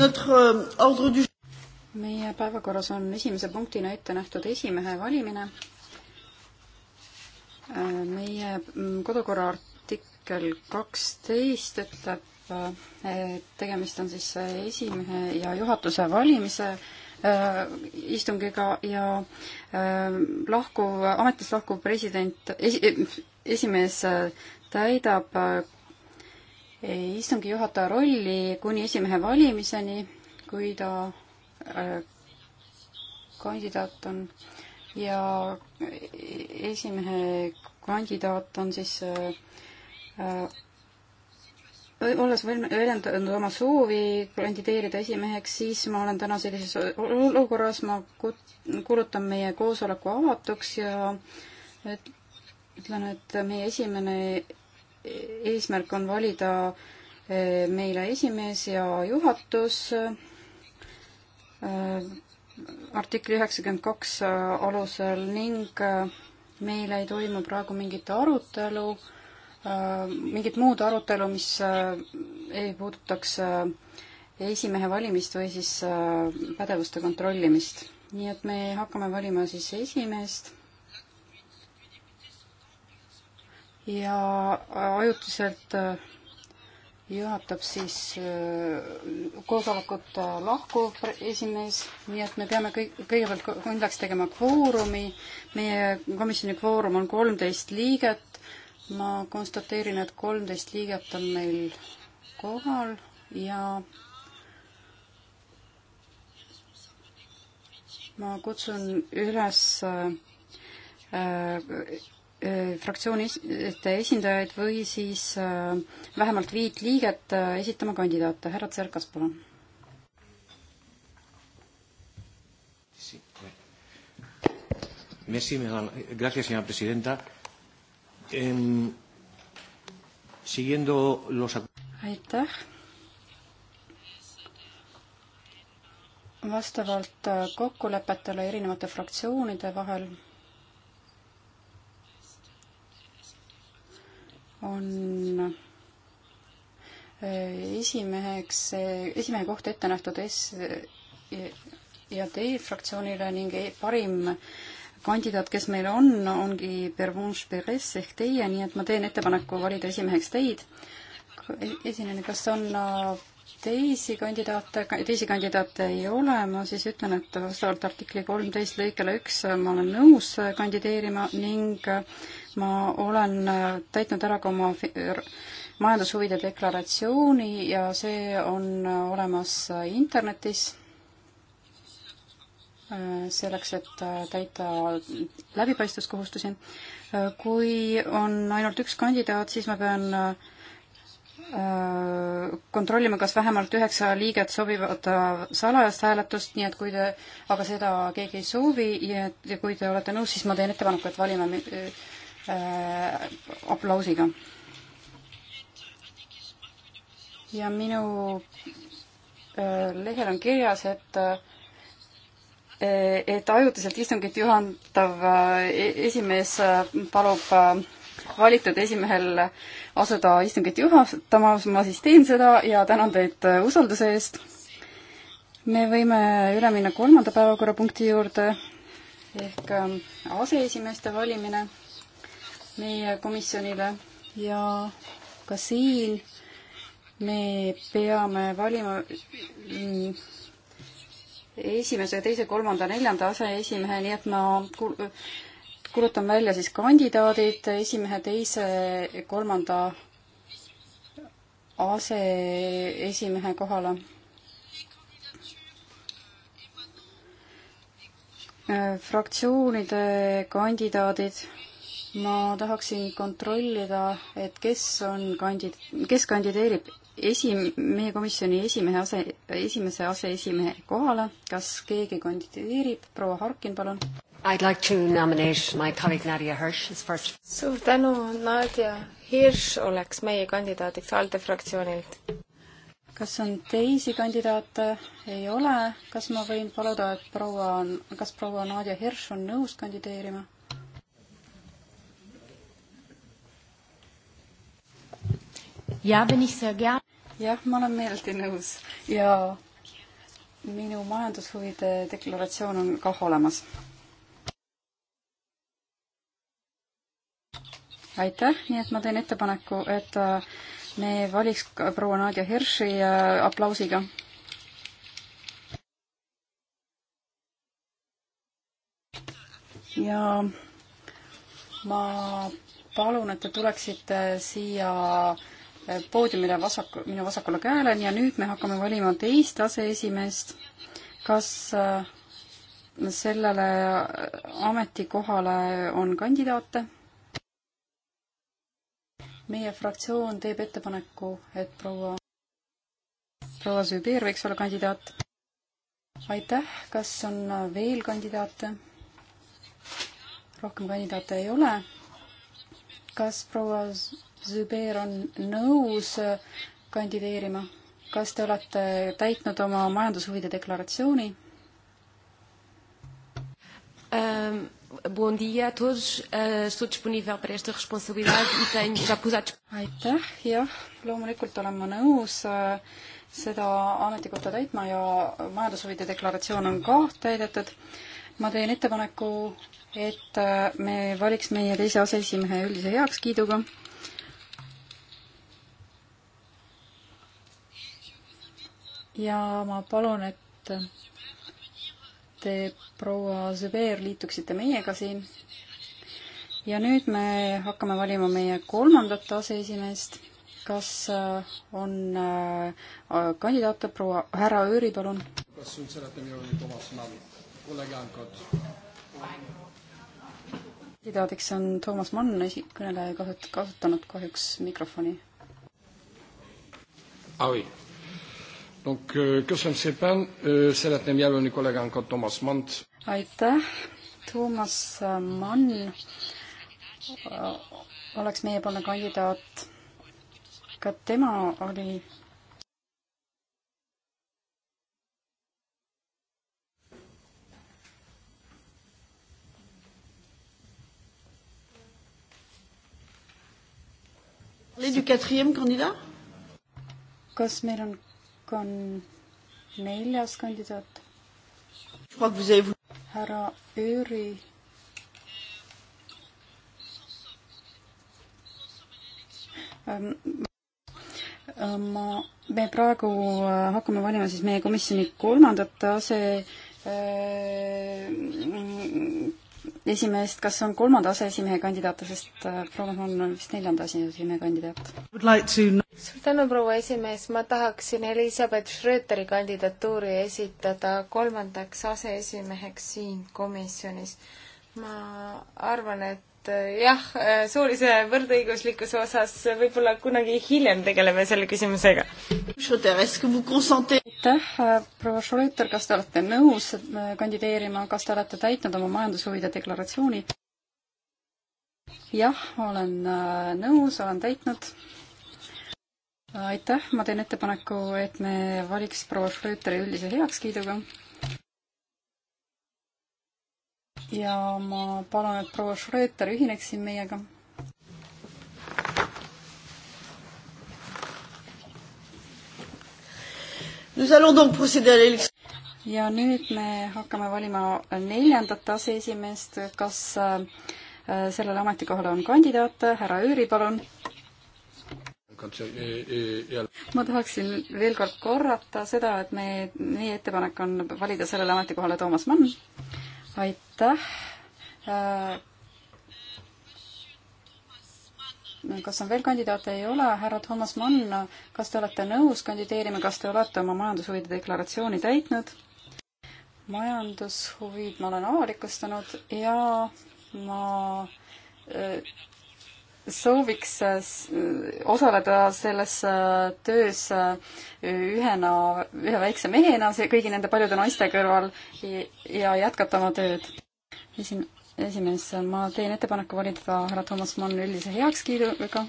Euh, meie päevakorras on esimese punktina ette nähtud esimehe valimine. Äh, meie mm, kodukorra artikkel kaksteist ütleb, äh, et tegemist on siis äh, esimehe ja juhatuse valimise istungiga ja lahkuv, ametist lahkuv president, esimees täidab istungi juhataja rolli kuni esimehe valimiseni, kui ta äh, kandidaat on ja esimehe kandidaat on siis äh, äh, olles väljendanud oma soovi kandideerida esimeheks, siis ma olen täna sellises olukorras, ma kuulutan meie koosoleku avatuks ja et ütlen, et meie esimene eesmärk on valida eh, meile esimees ja juhatus eh, artikli üheksakümmend kaks eh, alusel ning meil ei toimu praegu mingit arutelu, mingit muud arutelu, mis ei puudutaks esimehe valimist või siis pädevuste kontrollimist. nii et me hakkame valima siis esimeest ja ajutiselt äh, juhatab siis äh, koosolekut äh, lahkuv esimees, nii et me peame kõik, kõigepealt kindlaks tegema kvoorumi. meie komisjoni kvoorum on kolmteist liiget. ma konstateerin, et kolmteist liiget on meil kohal ja ma kutsun üles Äh, fraktsiooni esindajaid või siis äh, vähemalt viit liiget äh, esitama kandidaate. härra Tserkas, palun. Merci, madame. Gracias, señora presidenta. Em, siguiendo los. Aitäh. vastavalt kokkulepetele erinevate fraktsioonide vahel on eh, esimeheks, eh, esimehe koht ette nähtud S eh, ja D fraktsioonile ning e, parim kandidaat, kes meil on, ongi Pervenche Perez ehk teie, nii et ma teen ettepaneku valida esimeheks teid. esinejana, kas on äh, teisi kandidaate, teisi kandidaate ei ole, ma siis ütlen, et vastavalt artikli kolmteist lõikele üks ma olen nõus äh, kandideerima ning äh, ma olen äh, täitnud ära ka oma majandushuvide deklaratsiooni ja see on äh, olemas äh, internetis selleks, et täita läbipaistvuskohustusi. kui on ainult üks kandidaat, siis ma pean kontrollima, kas vähemalt üheksa liiget sobivad salajast hääletust, nii et kui te, aga seda keegi ei soovi ja kui te olete nõus, siis ma teen ettepaneku, et valime äh, aplausiga. ja minu äh, lehel on kirjas, et äh, et ajutiselt istungit juhandav äh, e-, esimees äh, palub äh, valitud esimehel asuda istungit juhatama, ma siis teen seda ja tänan teid usalduse eest. me võime üle minna kolmanda päevakorrapunkti juurde ehk aseesimeeste valimine meie komisjonile ja ka siin me peame valima mm, esimese, teise, kolmanda, neljanda aseesimehe, nii et ma kuulutan välja siis kandidaadid esimehe, teise, kolmanda aseesimehe kohale. Äh, fraktsioonide kandidaadid ma tahaksin kontrollida, et kes on kandid-, kes kandideerib esi-, meie komisjoni esimehe ase, esimese aseesimehe kohale, kas keegi kandideerib, proua Harkin, palun. I'd like to nominate my colleague Nadia Hirsch as first. suur tänu, Nadia Hirsch oleks meie kandidaadiks ALDE fraktsioonilt. kas on teisi kandidaate? ei ole. kas ma võin paluda, et proua, kas proua Nadia Hirsch on nõus kandideerima? jah, ma olen meeleldi nõus ja minu majandushuvide deklaratsioon on kah olemas. aitäh, nii et ma teen ettepaneku, et äh, me valiks proua Nadja Hirši äh, aplausiga. ja ma palun, et te tuleksite siia poodiumile vasak, minu vasakule käele ja nüüd me hakkame valima teist aseesimeest. kas äh, sellele ametikohale on kandidaate? meie fraktsioon teeb ettepaneku, et proua, proua Zübir võiks olla kandidaat. aitäh, kas on veel kandidaate? rohkem kandidaate ei ole. kas proua Zübeer on nõus äh, kandideerima. kas te olete täitnud oma majandushuvide deklaratsiooni um,? Ähm, Bom dia a todos, uh, estou disponível para esta responsabilidade e tenho já pus à aitäh, jah, loomulikult olen ma nõus uh, seda ametikohta täitma ja majandushuvide deklaratsioon on ka täidetud. ma teen ettepaneku, et uh, me valiks meie teise aseesimehe üldise heakskiiduga ja ma palun, et te, proua Züber, liituksite meiega siin. ja nüüd me hakkame valima meie kolmandat aseesimeest. kas äh, on äh, kandidaate, proua, härra Ööri, palun? kas sul seletame jõudnud oma sõnami? kolleeg Jankot. kandidaadiks on Toomas Mann, esikõneleja kasut-, kasutanud kahjuks mikrofoni. Avi Donc, euh, köszönöm szépen. Szeretném jelölni kollégánkat Thomas Mant. Aitäh. Thomas Mann oleks meiepoolne kandidaat. ka tema oli parler du quatrième candidat Kas meil on on neljas kandidaat. härra Üüri. Ähm, ähm, ma, me praegu äh, hakkame valima siis meie komisjoni kolmandat ase äh, esimeest, kas on kolmanda aseesimehe kandidaat, sest äh, proua Mann on vist neljanda aseesimehe kandidaat like to...? suur tänu, proua esimees, ma tahaksin Elizabeth Schröteri kandidatuuri esitada kolmandaks aseesimeheks siin komisjonis. ma arvan, et et äh, jah, äh, soolise võrdõiguslikkuse osas võib-olla kunagi hiljem tegeleme selle küsimusega. aitäh, äh, proua Schröter, kas te olete nõus kandideerima, kas te olete täitnud oma majandushuvide deklaratsiooni? jah, olen nõus, olen täitnud aitäh, ma teen ettepaneku, et me valiks proua Schröteri üldise heakskiiduga ja ma palun, et proua Schröter ühineks siin meiega. ja nüüd me hakkame valima neljandat aseesimeest, kas äh, sellele ametikohale on kandidaate, härra Üüri, palun ma tahaksin veel kord korrata seda, et me, meie ettepanek on valida sellele ametikohale Toomas Mann aitäh. Äh, kas on veel kandidaate? ei ole. härra Toomas Mann, kas te olete nõus kandideerima, kas te olete oma majandushuvide deklaratsiooni täitnud? majandushuvid ma olen avalikustanud ja ma äh, sooviks äh, osaleda selles äh, töös äh, ühena, ühe väikse mehena, see kõigi nende paljude naiste kõrval ja jätkata oma tööd. esim-, esimees, ma teen ettepaneku valida härra Toomas Mann üldise heakskiiduga.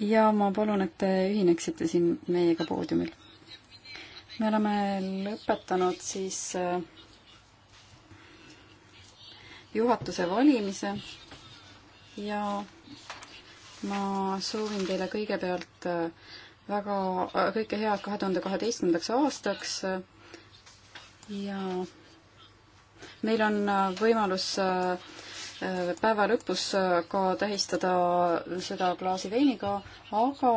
ja ma palun, et te ühineksite siin meiega poodiumil. me oleme lõpetanud siis äh, juhatuse valimise ja ma soovin teile kõigepealt äh, väga, äh, kõike head kahe tuhande kaheteistkümnendaks aastaks ja meil on äh, võimalus päeva lõpus ka tähistada seda klaasi veiniga, aga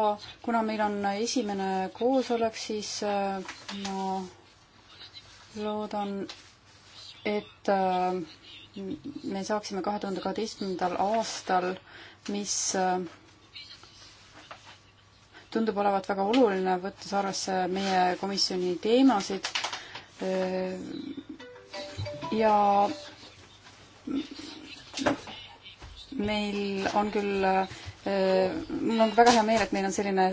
kuna meil on esimene koosolek, siis ma loodan, et äh, me saaksime kahe tuhande kaheteistkümnendal aastal, mis äh, tundub olevat väga oluline, võttes arvesse meie komisjoni teemasid. Äh, ja meil on küll, äh, mul on väga hea meel, et meil on selline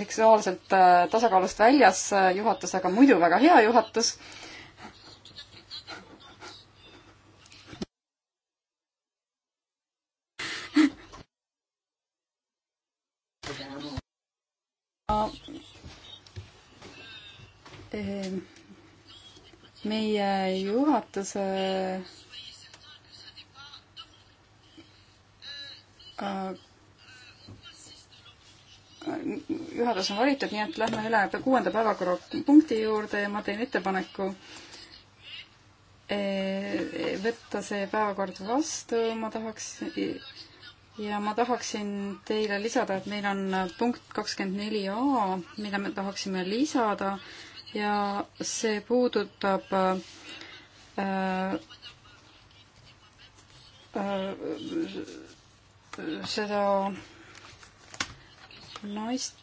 seksuaalselt tasakaalust väljas juhatus, aga muidu väga hea juhatus meie juhatuse äh, juhatus on valitud, nii et lähme üle kuuenda päevakorrapunkti juurde ja ma teen ettepaneku e, e, võtta see päevakord vastu, ma tahaks ja ma tahaksin teile lisada, et meil on punkt kakskümmend neli A, mille me tahaksime lisada ja see puudutab äh, äh, seda naist,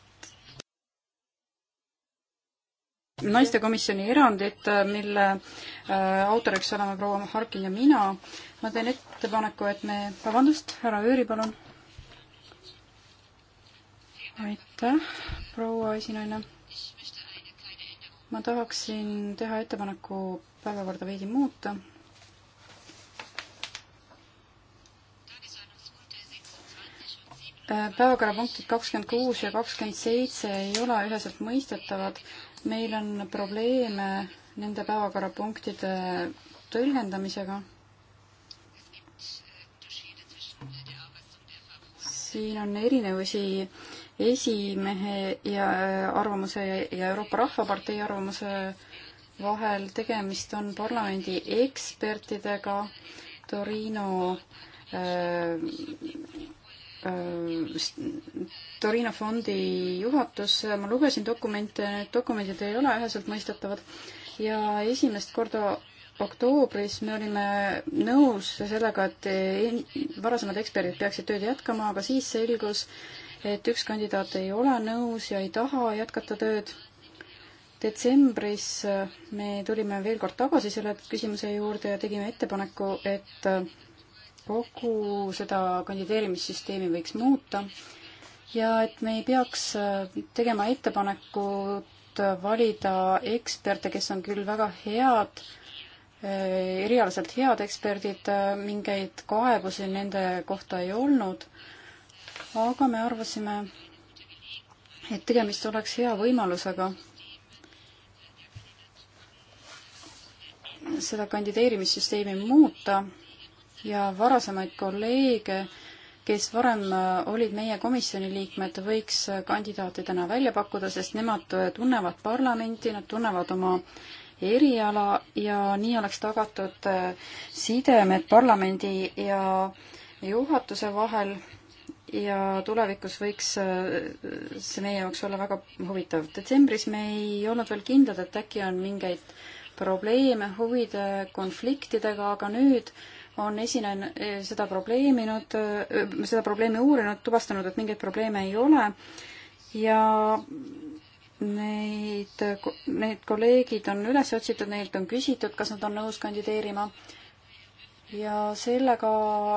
naistekomisjoni erandit, mille äh, autoriks oleme proua Harkin ja mina. ma teen ettepaneku, et me, vabandust, härra Jüri, palun. aitäh, proua esinaine ma tahaksin teha ettepaneku päevakorda veidi muuta. Äh, päevakorrapunktid kakskümmend kuus ja kakskümmend seitse ei ole üheselt mõistetavad. meil on probleeme nende päevakorrapunktide tõlgendamisega. siin on erinevusi äh, esimehe ja äh, arvamuse ja Euroopa Rahvapartei arvamuse vahel. tegemist on parlamendi ekspertidega Torino äh, äh, Torino fondi juhatus, ma lugesin dokumente, need dokumendid ei ole üheselt mõistetavad ja esimest korda oktoobris me olime nõus sellega, et varasemad eksperdid peaksid tööd jätkama, aga siis selgus, et üks kandidaat ei ole nõus ja ei taha jätkata tööd. detsembris me tulime veel kord tagasi selle küsimuse juurde ja tegime ettepaneku, et kogu seda kandideerimissüsteemi võiks muuta ja et me ei peaks tegema ettepanekut valida eksperte, kes on küll väga head, erialaselt head eksperdid, mingeid kaebusi nende kohta ei olnud aga me arvasime, et tegemist oleks hea võimalusega seda kandideerimissüsteemi muuta ja varasemaid kolleege, kes varem olid meie komisjoni liikmed, võiks kandidaatidena välja pakkuda, sest nemad tunnevad parlamenti, nad tunnevad oma eriala ja nii oleks tagatud sidemed parlamendi ja juhatuse vahel ja tulevikus võiks äh, see meie jaoks olla väga huvitav. detsembris me ei olnud veel kindlad, et äkki on mingeid probleeme huvide konfliktidega, aga nüüd on esinen-, seda probleeminud, äh, seda probleemi uurinud, tuvastanud, et mingeid probleeme ei ole ja neid, need kolleegid on üles otsitud, neilt on küsitud, kas nad on nõus kandideerima ja sellega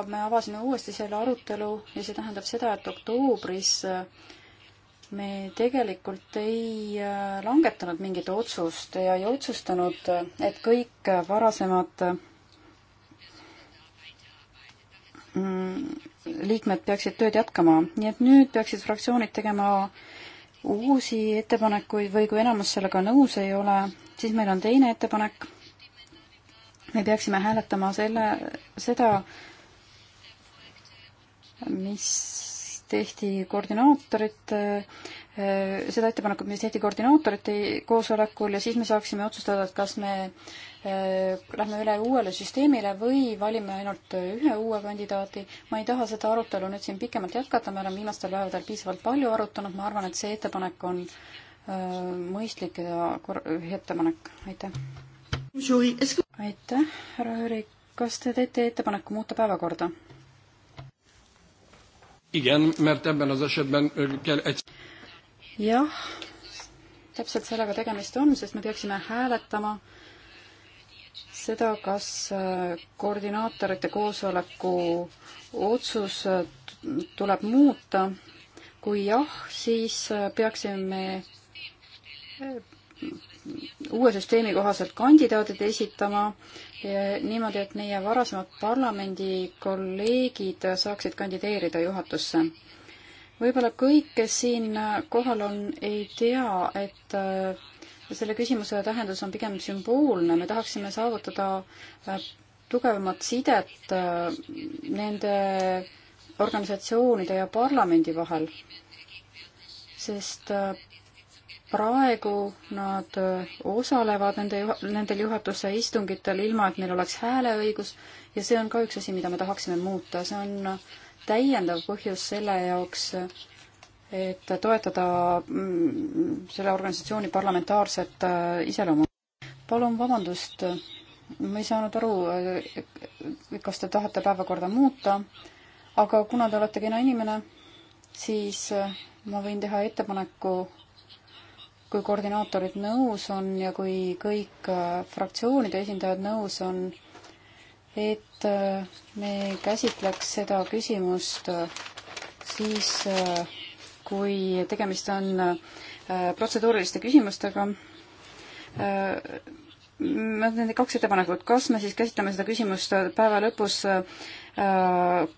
me avasime uuesti selle arutelu ja see tähendab seda, et oktoobris äh, me tegelikult ei äh, langetanud mingit otsust ja ei otsustanud, äh, et kõik varasemad mm, liikmed peaksid tööd jätkama, nii et nüüd peaksid fraktsioonid tegema uusi ettepanekuid või kui enamus sellega nõus ei ole, siis meil on teine ettepanek me peaksime hääletama selle, seda, mis tehti koordinaatorite seda ettepanekut, mis tehti koordinaatorite koosolekul ja siis me saaksime otsustada, et kas me eh, lähme üle uuele süsteemile või valime ainult ühe uue kandidaadi. ma ei taha seda arutelu nüüd siin pikemalt jätkata, me oleme viimastel päevadel piisavalt palju arutanud, ma arvan, et see ettepanek on eh, mõistlik ja ettepanek, aitäh aitäh, härra Jüri, kas te teete ettepaneku muuta päevakorda? jah, täpselt sellega tegemist on, sest me peaksime hääletama seda, kas koordinaatorite koosoleku otsus tuleb muuta. kui jah, siis peaksime uue süsteemi kohaselt kandidaadid esitama niimoodi, et meie varasemad parlamendi kolleegid saaksid kandideerida juhatusse. võib-olla kõik, kes siin kohal on, ei tea, et äh, selle küsimuse tähendus on pigem sümboolne, me tahaksime saavutada äh, tugevamat sidet äh, nende organisatsioonide ja parlamendi vahel sest praegu nad äh, osalevad nende, nendel juhatuse istungitel, ilma et neil oleks hääleõigus ja see on ka üks asi, mida me tahaksime muuta, see on äh, täiendav põhjus selle jaoks, äh, et toetada mm, selle organisatsiooni parlamentaarset iseloomu. palun vabandust, ma ei saanud aru, kas te tahate päevakorda muuta, aga kuna te olete kena inimene, siis ma võin teha ettepaneku kui koordinaatorid nõus on ja kui kõik äh, fraktsioonide esindajad nõus on, et äh, me käsitleks seda küsimust äh, siis, kui tegemist on protseduuriliste küsimustega need kaks ettepanekut, kas me siis käsitleme seda küsimust äh, päeva lõpus äh,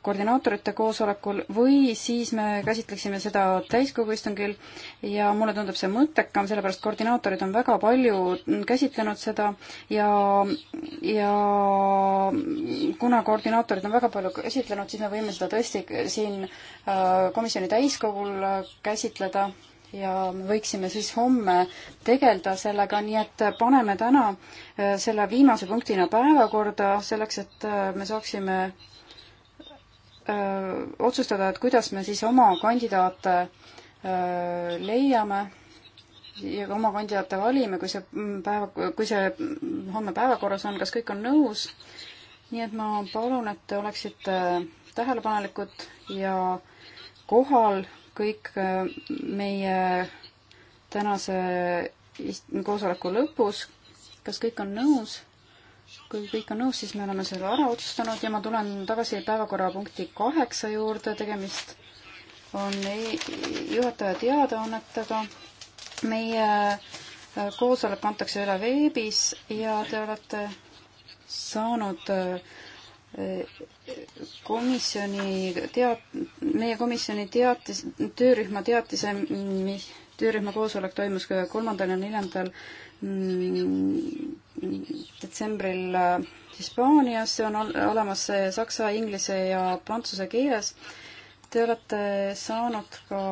koordinaatorite koosolekul või siis me käsitleksime seda täiskogu istungil ja mulle tundub see mõttekam, sellepärast koordinaatorid on väga palju käsitlenud seda ja, ja kuna koordinaatorid on väga palju käsitlenud, siis me võime seda tõesti siin äh, komisjoni täiskogul käsitleda ja me võiksime siis homme tegeleda sellega, nii et paneme täna äh, selle viimase punktina päevakorda selleks, et äh, me saaksime öö, äh, otsustada, et kuidas me siis oma kandidaate öö, leiame ja ka oma kandidaate valime, kui see mm, päeva, kui see mm, homme päevakorras on, kas kõik on nõus. nii et ma palun, et te oleksite tähelepanelikud ja kohal kõik äh, meie tänase koosoleku lõpus. kas kõik on nõus? kui kõik on nõus, siis me oleme selle ära otsustanud ja ma tulen tagasi päevakorrapunkti kaheksa juurde, tegemist on e-, juhataja teadaannetega. meie äh, koosolek antakse üle veebis ja te olete saanud äh, komisjoni teat-, meie komisjoni teatis, töörühma teatise, mis, töörühma koosolek toimus kolmandal ja neljandal mm, detsembril äh, Hispaanias, see on olemas saksa, inglise ja prantsuse keeles. Te olete saanud ka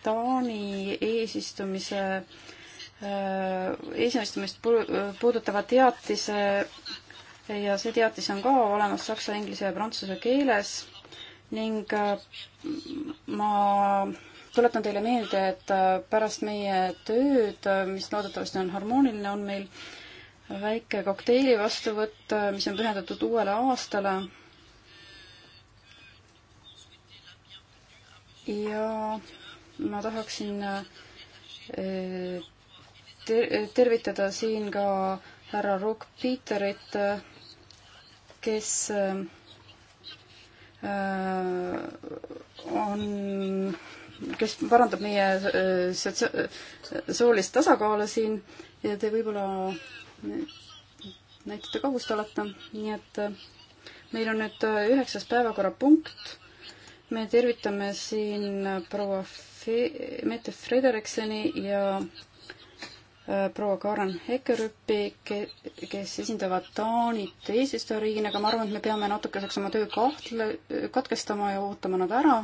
Taani eesistumise, äh, eesistumist puudutava teatise ja see teatis on ka olemas saksa, inglise ja prantsuse keeles ning äh, ma tuletan teile meelde, et äh, pärast meie tööd, äh, mis loodetavasti on harmooniline, on meil väike kokteili vastuvõtt, mis on pühendatud uuele aastale. ja ma tahaksin ter tervitada siin ka härra Rock Peterit, kes äh, äh, on, kes parandab meie äh, sotsia-, soolist tasakaalu siin ja te võib-olla näitate kahust alata, nii et meil on nüüd üheksas päevakorrapunkt. me tervitame siin proua Fe-, Mette Frederiksoni ja Äh, proua Karen Hekerüppi, kes esindavad Taanit eesistujariigina, aga ma arvan, et me peame natukeseks oma töö kahtle, katkestama ja ootama nad ära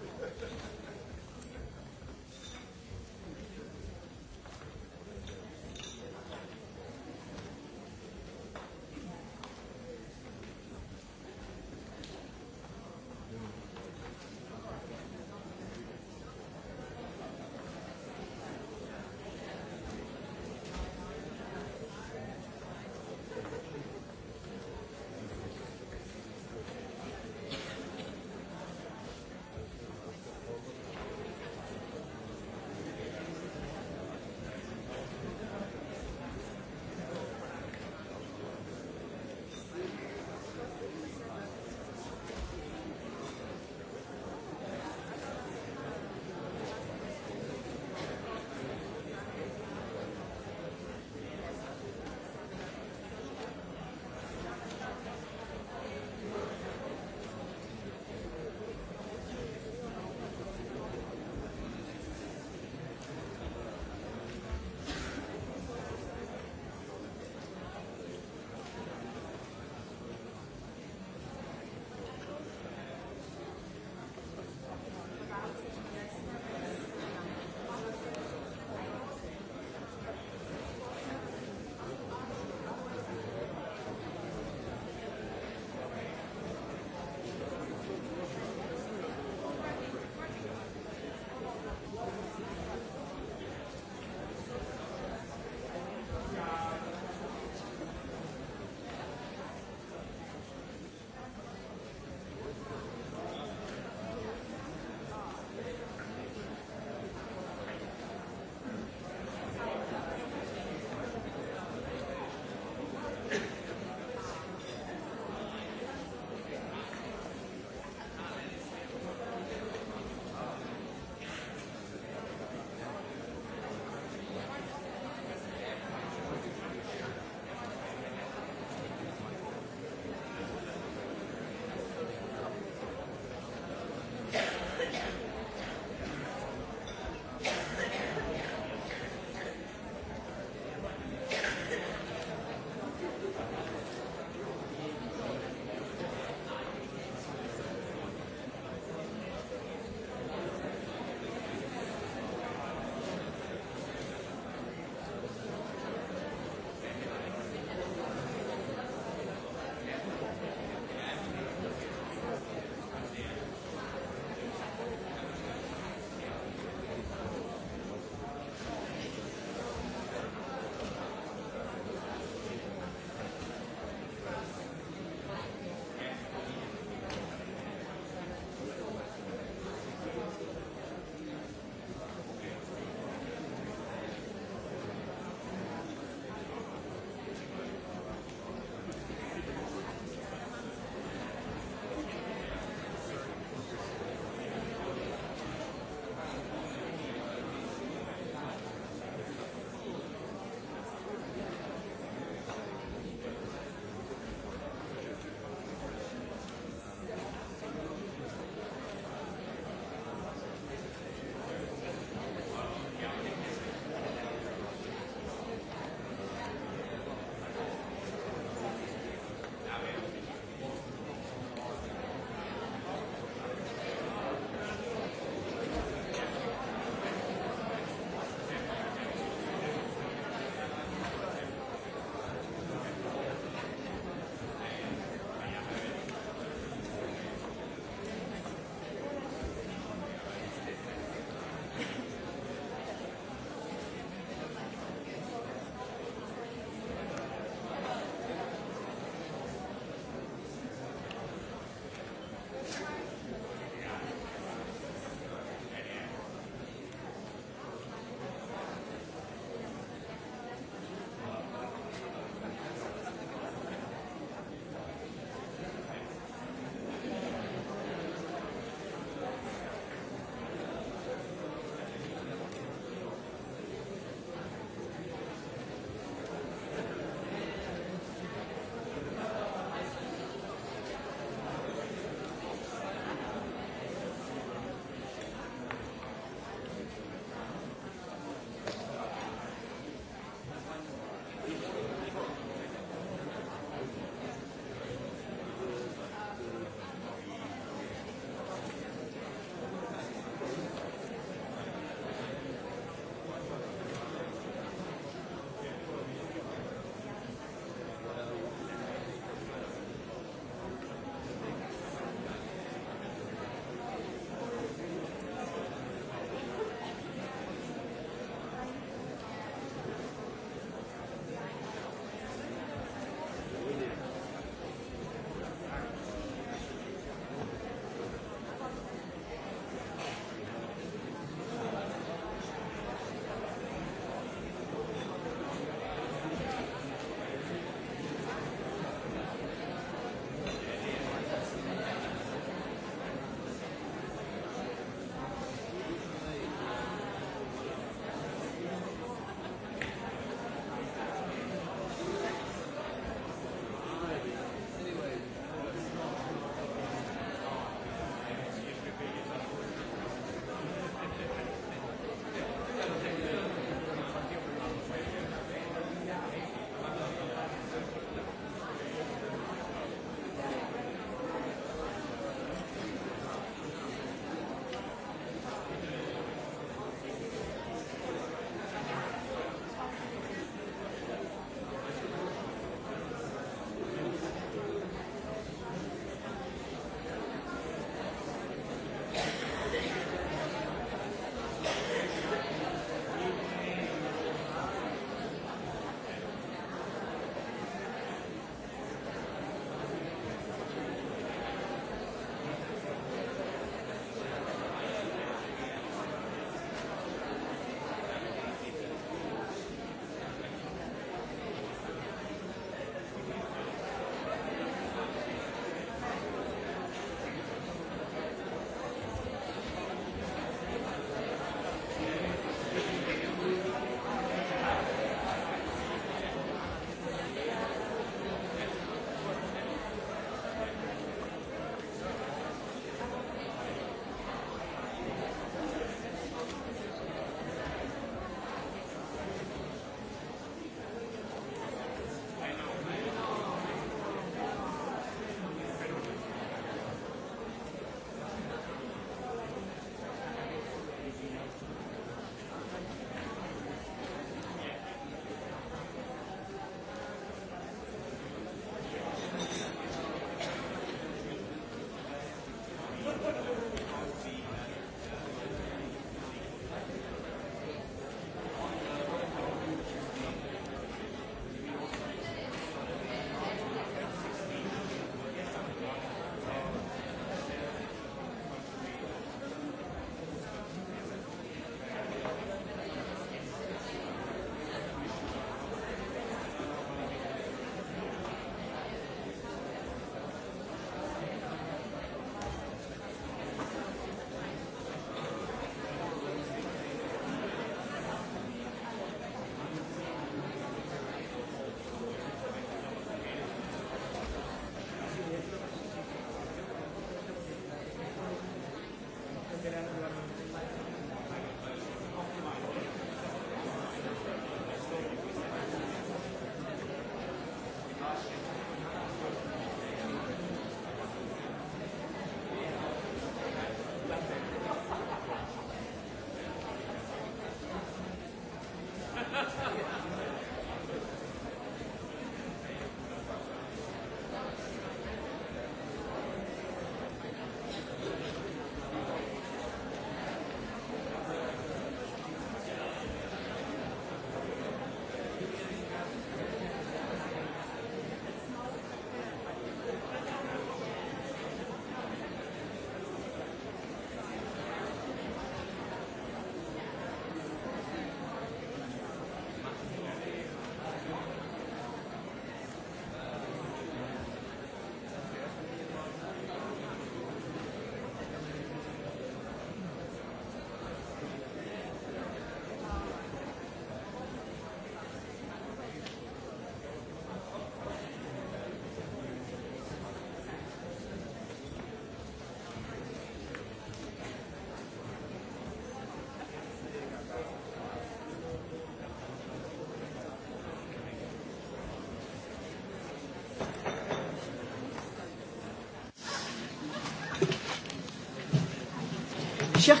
armsad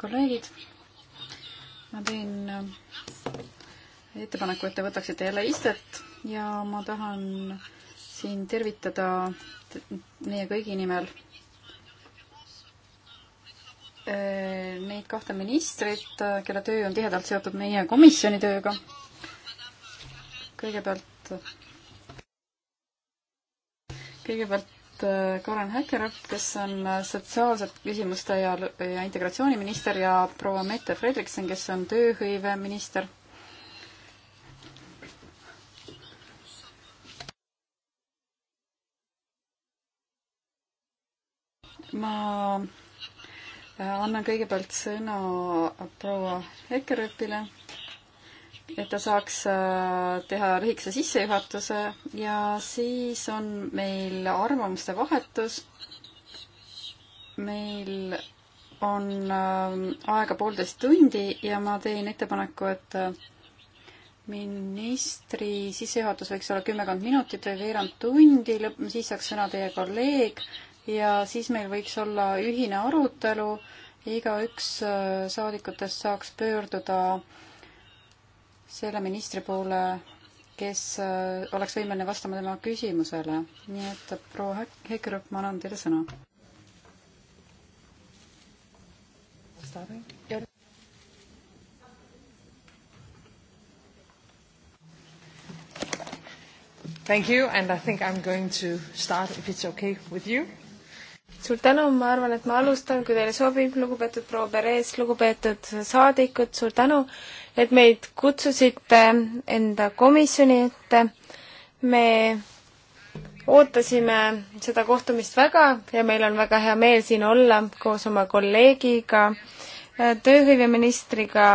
kolleegid, ma teen äh, ettepaneku, et te võtaksite jälle istet ja ma tahan siin tervitada meie kõigi nimel äh, neid kahte ministrit, äh, kelle töö on tihedalt seotud meie komisjoni tööga. kõigepealt, kõigepealt nüüd äh, Karen Häkkeröp, kes on äh, sotsiaalsete küsimuste ja, ja integratsiooniminister ja proua Mette Fredrikson, kes on tööhõiveminister. ma äh, annan kõigepealt sõna proua Häkkeröpile et ta saaks äh, teha lühikese sissejuhatuse ja siis on meil arvamuste vahetus. meil on äh, aega poolteist tundi ja ma teen ettepaneku, et äh, ministri sissejuhatus võiks olla kümmekond minutit või veerand tundi, siis saaks sõna teie kolleeg ja siis meil võiks olla ühine arutelu, igaüks saadikutest saaks pöörduda äh, selle ministri poole, kes äh, oleks võimeline vastama tema küsimusele. nii et äh, proua Hekerup, ma annan teile sõna. Thank you and I think I'm going to start if it's okay with you suur tänu, ma arvan, et ma alustan, kui teile sobib, lugupeetud proua Perez, lugupeetud saadikud, suur tänu, et meid kutsusite enda komisjoni ette. me ootasime seda kohtumist väga ja meil on väga hea meel siin olla koos oma kolleegiga, tööhõiveministriga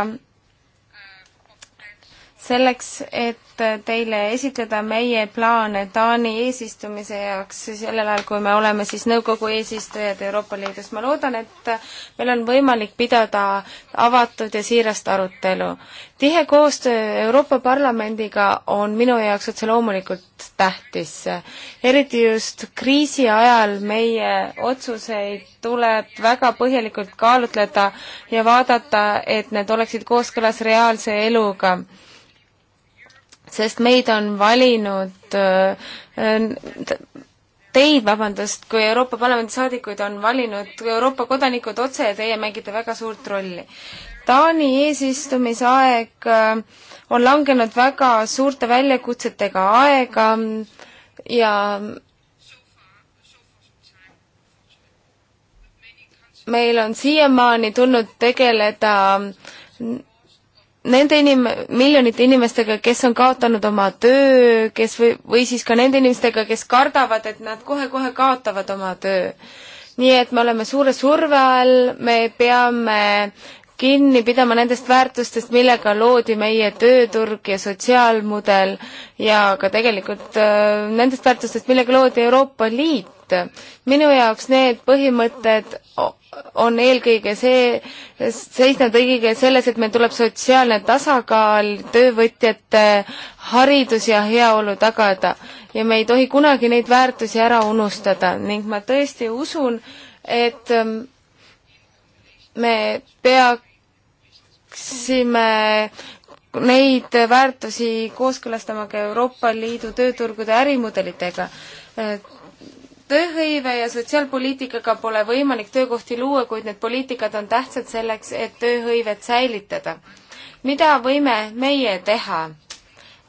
selleks, et teile esitleda meie plaane Taani eesistumise jaoks sellel ajal, kui me oleme siis nõukogu eesistujad Euroopa Liidus. ma loodan, et meil on võimalik pidada avatud ja siirast arutelu. tihe koostöö Euroopa Parlamendiga on minu jaoks otse loomulikult tähtis. eriti just kriisi ajal meie otsuseid tuleb väga põhjalikult kaalutleda ja vaadata, et need oleksid kooskõlas reaalse eluga sest meid on valinud äh, Teid, vabandust, kui Euroopa Parlamendi saadikuid on valinud Euroopa kodanikud otse ja teie mängite väga suurt rolli. Taani eesistumisaeg äh, on langenud väga suurte väljakutsetega aega ja meil on siiamaani tulnud tegeleda nende inim-, miljonite inimestega, kes on kaotanud oma töö, kes või, või siis ka nende inimestega, kes kardavad, et nad kohe-kohe kaotavad oma töö. nii et me oleme suure surve all, me peame kinni pidama nendest väärtustest, millega loodi meie tööturg ja sotsiaalmudel ja ka tegelikult äh, nendest väärtustest, millega loodi Euroopa Liit. minu jaoks need põhimõtted on eelkõige see, seisneb kõige selles, et meil tuleb sotsiaalne tasakaal töövõtjate haridus ja heaolu tagada. ja me ei tohi kunagi neid väärtusi ära unustada ning ma tõesti usun, et ähm, me peaksime neid väärtusi kooskõlastama ka Euroopa Liidu tööturgude ärimudelitega äh, tööhõive ja sotsiaalpoliitikaga pole võimalik töökohti luua, kuid need poliitikad on tähtsad selleks, et tööhõivet säilitada. mida võime meie teha?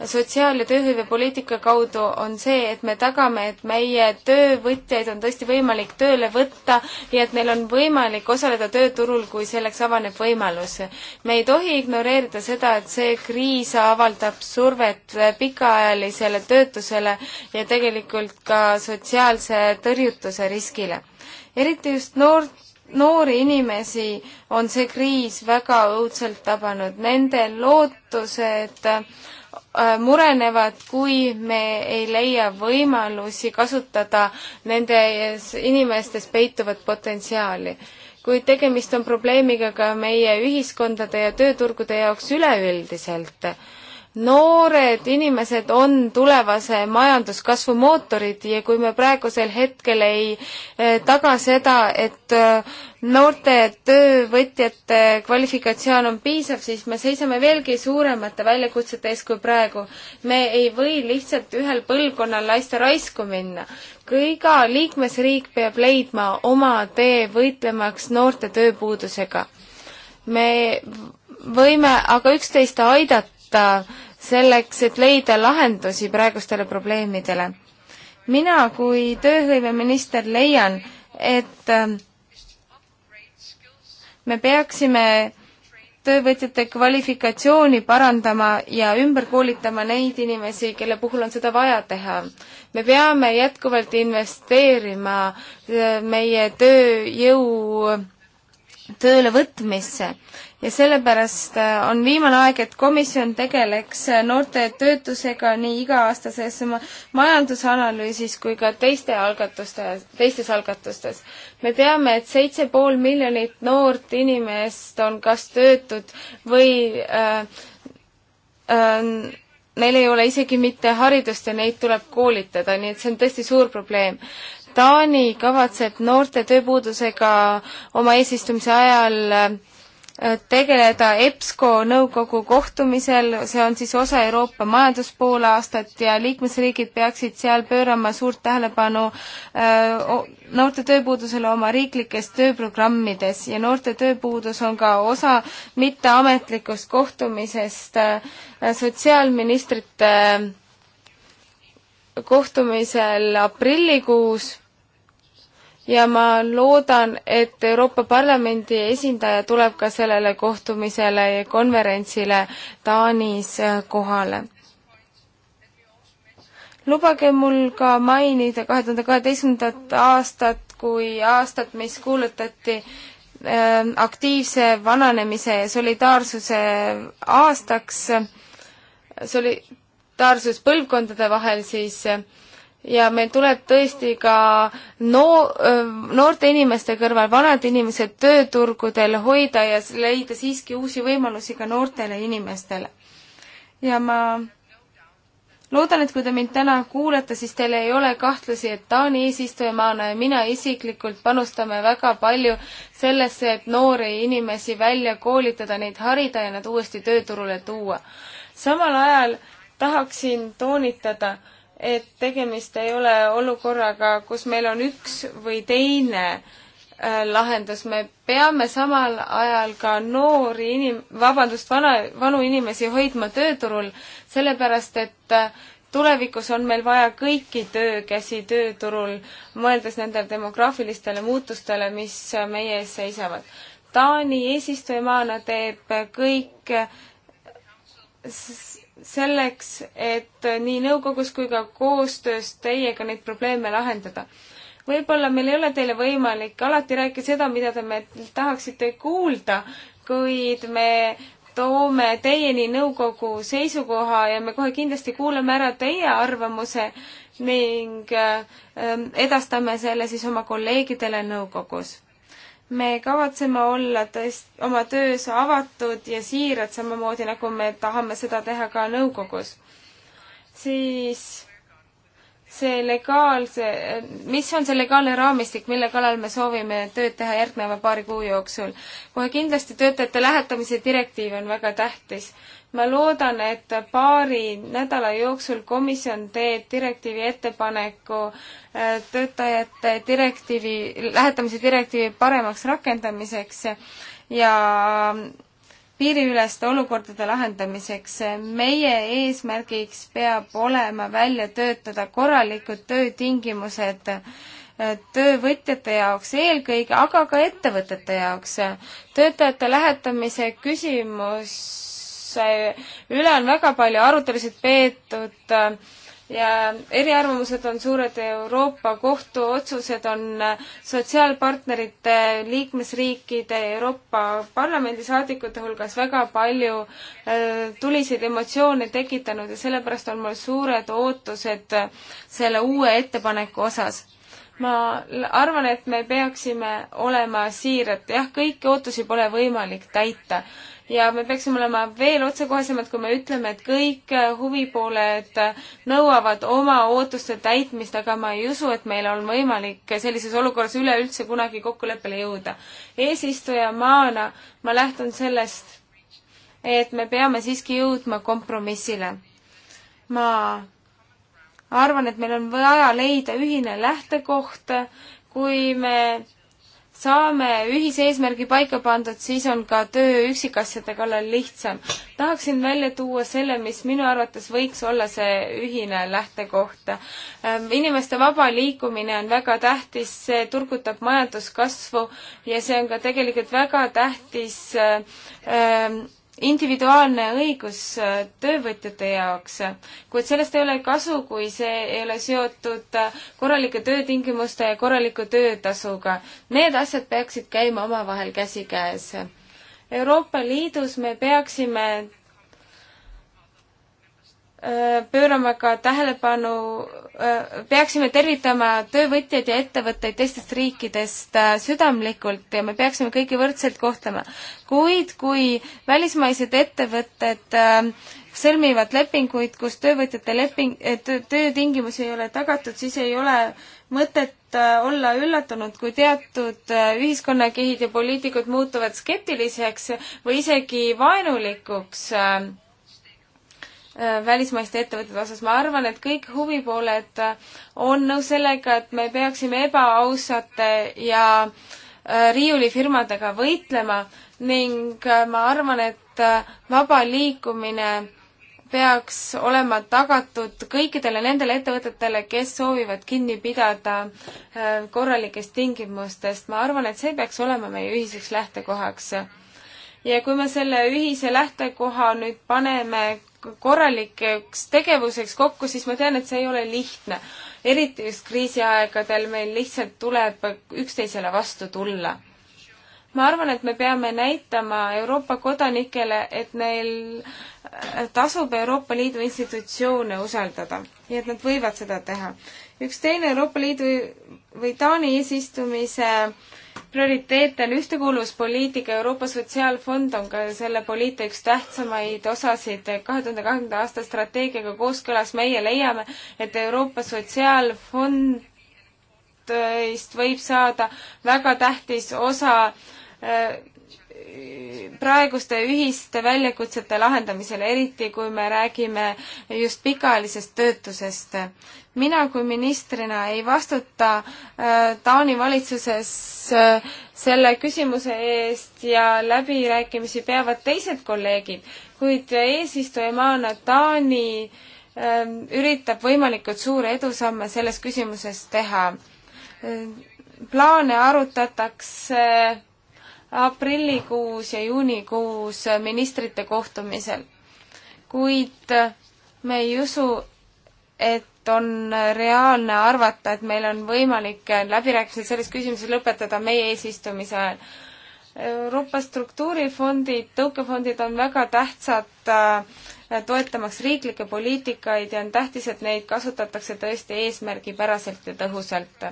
sotsiaal- ja tööhõivepoliitika kaudu on see, et me tagame, et meie töövõtjaid on tõesti võimalik tööle võtta ja et neil on võimalik osaleda tööturul, kui selleks avaneb võimalus. me ei tohi ignoreerida seda, et see kriis avaldab survet pikaajalisele töötusele ja tegelikult ka sotsiaalse tõrjutuse riskile. eriti just noort noori inimesi on see kriis väga õudselt tabanud, nende lootused äh, Äh, murenevad, kui me ei leia võimalusi kasutada nendes inimestes peituvat potentsiaali. kuid tegemist on probleemiga ka meie ühiskondade ja tööturgude jaoks üleüldiselt noored inimesed on tulevase majanduskasvu mootorid ja kui me praegusel hetkel ei eh, taga seda, et eh, noorte töövõtjate kvalifikatsioon on piisav, siis me seisame veelgi suuremate väljakutsete ees kui praegu. me ei või lihtsalt ühel põlvkonnal lasta raisku minna. iga liikmesriik peab leidma oma tee võitlemaks noorte tööpuudusega. me võime aga üksteist aidata selleks, et leida lahendusi praegustele probleemidele. mina kui tööhõiveminister leian, et ähm, me peaksime töövõtjate kvalifikatsiooni parandama ja ümber koolitama neid inimesi, kelle puhul on seda vaja teha. me peame jätkuvalt investeerima äh, meie tööjõu töölevõtmisse ja sellepärast äh, on viimane aeg, et komisjon tegeleks äh, noorte töötusega nii iga-aastases majandusanalüüsis kui ka teiste algatuste, teistes algatustes. me teame, et seitse pool miljonit noort inimest on kas töötud või äh, äh, Neil ei ole isegi mitte haridust ja neid tuleb koolitada, nii et see on tõesti suur probleem. Taani kavatseb noorte tööpuudusega oma eesistumise ajal äh, Äh, tegeleda EBSCO nõukogu kohtumisel, see on siis osa Euroopa majanduspoolaastat ja liikmesriigid peaksid seal pöörama suurt tähelepanu äh, noorte tööpuudusele oma riiklikes tööprogrammides ja noorte tööpuudus on ka osa mitteametlikust kohtumisest äh, sotsiaalministrite kohtumisel aprillikuus ja ma loodan, et Euroopa Parlamendi esindaja tuleb ka sellele kohtumisele ja konverentsile Taanis äh, kohale lubage mul ka mainida kahe tuhande kaheteistkümnendat aastat kui aastat, mis kuulutati äh, aktiivse vananemise ja solidaarsuse aastaks, äh, solidaarsus põlvkondade vahel siis ja meil tuleb tõesti ka no-, noorte inimeste kõrval vanad inimesed tööturgudel hoida ja leida siiski uusi võimalusi ka noortele inimestele. ja ma loodan, et kui te mind täna kuulate, siis teil ei ole kahtlusi, et Taani eesistujamaana ja mina isiklikult panustame väga palju sellesse, et noori inimesi välja koolitada, neid harida ja nad uuesti tööturule tuua. samal ajal tahaksin toonitada, et tegemist ei ole olukorraga, kus meil on üks või teine äh, lahendus, me peame samal ajal ka noori inim-, vabandust, vana, vanu inimesi hoidma tööturul, sellepärast et äh, tulevikus on meil vaja kõiki töökäsi tööturul, mõeldes nendele demograafilistele muutustele, mis äh, meie ees seisavad. Taani eesistujamaana teeb kõik selleks, et nii nõukogus kui ka koostöös teiega neid probleeme lahendada. võib-olla meil ei ole teile võimalik alati rääkida seda, mida te meilt tahaksite kuulda, kuid me toome teieni nõukogu seisukoha ja me kohe kindlasti kuulame ära teie arvamuse ning ähm, edastame selle siis oma kolleegidele nõukogus me kavatseme olla tõest-, oma töös avatud ja siirad, samamoodi nagu me tahame seda teha ka nõukogus. siis see legaalse, mis on see legaalne raamistik, mille kallal me soovime tööd teha järgneva paari kuu jooksul? kohe kindlasti töötajate lähetamise direktiiv on väga tähtis. ma loodan, et paari nädala jooksul komisjon teeb direktiivi ettepaneku äh, töötajate direktiivi, lähetamise direktiivi paremaks rakendamiseks ja piiriüleste olukordade lahendamiseks. meie eesmärgiks peab olema välja töötada korralikud töötingimused eh, töövõtjate jaoks eelkõige, aga ka ettevõtete jaoks. töötajate lähetamise küsimus üle on väga palju arutelusid peetud äh, ja eriarvamused on suured, Euroopa Kohtu otsused on äh, sotsiaalpartnerite, liikmesriikide, Euroopa Parlamendi saadikute hulgas väga palju äh, tuliseid emotsioone tekitanud ja sellepärast on mul suured ootused äh, selle uue ettepaneku osas ma arvan, et me peaksime olema siirad, jah, kõiki ootusi pole võimalik täita ja me peaksime olema veel otsekohesemad, kui me ütleme, et kõik äh, huvipooled äh, nõuavad oma ootuste täitmist, aga ma ei usu, et meil on võimalik äh, sellises olukorras üleüldse kunagi kokkuleppele jõuda. eesistuja maana ma lähtun sellest, et me peame siiski jõudma kompromissile. ma arvan, et meil on vaja leida ühine lähtekoht, kui me saame ühise eesmärgi paika pandud, siis on ka töö üksikasjade kallal lihtsam. tahaksin välja tuua selle, mis minu arvates võiks olla see ühine lähtekoht. Ähm, inimeste vaba liikumine on väga tähtis, see turgutab majanduskasvu ja see on ka tegelikult väga tähtis äh, ähm, individuaalne õigus äh, töövõtjate jaoks, kuid sellest ei ole kasu, kui see ei ole seotud äh, korralike töötingimuste ja korraliku töötasuga. Need asjad peaksid käima omavahel käsikäes. Euroopa Liidus me peaksime Äh, pöörama ka tähelepanu, äh, peaksime tervitama töövõtjaid ja ettevõtteid teistest riikidest äh, südamlikult ja me peaksime kõiki võrdselt kohtlema. kuid kui välismaised ettevõtted sõlmivad lepinguid, kus töövõtjate leping, töötingimusi ei ole tagatud, siis ei ole mõtet olla üllatunud, kui teatud ühiskonnakihid ja poliitikud muutuvad skeptiliseks või isegi vaenulikuks Äh, välismaiste ettevõtete osas. ma arvan, et kõik huvipooled äh, on nõus sellega, et me peaksime ebaausate ja äh, riiulifirmadega võitlema ning ma arvan, et vaba liikumine peaks olema tagatud kõikidele nendele ettevõtetele, kes soovivad kinni pidada korralikest tingimustest. ma arvan, et see peaks olema meie ühiseks lähtekohaks. ja kui me selle ühise lähtekoha nüüd paneme korralikeks tegevuseks kokku, siis ma tean, et see ei ole lihtne. eriti just kriisiaegadel meil lihtsalt tuleb üksteisele vastu tulla. ma arvan, et me peame näitama Euroopa kodanikele, et neil tasub Euroopa Liidu institutsioone usaldada ja et nad võivad seda teha. üks teine Euroopa Liidu või Taani eesistumise äh, prioriteete on ühtekuuluvuspoliitika, Euroopa Sotsiaalfond on ka selle poliitika üks tähtsamaid osasid. kahe tuhande kahekümnenda aasta strateegiaga kooskõlas meie leiame, et Euroopa Sotsiaalfondist äh, võib saada väga tähtis osa äh, praeguste ühiste väljakutsete lahendamisele, eriti kui me räägime just pikaajalisest töötusest. mina kui ministrina ei vastuta äh, Taani valitsuses äh, selle küsimuse eest ja läbirääkimisi peavad teised kolleegid, kuid eesistujamaana Taani ähm, üritab võimalikult suure edusamme selles küsimuses teha. Äh, plaane arutatakse aprillikuus ja juunikuus ministrite kohtumisel. kuid me ei usu, et on reaalne arvata, et meil on võimalik läbirääkimised selles küsimuses lõpetada meie eesistumise ajal. Euroopa struktuurifondid, tõukefondid on väga tähtsad äh, toetamaks riiklikke poliitikaid ja on tähtis, et neid kasutatakse tõesti eesmärgipäraselt ja tõhusalt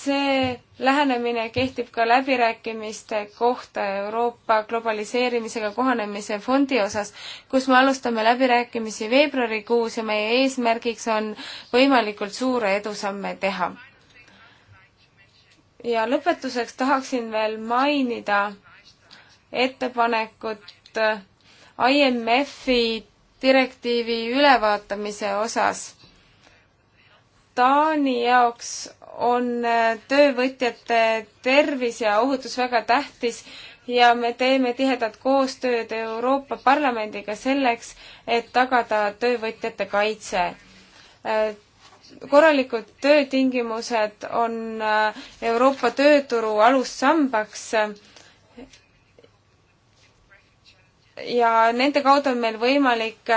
see lähenemine kehtib ka läbirääkimiste kohta Euroopa globaliseerimisega kohanemise fondi osas, kus me alustame läbirääkimisi veebruarikuus ja meie eesmärgiks on võimalikult suure edusamme teha. ja lõpetuseks tahaksin veel mainida ettepanekut IMF-i direktiivi ülevaatamise osas. Taani jaoks on äh, töövõtjate tervis ja ohutus väga tähtis ja me teeme tihedat koostööd Euroopa Parlamendiga selleks, et tagada töövõtjate kaitse. Äh, korralikud töötingimused on äh, Euroopa tööturu alussambaks ja nende kaudu on meil võimalik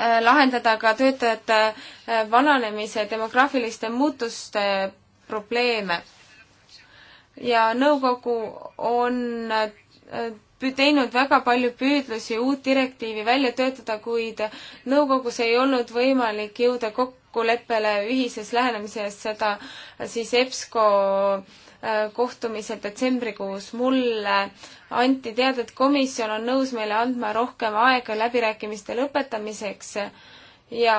Äh, lahendada ka töötajate äh, vananemise demograafiliste muutuste probleeme. ja nõukogu on äh, teinud väga palju püüdlusi uut direktiivi välja töötada, kuid nõukogus ei olnud võimalik jõuda kokkuleppele ühises lähenemises, seda siis EBSCO kohtumisel detsembrikuus mulle anti teada, et komisjon on nõus meile andma rohkem aega läbirääkimiste lõpetamiseks ja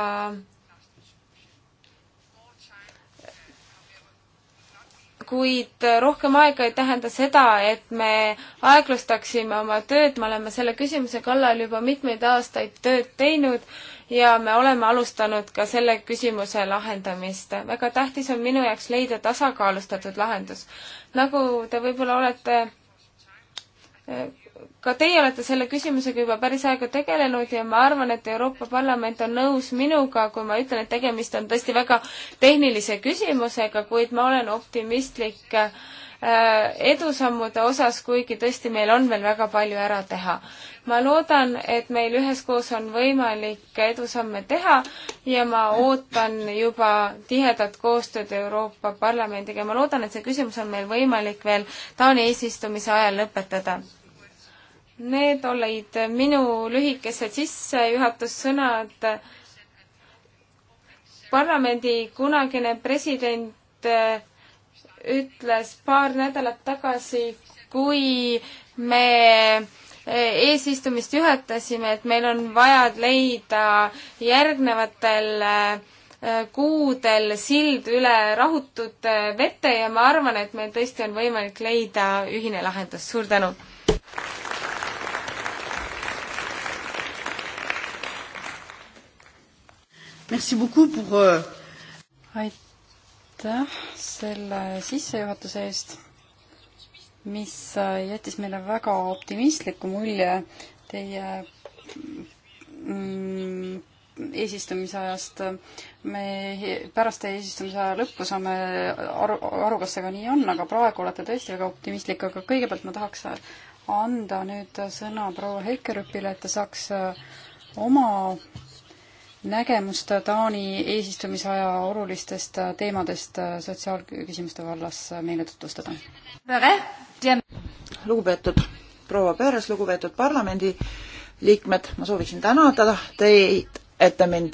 kuid rohkem aega ei tähenda seda, et me aeglustaksime oma tööd, me oleme selle küsimuse kallal juba mitmeid aastaid tööd teinud ja me oleme alustanud ka selle küsimuse lahendamist. väga tähtis on minu jaoks leida tasakaalustatud lahendus. nagu te võib-olla olete ka teie olete selle küsimusega juba päris aega tegelenud ja ma arvan, et Euroopa Parlament on nõus minuga, kui ma ütlen, et tegemist on tõesti väga tehnilise küsimusega, kuid ma olen optimistlik äh, Äh, edusammude osas, kuigi tõesti, meil on veel väga palju ära teha. ma loodan, et meil üheskoos on võimalik edusamme teha ja ma ootan juba tihedat koostööd Euroopa Parlamendiga ja ma loodan, et see küsimus on meil võimalik veel Taani eesistumise ajal lõpetada. Need olid minu lühikesed sissejuhatussõnad parlamendi kunagine president äh, ütles paar nädalat tagasi, kui me eesistumist juhatasime, et meil on vaja leida järgnevatel äh, kuudel sild üle rahutud äh, vete ja ma arvan, et meil tõesti on võimalik leida ühine lahendus. suur tänu! Euh, aitäh! aitäh selle sissejuhatuse eest, mis jättis meile väga optimistliku mulje teie mm, eesistumise ajast. me pärast teie eesistumise aja lõppu saame aru, aru, kas see ka nii on, aga praegu olete tõesti väga optimistlik, aga kõigepealt ma tahaks anda nüüd sõna proua Heikerüpile, et ta saaks oma nägemust Taani eesistumise aja olulistest teemadest sotsiaalküsimuste vallas meile tutvustada. lugupeetud proua Peres, lugupeetud parlamendi liikmed, ma sooviksin tänada teid, et te mind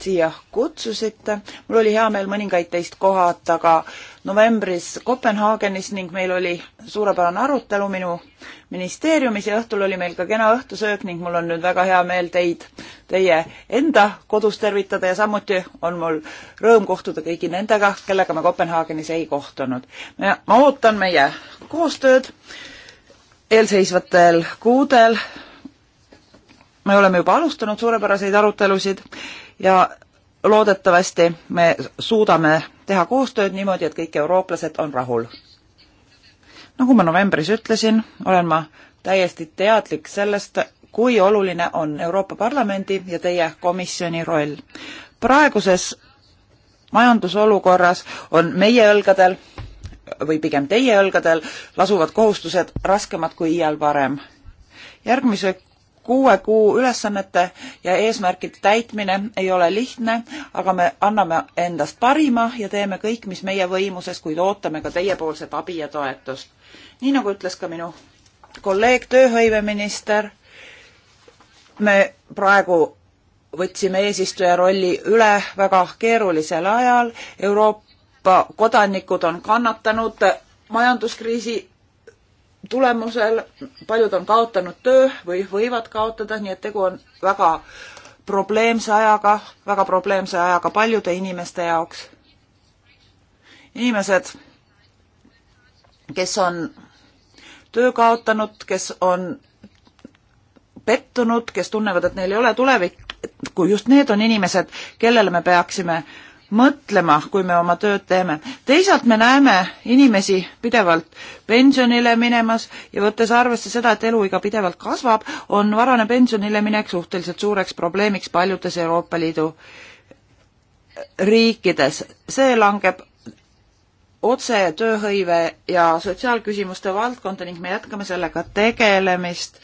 siia kutsusite. mul oli hea meel mõningaid teist kohata, aga novembris Kopenhaagenis ning meil oli suurepärane arutelu minu ministeeriumis ja õhtul oli meil ka kena õhtusöök ning mul on nüüd väga hea meel teid, teie enda kodus tervitada ja samuti on mul rõõm kohtuda kõigi nendega, kellega me Kopenhaagenis ei kohtunud. ma ootan meie koostööd eelseisvatel kuudel. me oleme juba alustanud suurepäraseid arutelusid ja loodetavasti me suudame teha koostööd niimoodi, et kõik eurooplased on rahul. nagu ma novembris ütlesin, olen ma täiesti teadlik sellest, kui oluline on Euroopa Parlamendi ja teie komisjoni roll. praeguses majandusolukorras on meie õlgadel või pigem teie õlgadel lasuvad kohustused raskemad kui iial varem. järgmise kuue kuu ülesannete ja eesmärkide täitmine ei ole lihtne, aga me anname endast parima ja teeme kõik, mis meie võimuses, kuid ootame ka teiepoolset abi ja toetust. nii nagu ütles ka minu kolleeg, tööhõiveminister, me praegu võtsime eesistuja rolli üle väga keerulisel ajal, Euroopa kodanikud on kannatanud majanduskriisi tulemusel paljud on kaotanud töö või võivad kaotada, nii et tegu on väga probleemse ajaga, väga probleemse ajaga paljude inimeste jaoks. inimesed, kes on töö kaotanud, kes on pettunud, kes tunnevad, et neil ei ole tulevikku, just need on inimesed, kellele me peaksime mõtlema, kui me oma tööd teeme. teisalt me näeme inimesi pidevalt pensionile minemas ja võttes arvesse seda, et eluiga pidevalt kasvab, on varane pensionile minek suhteliselt suureks probleemiks paljudes Euroopa Liidu riikides. see langeb otse tööhõive ja sotsiaalküsimuste valdkonda ning me jätkame sellega tegelemist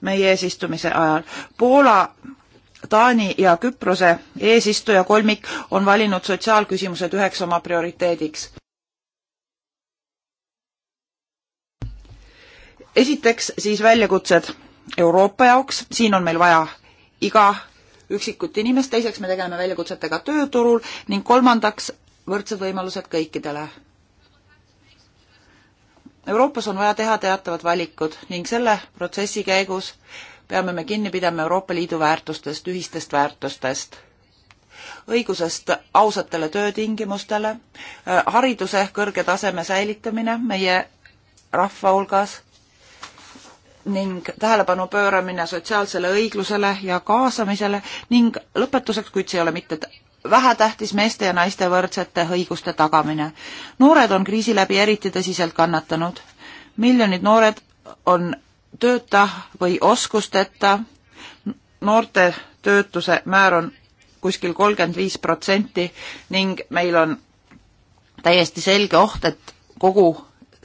meie eesistumise ajal. Poola Taani ja Küprose eesistuja kolmik on valinud sotsiaalküsimused üheks oma prioriteediks. esiteks siis väljakutsed Euroopa jaoks, siin on meil vaja iga üksikut inimest, teiseks me tegeleme väljakutsetega tööturul ning kolmandaks võrdsed võimalused kõikidele. Euroopas on vaja teha teatavad valikud ning selle protsessi käigus peame me kinni pidama Euroopa Liidu väärtustest, ühistest väärtustest, õigusest ausatele töötingimustele, äh, hariduse kõrge taseme säilitamine meie rahva hulgas ning tähelepanu pööramine sotsiaalsele õiglusele ja kaasamisele ning lõpetuseks, kuid see ei ole mitte vähetähtis meeste ja naiste võrdsete õiguste tagamine. noored on kriisi läbi eriti tõsiselt kannatanud. miljonid noored on tööta või oskusteta. noorte töötuse määr on kuskil kolmkümmend viis protsenti ning meil on täiesti selge oht, et kogu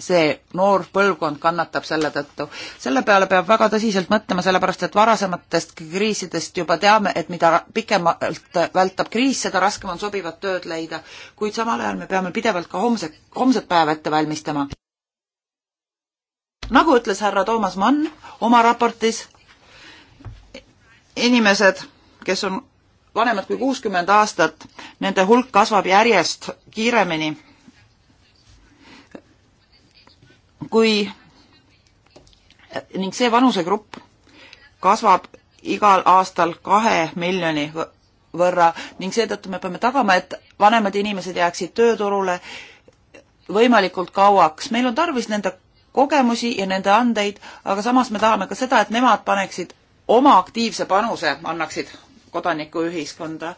see noor põlvkond kannatab selle tõttu. selle peale peab väga tõsiselt mõtlema, sellepärast et varasematest kriisidest juba teame, et mida pikemalt vältab kriis, seda raskem on sobivat tööd leida, kuid samal ajal me peame pidevalt ka homse, homset päeva ette valmistama nagu ütles härra Toomas Mann oma raportis, inimesed, kes on vanemad kui kuuskümmend aastat, nende hulk kasvab järjest kiiremini. kui ning see vanusegrupp kasvab igal aastal kahe miljoni võrra ning seetõttu me peame tagama, et vanemad inimesed jääksid tööturule võimalikult kauaks. meil on tarvis nende kogemusi ja nende andeid, aga samas me tahame ka seda, et nemad paneksid oma aktiivse panuse, annaksid kodanikuühiskonda.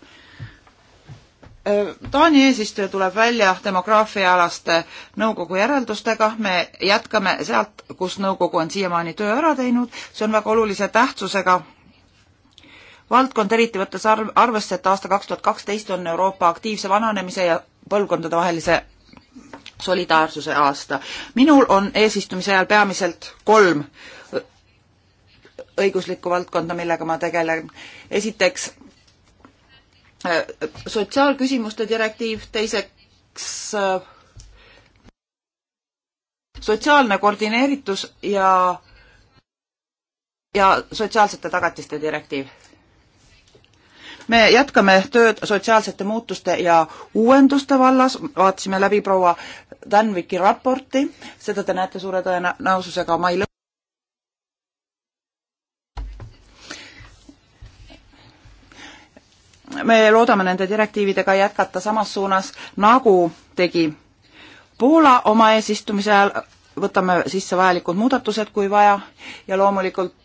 Taani eesistuja tuleb välja demograafiaalaste nõukogu järeldustega, me jätkame sealt, kus nõukogu on siiamaani töö ära teinud, see on väga olulise tähtsusega valdkond, eriti võttes arv, arvesse, et aasta kaks tuhat kaksteist on Euroopa aktiivse vananemise ja põlvkondadevahelise solidaarsuse aasta. minul on eesistumise ajal peamiselt kolm õiguslikku valdkonda, millega ma tegelen. esiteks äh, sotsiaalküsimuste direktiiv, teiseks äh, sotsiaalne koordineeritus ja, ja sotsiaalsete tagatiste direktiiv me jätkame tööd sotsiaalsete muutuste ja uuenduste vallas, vaatasime läbi proua Danviki raporti, seda te näete suure tõenäosusega mai lõpus. me loodame nende direktiividega jätkata samas suunas, nagu tegi Poola oma eesistumise ajal, võtame sisse vajalikud muudatused, kui vaja, ja loomulikult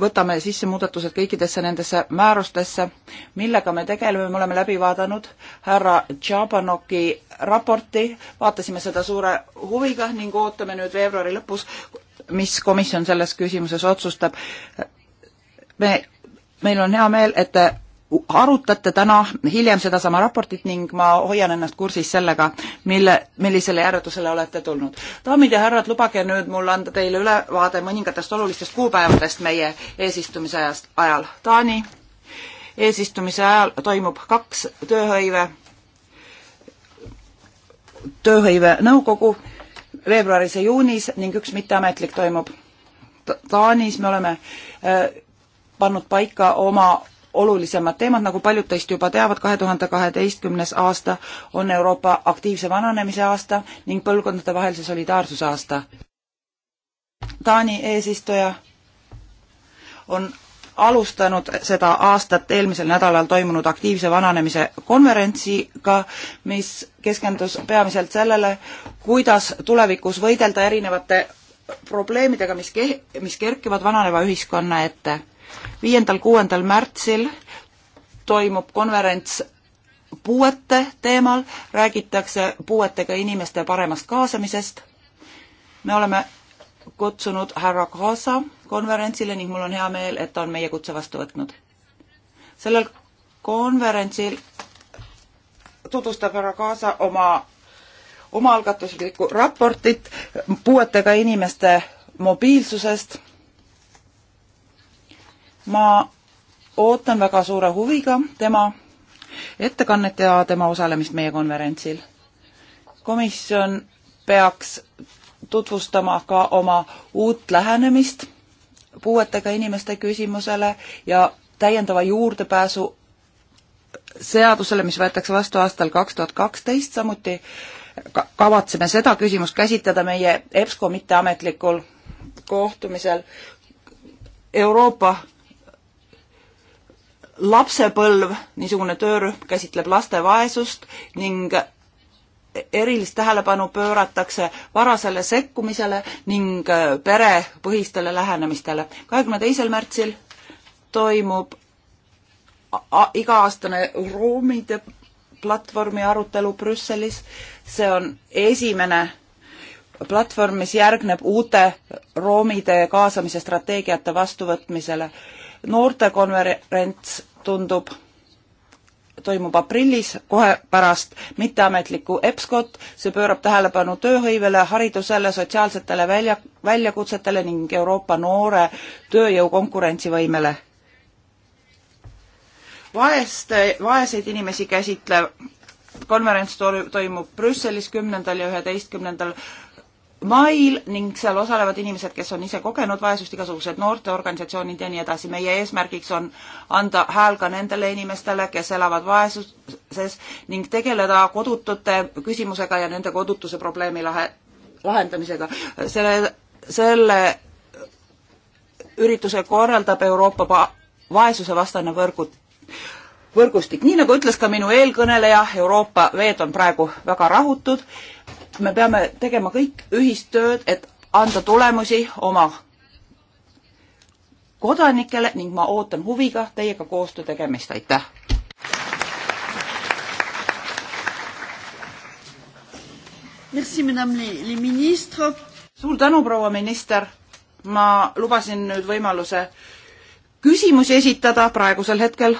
võtame sisse muudatused kõikidesse nendesse määrustesse, millega me tegeleme, me oleme läbi vaadanud härra Tšabanoki raporti, vaatasime seda suure huviga ning ootame nüüd veebruari lõpus, mis komisjon selles küsimuses otsustab. me, meil on hea meel, et te arutate täna hiljem sedasama raportit ning ma hoian ennast kursis sellega, mille, millisele järeldusele olete tulnud. daamid ja härrad, lubage nüüd mul anda teile ülevaade mõningatest olulistest kuupäevadest meie eesistumise ajast, ajal. Taani eesistumise ajal toimub kaks tööhõive, tööhõivenõukogu veebruaris ja juunis ning üks mitteametlik toimub Taanis, me oleme äh, pannud paika oma olulisemad teemad, nagu paljud teist juba teavad, kahe tuhande kaheteistkümnes aasta on Euroopa aktiivse vananemise aasta ning põlvkondadevahelise solidaarsuse aasta. Taani eesistuja on alustanud seda aastat eelmisel nädalal toimunud aktiivse vananemise konverentsiga, mis keskendus peamiselt sellele, kuidas tulevikus võidelda erinevate probleemidega, mis ke-, mis kerkivad vananeva ühiskonna ette viiendal, kuuendal märtsil toimub konverents puuete teemal, räägitakse puuetega inimeste paremast kaasamisest. me oleme kutsunud härra Kaasa konverentsile ning mul on hea meel, et ta on meie kutse vastu võtnud. sellel konverentsil tutvustab härra Kaasa oma omaalgatuslikku raportit puuetega inimeste mobiilsusest ma ootan väga suure huviga tema ettekannet ja tema osalemist meie konverentsil. komisjon peaks tutvustama ka oma uut lähenemist puuetega inimeste küsimusele ja täiendava juurdepääsu seadusele, mis võetakse vastu aastal kaks tuhat kaksteist, samuti kavatseme seda küsimust käsitleda meie EBSCO mitteametlikul kohtumisel Euroopa lapsepõlv, niisugune töörühm käsitleb laste vaesust ning erilist tähelepanu pööratakse varasele sekkumisele ning äh, perepõhistele lähenemistele. kahekümne teisel märtsil toimub iga-aastane ruumide platvormi arutelu Brüsselis. see on esimene platvorm, mis järgneb uute roomide kaasamise strateegiate vastuvõtmisele. noortekonverents tundub, toimub aprillis, kohe pärast mitteametlikku EBSCO-t. see pöörab tähelepanu tööhõivele, haridusele, sotsiaalsetele välja, väljakutsetele ning Euroopa noore tööjõu konkurentsivõimele. vaeste, vaeseid inimesi käsitlev konverents toimub Brüsselis kümnendal ja üheteistkümnendal mail ning seal osalevad inimesed, kes on ise kogenud vaesust, igasugused noorteorganisatsioonid ja nii edasi. meie eesmärgiks on anda hääl ka nendele inimestele, kes elavad vaesuses ning tegeleda kodutute küsimusega ja nende kodutuse probleemi lahe, lahendamisega. selle, selle ürituse korraldab Euroopa vaesusevastane võrgut, võrgustik. nii nagu ütles ka minu eelkõneleja, Euroopa veed on praegu väga rahutud me peame tegema kõik ühist tööd, et anda tulemusi oma kodanikele ning ma ootan huviga teiega koostöö tegemist, aitäh! suur tänu, proua minister, ma lubasin nüüd võimaluse küsimusi esitada, praegusel hetkel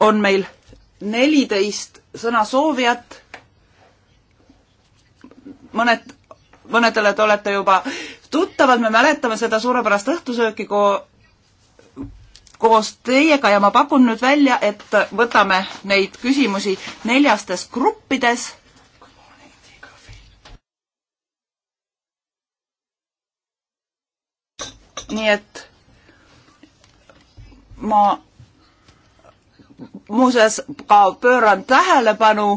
on meil neliteist sõnasoovijat mõned, mõnedele te olete juba tuttavad, me mäletame seda suurepärast õhtusööki ko koos teiega ja ma pakun nüüd välja, et võtame neid küsimusi neljastes gruppides nii et ma muuseas ka pööran tähelepanu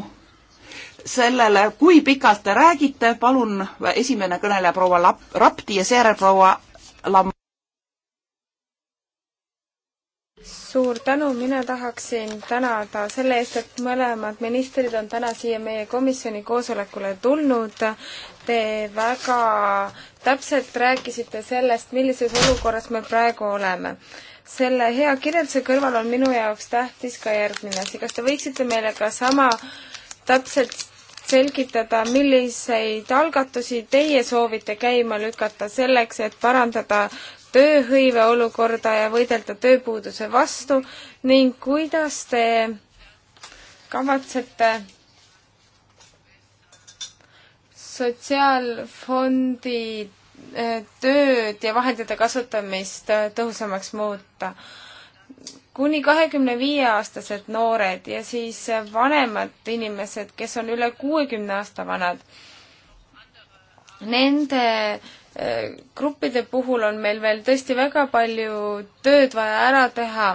sellele, kui pikalt te räägite, palun esimene kõneleja proua Lap-, Rapti ja seejärel proua Lam-. suur tänu, mina tahaksin tänada selle eest, et mõlemad ministrid on täna siia meie komisjoni koosolekule tulnud. Te väga täpselt rääkisite sellest, millises olukorras me praegu oleme selle hea kirjelduse kõrval on minu jaoks tähtis ka järgmine asi. kas te võiksite meile ka sama täpselt selgitada, milliseid algatusi teie soovite käima lükata selleks, et parandada tööhõive olukorda ja võidelda tööpuuduse vastu ning kuidas te kavatsete sotsiaalfondi eh, tööd ja vahendite kasutamist eh, tõhusamaks muuta kuni kahekümne viie aastased noored ja siis vanemad inimesed, kes on üle kuuekümne aasta vanad. Nende eh, gruppide puhul on meil veel tõesti väga palju tööd vaja ära teha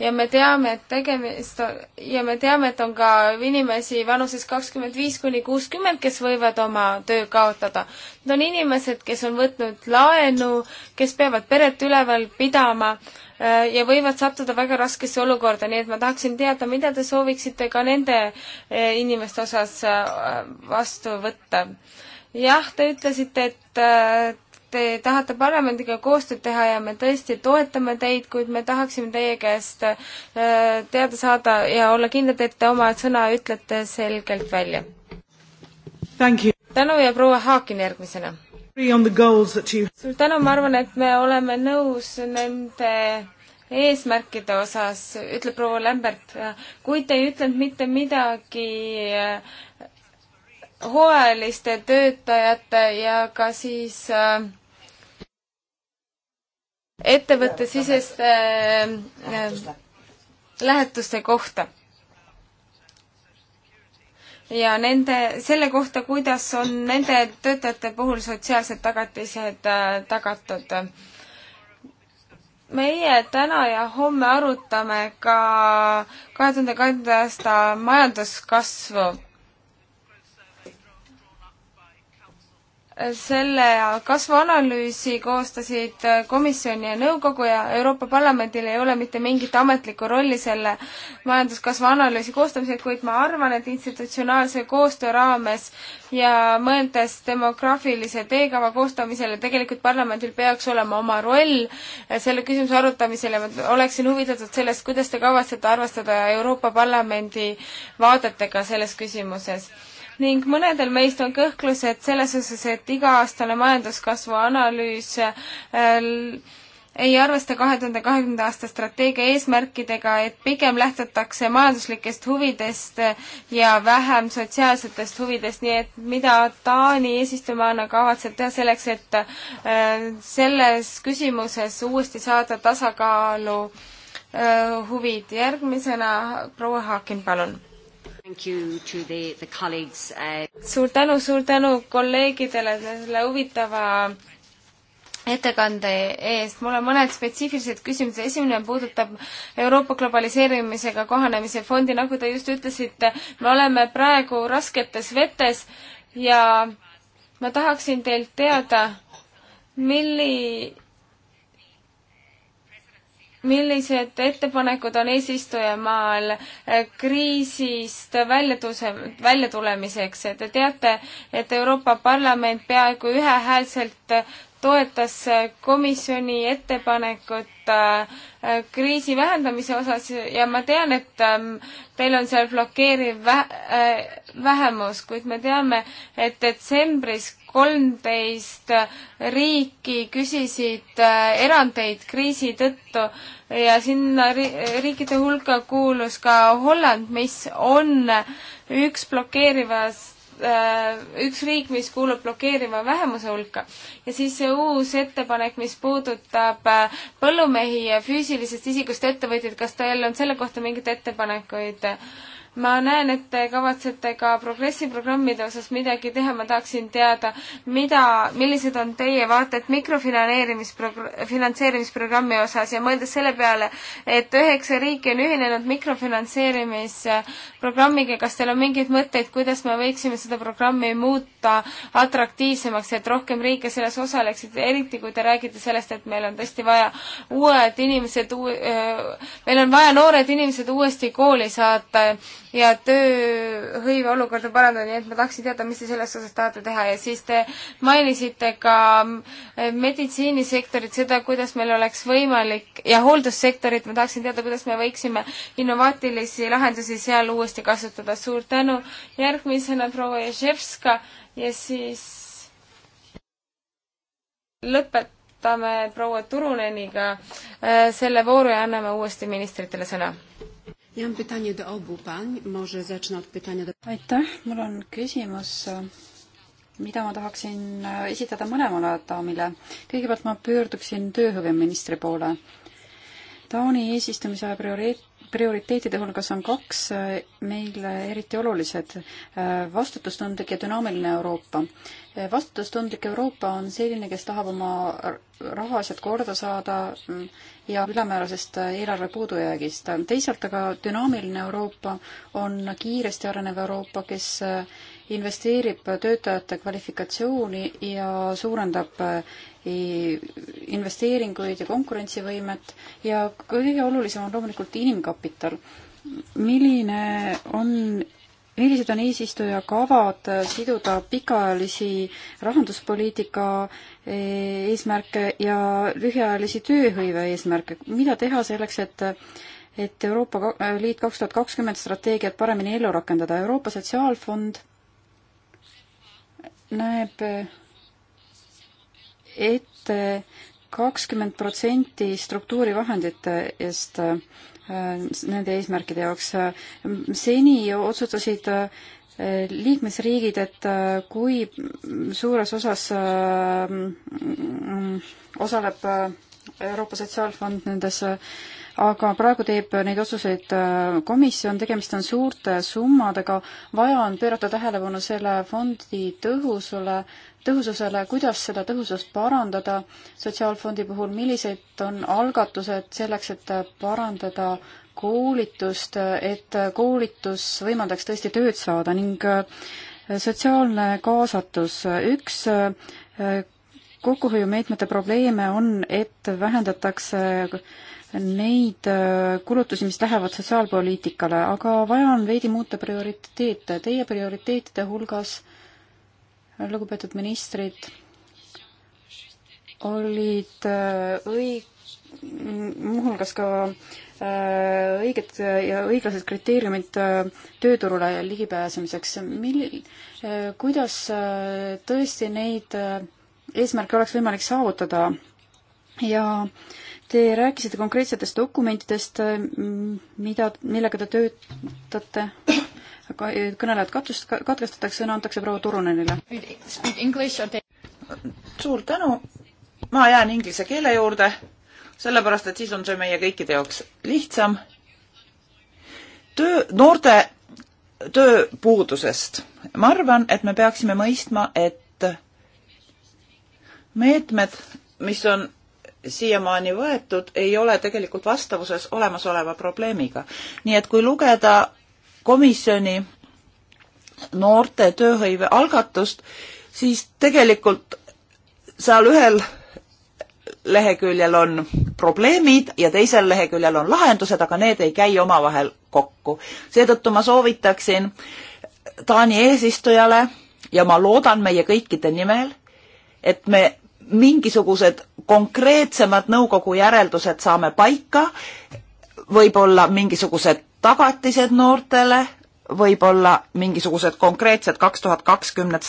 ja me teame, et tegemist on, ja me teame, et on ka inimesi vanuses kakskümmend viis kuni kuuskümmend, kes võivad oma töö kaotada. Need on inimesed, kes on võtnud laenu, kes peavad peret üleval pidama Äh, ja võivad sattuda väga raskesse olukorda, nii et ma tahaksin teada, mida te sooviksite ka nende äh, inimeste osas äh, vastu võtta. jah, te ütlesite, et te tahate parlamendiga koostööd teha ja me tõesti toetame teid, kuid me tahaksime teie käest teada saada ja olla kindlad, et te oma sõna ütlete selgelt välja. tänu ja proua Haakin järgmisena. suur tänu, ma arvan, et me oleme nõus nende eesmärkide osas, ütleb proua Lämbert, kuid te ei ütelnud mitte midagi äh, hooajaliste töötajate ja ka siis äh, ettevõttesiseste äh, äh, lähetuste kohta. ja nende, selle kohta, kuidas on nende töötajate puhul sotsiaalsed tagatised äh, tagatud äh, meie täna ja homme arutame ka kahe tuhande kahekümnenda aasta majanduskasvu selle kasvuanalüüsi koostasid komisjon ja nõukogu ja Euroopa Parlamendil ei ole mitte mingit ametlikku rolli selle majanduskasvu analüüsi koostamisel, kuid ma arvan, et institutsionaalse koostöö raames ja mõeldes demograafilise teekava koostamisele, tegelikult parlamendil peaks olema oma roll selle küsimuse arutamisel ja ma oleksin huvitatud sellest, kuidas te kavatsete arvestada Euroopa Parlamendi vaadetega selles küsimuses ning mõnedel meist on kõhklused selles osas, et iga-aastane majanduskasvu analüüs äh, ei arvesta kahe tuhande kahekümnenda aasta strateegia eesmärkidega, et pigem lähtutakse majanduslikest huvidest ja vähem sotsiaalsetest huvidest, nii et mida Taani eesistujamaana kavatseb teha selleks, et äh, selles küsimuses uuesti saada tasakaalu äh, huvid. järgmisena proua Haakin, palun Uh, suur tänu, suur tänu kolleegidele selle huvitava ettekande eest. mul on mõned spetsiifilised küsimused. esimene puudutab Euroopa globaliseerimisega kohanemise fondi. nagu te just ütlesite, me oleme praegu rasketes vetes ja ma tahaksin teilt teada, milli-, millised ettepanekud on eesistujamaal eh, kriisist väljatuse, väljatulemiseks? Te teate, et Euroopa Parlament peaaegu ühehäälselt toetas komisjoni ettepanekut äh, kriisi vähendamise osas ja ma tean, et ähm, teil on seal blokeeriv äh, vähemus, kuid me teame, et detsembris kolmteist riiki küsisid äh, erandeid kriisi tõttu ja sinna riikide hulka kuulus ka Holland, mis on üks blokeerivast Äh, üks riik, mis kuulub blokeeriva vähemuse hulka. ja siis see uus ettepanek, mis puudutab äh, põllumehi ja füüsilisest isikust ettevõtjaid, kas teil on selle kohta mingeid ettepanekuid? ma näen, et te kavatsete ka progressi programmide osas midagi teha, ma tahaksin teada, mida, millised on teie vaated mikrofilaneerimispro-, finantseerimisprogrammi osas ja mõeldes selle peale, et üheksa riiki on ühinenud mikrofinantseerimisprogrammiga, kas teil on mingeid mõtteid, kuidas me võiksime seda programmi muuta atraktiivsemaks, et rohkem riike selles osaleksid, eriti kui te räägite sellest, et meil on tõesti vaja uued inimesed, meil on vaja noored inimesed uuesti kooli saata ja tööhõive olukorda parandada, nii et ma tahaksin teada, mis te selles osas tahate teha ja siis te mainisite ka eh, meditsiinisektorit, seda, kuidas meil oleks võimalik ja hooldussektorit, ma tahaksin teada, kuidas me võiksime innovaatilisi lahendusi seal uuesti kasutada. suur tänu, järgmisena proua Ježevska ja siis lõpetame proua Turuneniga eh, selle vooru ja anname uuesti ministritele sõna aitäh, mul on küsimus, mida ma tahaksin äh, esitada mõlemale daamile. kõigepealt ma pöörduksin tööhõiveministri poole. Taani eesistumise aja prioriteet prioriteetide hulgas on kaks äh, meile eriti olulised, äh, vastutustundlik ja dünaamiline Euroopa. Äh, vastutustundlik Euroopa on selline, kes tahab oma rahaasjad korda saada mm, ja ülemäärasest eelarve puudujäägist. teisalt aga dünaamiline Euroopa on kiiresti arenev Euroopa, kes investeerib töötajate kvalifikatsiooni ja suurendab eh, investeeringuid ja konkurentsivõimet ja kõige olulisem on loomulikult inimkapital. milline on millised on eesistuja kavad siduda pikaajalisi rahanduspoliitika eh, eesmärke ja lühiajalisi tööhõive eesmärke, mida teha selleks, et et Euroopa Liit kaks tuhat kakskümmend strateegiat paremini ellu rakendada, Euroopa Sotsiaalfond näeb ette kakskümmend protsenti struktuurivahendite eest äh, nende eesmärkide jaoks. seni otsustasid äh, liikmesriigid, et äh, kui suures osas mm, mm, osaleb Euroopa Sotsiaalfond nendes aga praegu teeb neid otsuseid äh, komisjon, tegemist on suurte summadega, vaja on pöörata tähelepanu selle fondi tõhusule, tõhususele, kuidas seda tõhusust parandada sotsiaalfondi puhul, millised on algatused selleks, et parandada koolitust, et koolitus võimaldaks tõesti tööd saada ning äh, sotsiaalne kaasatus, üks äh, kokkuhoiumeetmete probleeme on, et vähendatakse neid äh, kulutusi, mis lähevad sotsiaalpoliitikale, aga vaja on veidi muuta prioriteete. Teie prioriteetide hulgas, lugupeetud ministrid, olid äh, õig-, muuhulgas ka äh, õiged ja õiglased kriteeriumid tööturule ligipääsemiseks. mil-, kuidas tõesti neid eesmärke oleks võimalik saavutada ja äh, Te rääkisite konkreetsetest dokumentidest, mida, millega te töötate, aga eh, kõnelejad katkest-, katkestatakse, sõna antakse proua Turunenile. suur tänu, ma jään inglise keele juurde, sellepärast et siis on see meie kõikide jaoks lihtsam. töö, noorte tööpuudusest. ma arvan, et me peaksime mõistma, et meetmed, mis on siiamaani võetud, ei ole tegelikult vastavuses olemasoleva probleemiga. nii et kui lugeda komisjoni noorte tööhõive algatust, siis tegelikult seal ühel leheküljel on probleemid ja teisel leheküljel on lahendused, aga need ei käi omavahel kokku. seetõttu ma soovitaksin Taani eesistujale ja ma loodan meie kõikide nimel, et me mingisugused konkreetsemad nõukogu järeldused saame paika, võib-olla mingisugused tagatised noortele, võib-olla mingisugused konkreetsed kaks tuhat kakskümmend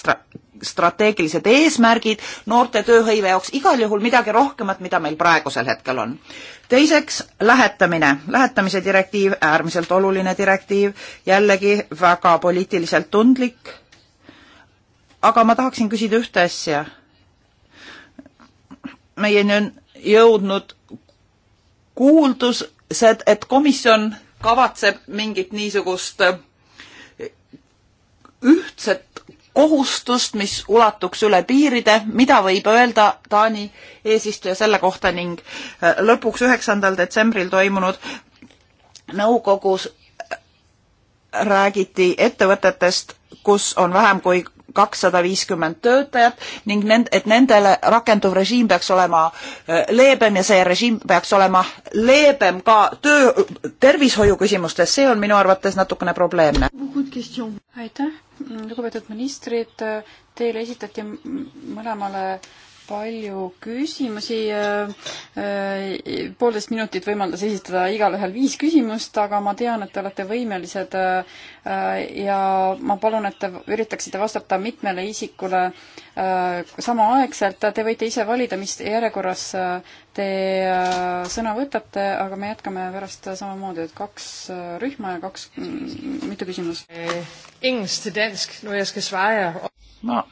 strateegilised eesmärgid noorte tööhõive jaoks, igal juhul midagi rohkemat, mida meil praegusel hetkel on. teiseks, lähetamine. lähetamise direktiiv, äärmiselt oluline direktiiv, jällegi väga poliitiliselt tundlik, aga ma tahaksin küsida ühte asja meieni on jõudnud kuuldused, et komisjon kavatseb mingit niisugust äh, ühtset kohustust, mis ulatuks üle piiride, mida võib öelda Taani eesistuja selle kohta ning äh, lõpuks üheksandal detsembril toimunud nõukogus äh, räägiti ettevõtetest, kus on vähem kui kakssada viiskümmend töötajat ning nend-, et nendele rakenduv režiim peaks olema äh, leebem ja see režiim peaks olema leebem ka töö, tervishoiu küsimustes, see on minu arvates natukene probleemne. aitäh, lugupeetud ministrid, teile esitati mõlemale palju küsimusi. Äh, äh, poolteist minutit võimaldas esitada igalühel viis küsimust, aga ma tean, et te olete võimelised äh, ja ma palun, et te üritaksite vastata mitmele isikule samaaegselt. Te võite ise valida, mis järjekorras te sõna võtate, aga me jätkame pärast samamoodi, et kaks rühma ja kaks, mm, mitu küsimust. Inglise, dansk, no ja siis, kes vaja. ma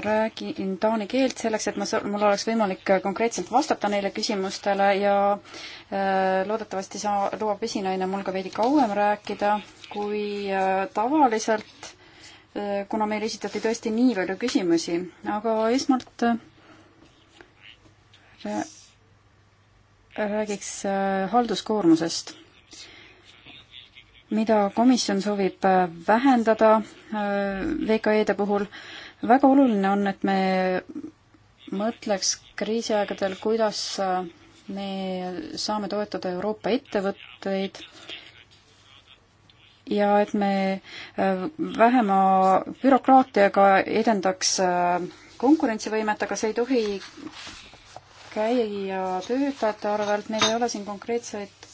räägin taani keelt selleks, et ma, mul oleks võimalik konkreetselt vastata neile küsimustele ja äh, loodetavasti saa, lubab esinaine mul ka veidi kauem rääkida kui äh, tavaliselt, äh, kuna meile esitati tõesti nii palju küsimusi, aga esmalt räägiks halduskoormusest mida komisjon soovib vähendada VKE-de puhul väga oluline on, et me mõtleks kriisiaegadel, kuidas me saame toetada Euroopa ettevõtteid ja et me äh, vähema bürokraatiaga edendaks äh, konkurentsivõimet, aga see ei tohi käia töötajate arvelt, meil ei ole siin konkreetseid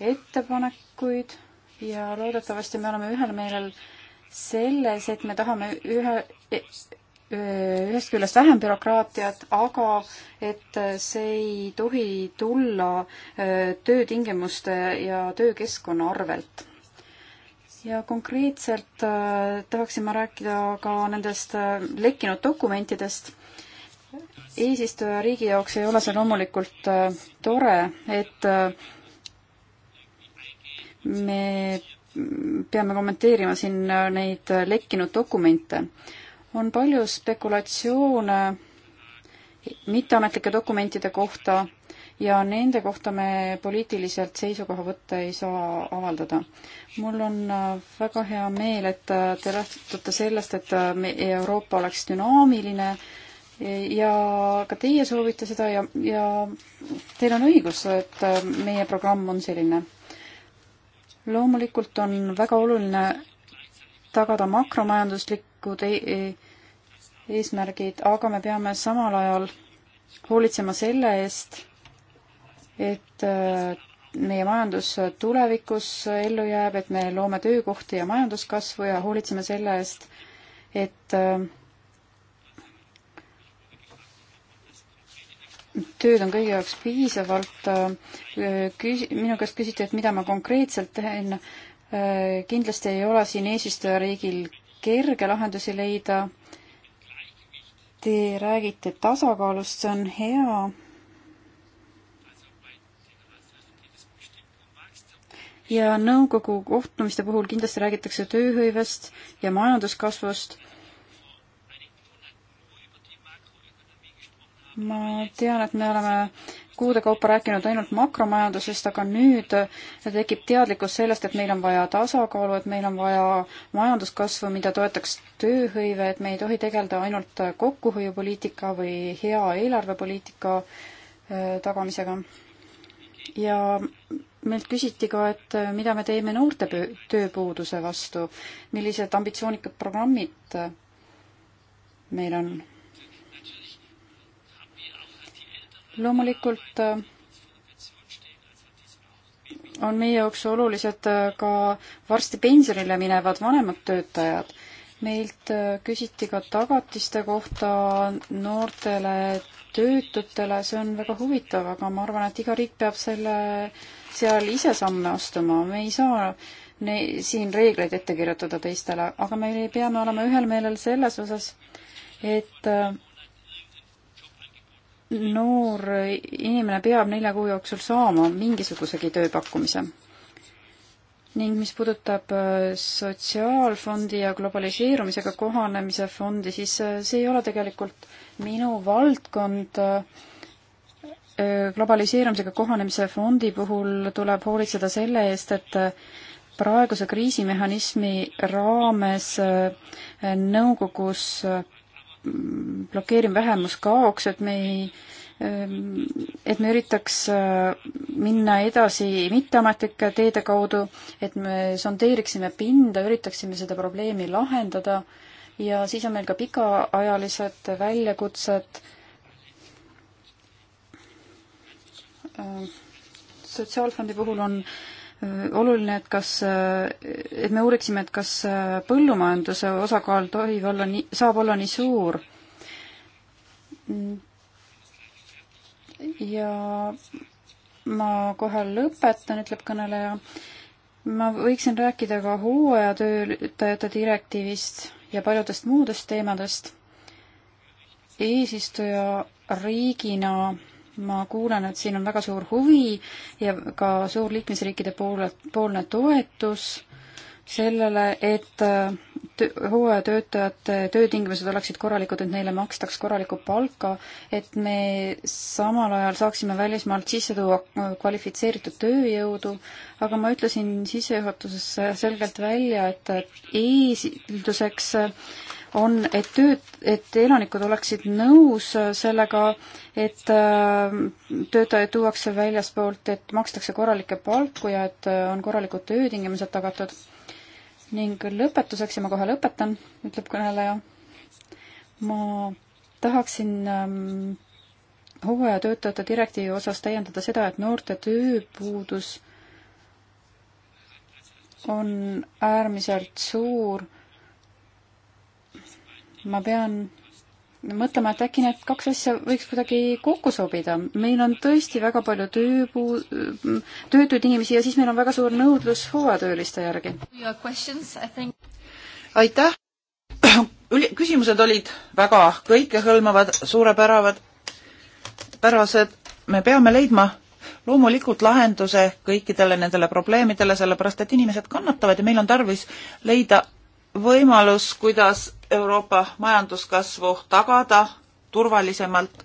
ettepanekuid ja loodetavasti me oleme ühel meelel selles, et me tahame ühe, ühest küljest vähem bürokraatiat, aga et see ei tohi tulla äh, töötingimuste ja töökeskkonna arvelt. ja konkreetselt äh, tahaksin ma rääkida ka nendest äh, lekkinud dokumentidest. eesistujariigi jaoks ei ole see loomulikult tore, et me peame kommenteerima siin neid lekkinud dokumente on palju spekulatsioone mitteametlike dokumentide kohta ja nende kohta me poliitiliselt seisukoha võtta ei saa avaldada. mul on äh, väga hea meel, et äh, te lähtute sellest, et äh, Euroopa oleks dünaamiline ja ka teie soovite seda ja, ja teil on õigus, et meie programm on selline. loomulikult on väga oluline tagada makromajanduslikud e-, e-, eesmärgid, aga me peame samal ajal hoolitsema selle eest, et äh, meie majandus tulevikus ellu jääb, et me loome töökohti ja majanduskasvu ja hoolitseme selle eest, et äh, tööd on kõigi jaoks piisavalt. Äh, Küs-, minu käest küsiti, et mida ma konkreetselt teen Äh, kindlasti ei ole siin eesistujariigil kerge lahendusi leida. Te räägite tasakaalust, see on hea. ja nõukogu kohtumiste puhul kindlasti räägitakse tööhõivest ja majanduskasvust. ma tean, et me oleme kuude kaupa rääkinud ainult makromajandusest, aga nüüd tekib teadlikkus sellest, et meil on vaja tasakaalu, et meil on vaja majanduskasvu, mida toetaks tööhõive, et me ei tohi tegeleda ainult kokkuhoiupoliitika või hea eelarvepoliitika äh, tagamisega. ja meilt küsiti ka, et äh, mida me teeme noorte tööpuuduse vastu, millised ambitsioonikad programmid äh, meil on loomulikult äh, on meie jaoks olulised äh, ka varsti pensionile minevad vanemad töötajad. meilt äh, küsiti ka tagatiste kohta noortele töötutele, see on väga huvitav, aga ma arvan, et iga riik peab selle, seal ise samme astuma, me ei saa ne-, siin reegleid ette kirjutada teistele, aga me peame olema ühel meelel selles osas, et äh, noor inimene peab nelja kuu jooksul saama mingisugusegi tööpakkumise. ning mis puudutab äh, Sotsiaalfondi ja globaliseerumisega kohanemise fondi, siis äh, see ei ole tegelikult minu valdkond. Äh, globaliseerumisega kohanemise fondi puhul tuleb hoolitseda selle eest, et praeguse kriisimehhanismi raames nõukogus blokeeriv vähemus kaoks, et me ei ähm, et me üritaks äh, minna edasi mitteametlike teede kaudu, et me sondeeriksime pinda, üritaksime seda probleemi lahendada ja siis on meil ka pikaajalised väljakutsed äh, sotsiaalfondi puhul on äh, oluline, et kas, et me uuriksime, et kas põllumajanduse osakaal tohib olla nii, saab olla nii suur. ja ma kohe lõpetan, ütleb kõneleja. ma võiksin rääkida ka hooajatöötajate direktiivist ja paljudest muudest teemadest. eesistuja riigina ma kuulen, et siin on väga suur huvi ja ka suur liikmesriikide poole, poolne toetus sellele, et äh, hooajatöötajate töötingimused oleksid korralikud, et neile makstaks korralikku palka, et me samal ajal saaksime välismaalt sisse tuua äh, kvalifitseeritud tööjõudu, aga ma ütlesin sissejuhatuses selgelt välja, et eelduseks äh, on, et tööd, et elanikud oleksid nõus sellega, et äh, töötajaid tuuakse väljaspoolt, et makstakse korralikke palku ja et äh, on korralikud töötingimused tagatud. ning lõpetuseks, ja ma kohe lõpetan, ütleb kõneleja, ma tahaksin ähm, hooajatöötajate direktiivi osas täiendada seda, et noorte tööpuudus on äärmiselt suur ma pean mõtlema, et äkki need kaks asja võiks kuidagi kokku sobida. meil on tõesti väga palju tööpuu-, töötuid inimesi ja siis meil on väga suur nõudlus hooajatööliste järgi. aitäh! küsimused olid väga kõikehõlmavad, suurepäravad, pärased. me peame leidma loomulikult lahenduse kõikidele nendele probleemidele, sellepärast et inimesed kannatavad ja meil on tarvis leida võimalus, kuidas Euroopa majanduskasvu tagada turvalisemalt.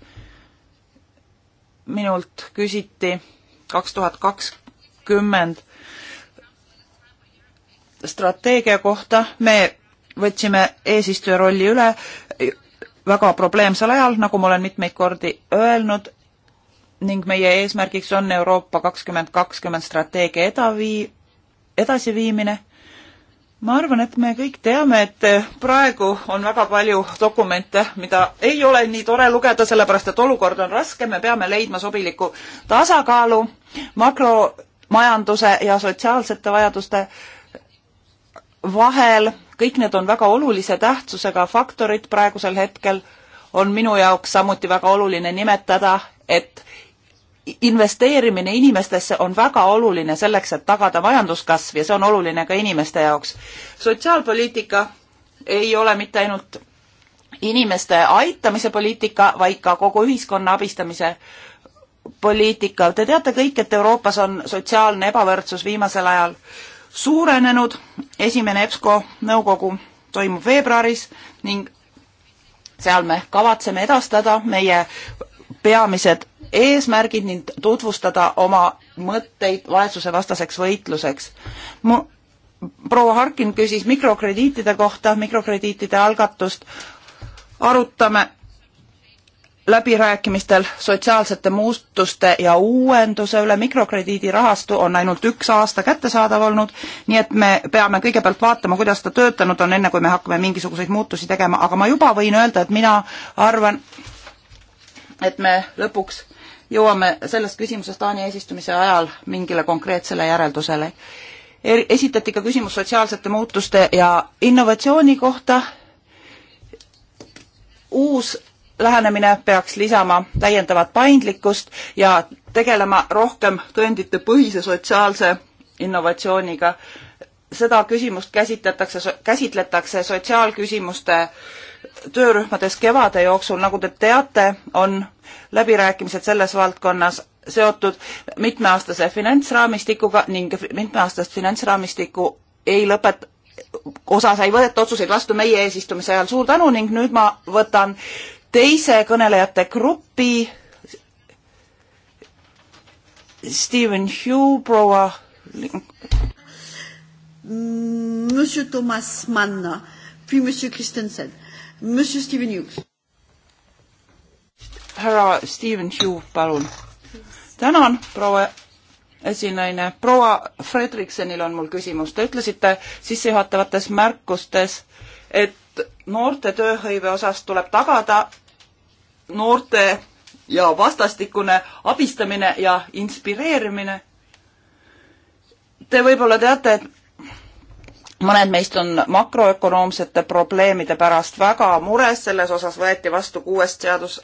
minult küsiti kaks tuhat kakskümmend strateegia kohta, me võtsime eesistuja rolli üle väga probleemsel ajal, nagu ma olen mitmeid kordi öelnud, ning meie eesmärgiks on Euroopa kakskümmend kakskümmend strateegia edavi-, edasiviimine ma arvan, et me kõik teame, et praegu on väga palju dokumente, mida ei ole nii tore lugeda, sellepärast et olukord on raske, me peame leidma sobiliku tasakaalu makromajanduse ja sotsiaalsete vajaduste vahel. kõik need on väga olulise tähtsusega faktorid praegusel hetkel. on minu jaoks samuti väga oluline nimetada, et investeerimine inimestesse on väga oluline selleks, et tagada majanduskasv ja see on oluline ka inimeste jaoks. sotsiaalpoliitika ei ole mitte ainult inimeste aitamise poliitika, vaid ka kogu ühiskonna abistamise poliitika. Te teate kõik, et Euroopas on sotsiaalne ebavõrdsus viimasel ajal suurenenud. esimene EBSCO nõukogu toimub veebruaris ning seal me kavatseme edastada meie peamised eesmärgid ning tutvustada oma mõtteid vaesusevastaseks võitluseks. proua Harkin küsis mikrokrediitide kohta, mikrokrediitide algatust arutame läbirääkimistel sotsiaalsete muutuste ja uuenduse üle mikrokrediidirahastu on ainult üks aasta kättesaadav olnud, nii et me peame kõigepealt vaatama, kuidas ta töötanud on, enne kui me hakkame mingisuguseid muutusi tegema, aga ma juba võin öelda, et mina arvan, et me lõpuks jõuame selles küsimuses Taani eesistumise ajal mingile konkreetsele järeldusele. Er-, esitati ka küsimus sotsiaalsete muutuste ja innovatsiooni kohta. uus lähenemine peaks lisama täiendavat paindlikkust ja tegelema rohkem tõenditepõhise sotsiaalse innovatsiooniga. seda küsimust käsitletakse, käsitletakse sotsiaalküsimuste töörühmades kevade jooksul, nagu te teate, on läbirääkimised selles valdkonnas seotud mitmeaastase finantsraamistikuga ning mitmeaastast finantsraamistikku ei lõpet-, osa sai võeta otsuseid vastu meie eesistumise ajal, suur tänu ning nüüd ma võtan teise kõnelejate grupi, Steven Hugh, proua Monsieur Thomas Mann, puis Monsieur Christensen Monsieur Steven Hughes. härra Steven Hughes, palun. tänan, proua esinaine. proua Fredriksonil on mul küsimus. Te ütlesite sissejuhatavates märkustes, et noorte tööhõive osas tuleb tagada noorte ja vastastikune abistamine ja inspireerimine. Te võib-olla teate, et mõned meist on makroökonoomsete probleemide pärast väga mures, selles osas võeti vastu kuuest seadus,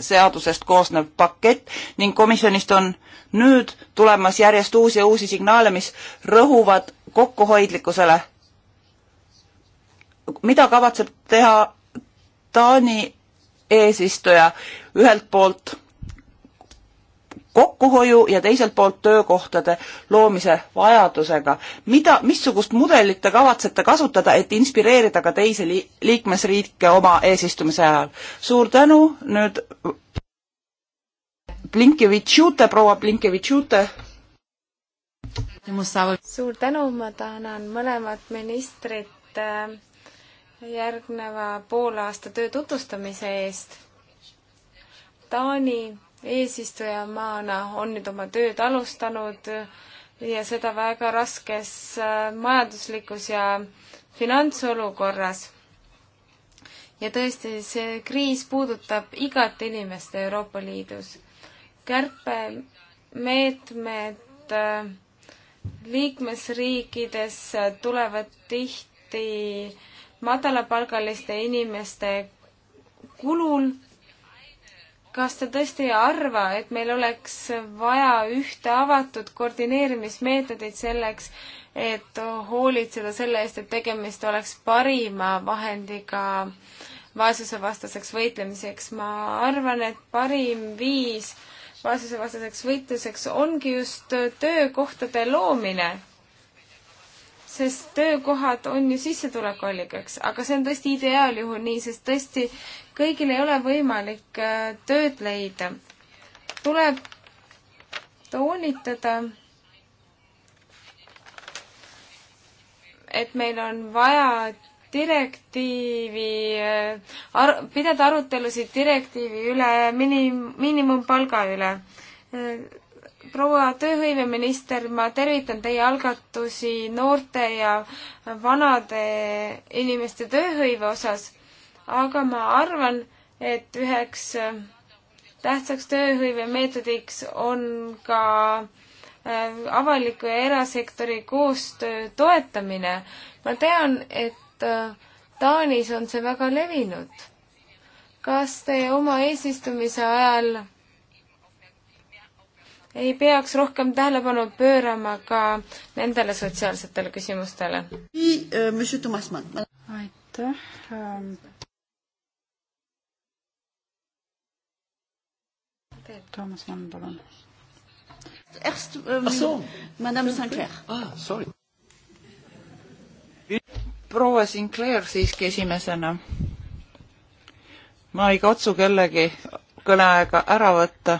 seadusest koosnev pakett ning komisjonist on nüüd tulemas järjest uusi ja uusi signaale, mis rõhuvad kokkuhoidlikkusele. mida kavatseb teha Taani eesistuja ühelt poolt kokkuhoiu ja teiselt poolt töökohtade loomise vajadusega. mida, missugust mudelit te kavatsete kasutada, et inspireerida ka teisi li liikmesriike oma eesistumise ajal? suur tänu, nüüd Blinkevitšute, proua Blinkevitšute. suur tänu, ma tänan mõlemat ministrit äh, järgneva poolaasta töö tutvustamise eest. Taani eesistujamaana on nüüd oma tööd alustanud ja seda väga raskes äh, majanduslikus ja finantsolukorras. ja tõesti, see kriis puudutab igat inimest Euroopa Liidus. kärpemeetmed äh, liikmesriikides tulevad tihti madalapalgaliste inimeste kulul kas te tõesti ei arva, et meil oleks vaja ühte avatud koordineerimismeetodit selleks, et hoolitseda selle eest, et tegemist oleks parima vahendiga vaesusevastaseks võitlemiseks. ma arvan, et parim viis vaesusevastaseks võitluseks ongi just töökohtade loomine. sest töökohad on ju sissetulekuallikaks, aga see on tõesti ideaaljuhul nii, sest tõesti kõigil ei ole võimalik äh, tööd leida. tuleb toonitada, et meil on vaja direktiivi äh, ar-, pidada arutelusid direktiivi üle, minim-, miinimumpalga üle. Äh, proua tööhõiveminister, ma tervitan teie algatusi noorte ja vanade inimeste tööhõive osas aga ma arvan, et üheks äh, tähtsaks tööhõivemeetodiks on ka äh, avaliku ja erasektori koostöö toetamine. ma tean, et äh, Taanis on see väga levinud. kas te oma eesistumise ajal ei peaks rohkem tähelepanu pöörama ka nendele sotsiaalsetele küsimustele? Euh, aitäh, ähm, Toomas Mann, palun. Äh, Madame Sinclair. aa, ah, sorry. proua Sinclair siiski esimesena. ma ei katsu kellegi kõneaega ära võtta.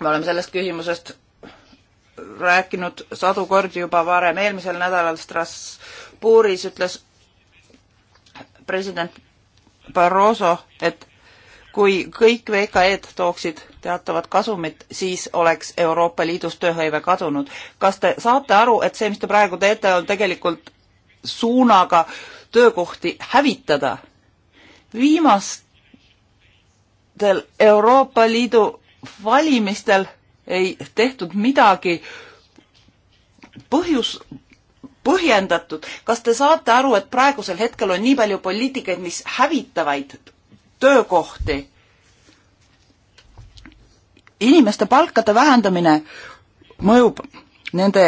me oleme sellest küsimusest rääkinud sadu kordi juba varem, eelmisel nädalal Strasbourgis ütles president Barroso, et kui kõik VKE-d tooksid teatavat kasumit, siis oleks Euroopa Liidus tööhõive kadunud. kas te saate aru, et see, mis te praegu teete, on tegelikult suunaga töökohti hävitada? viimastel Euroopa Liidu valimistel ei tehtud midagi põhjus, põhjendatud. kas te saate aru, et praegusel hetkel on nii palju poliitikaid, mis hävitavaid töökohti. inimeste palkade vähendamine mõjub nende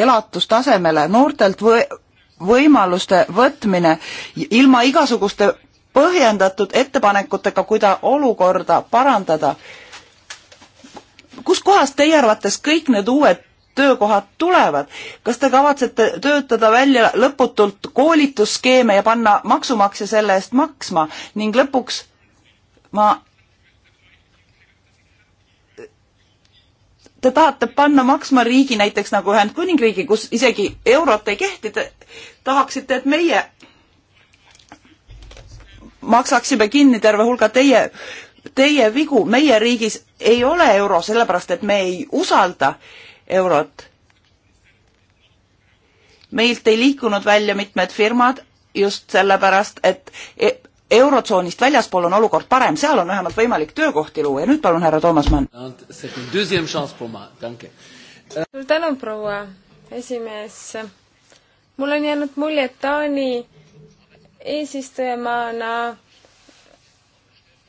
elatustasemele, noortelt või võimaluste võtmine ilma igasuguste põhjendatud ettepanekutega, kuida olukorda parandada. kuskohast teie arvates kõik need uued töökohad tulevad, kas te kavatsete töötada välja lõputult koolitusskeeme ja panna maksumaksja selle eest maksma ning lõpuks ma te tahate panna maksma riigi näiteks nagu Ühendkuningriigi, kus isegi eurot ei kehti, te tahaksite, et meie maksaksime kinni terve hulga teie, teie vigu. meie riigis ei ole euro, sellepärast et me ei usalda eurot. meilt ei liikunud välja mitmed firmad just sellepärast, et e- eurotsoonist väljaspool on olukord parem, seal on vähemalt võimalik töökohti luua ja nüüd palun, härra Toomas Mann. Euh, suur tänu, proua esimees. mul on jäänud mulje, et Taani eesistujamaana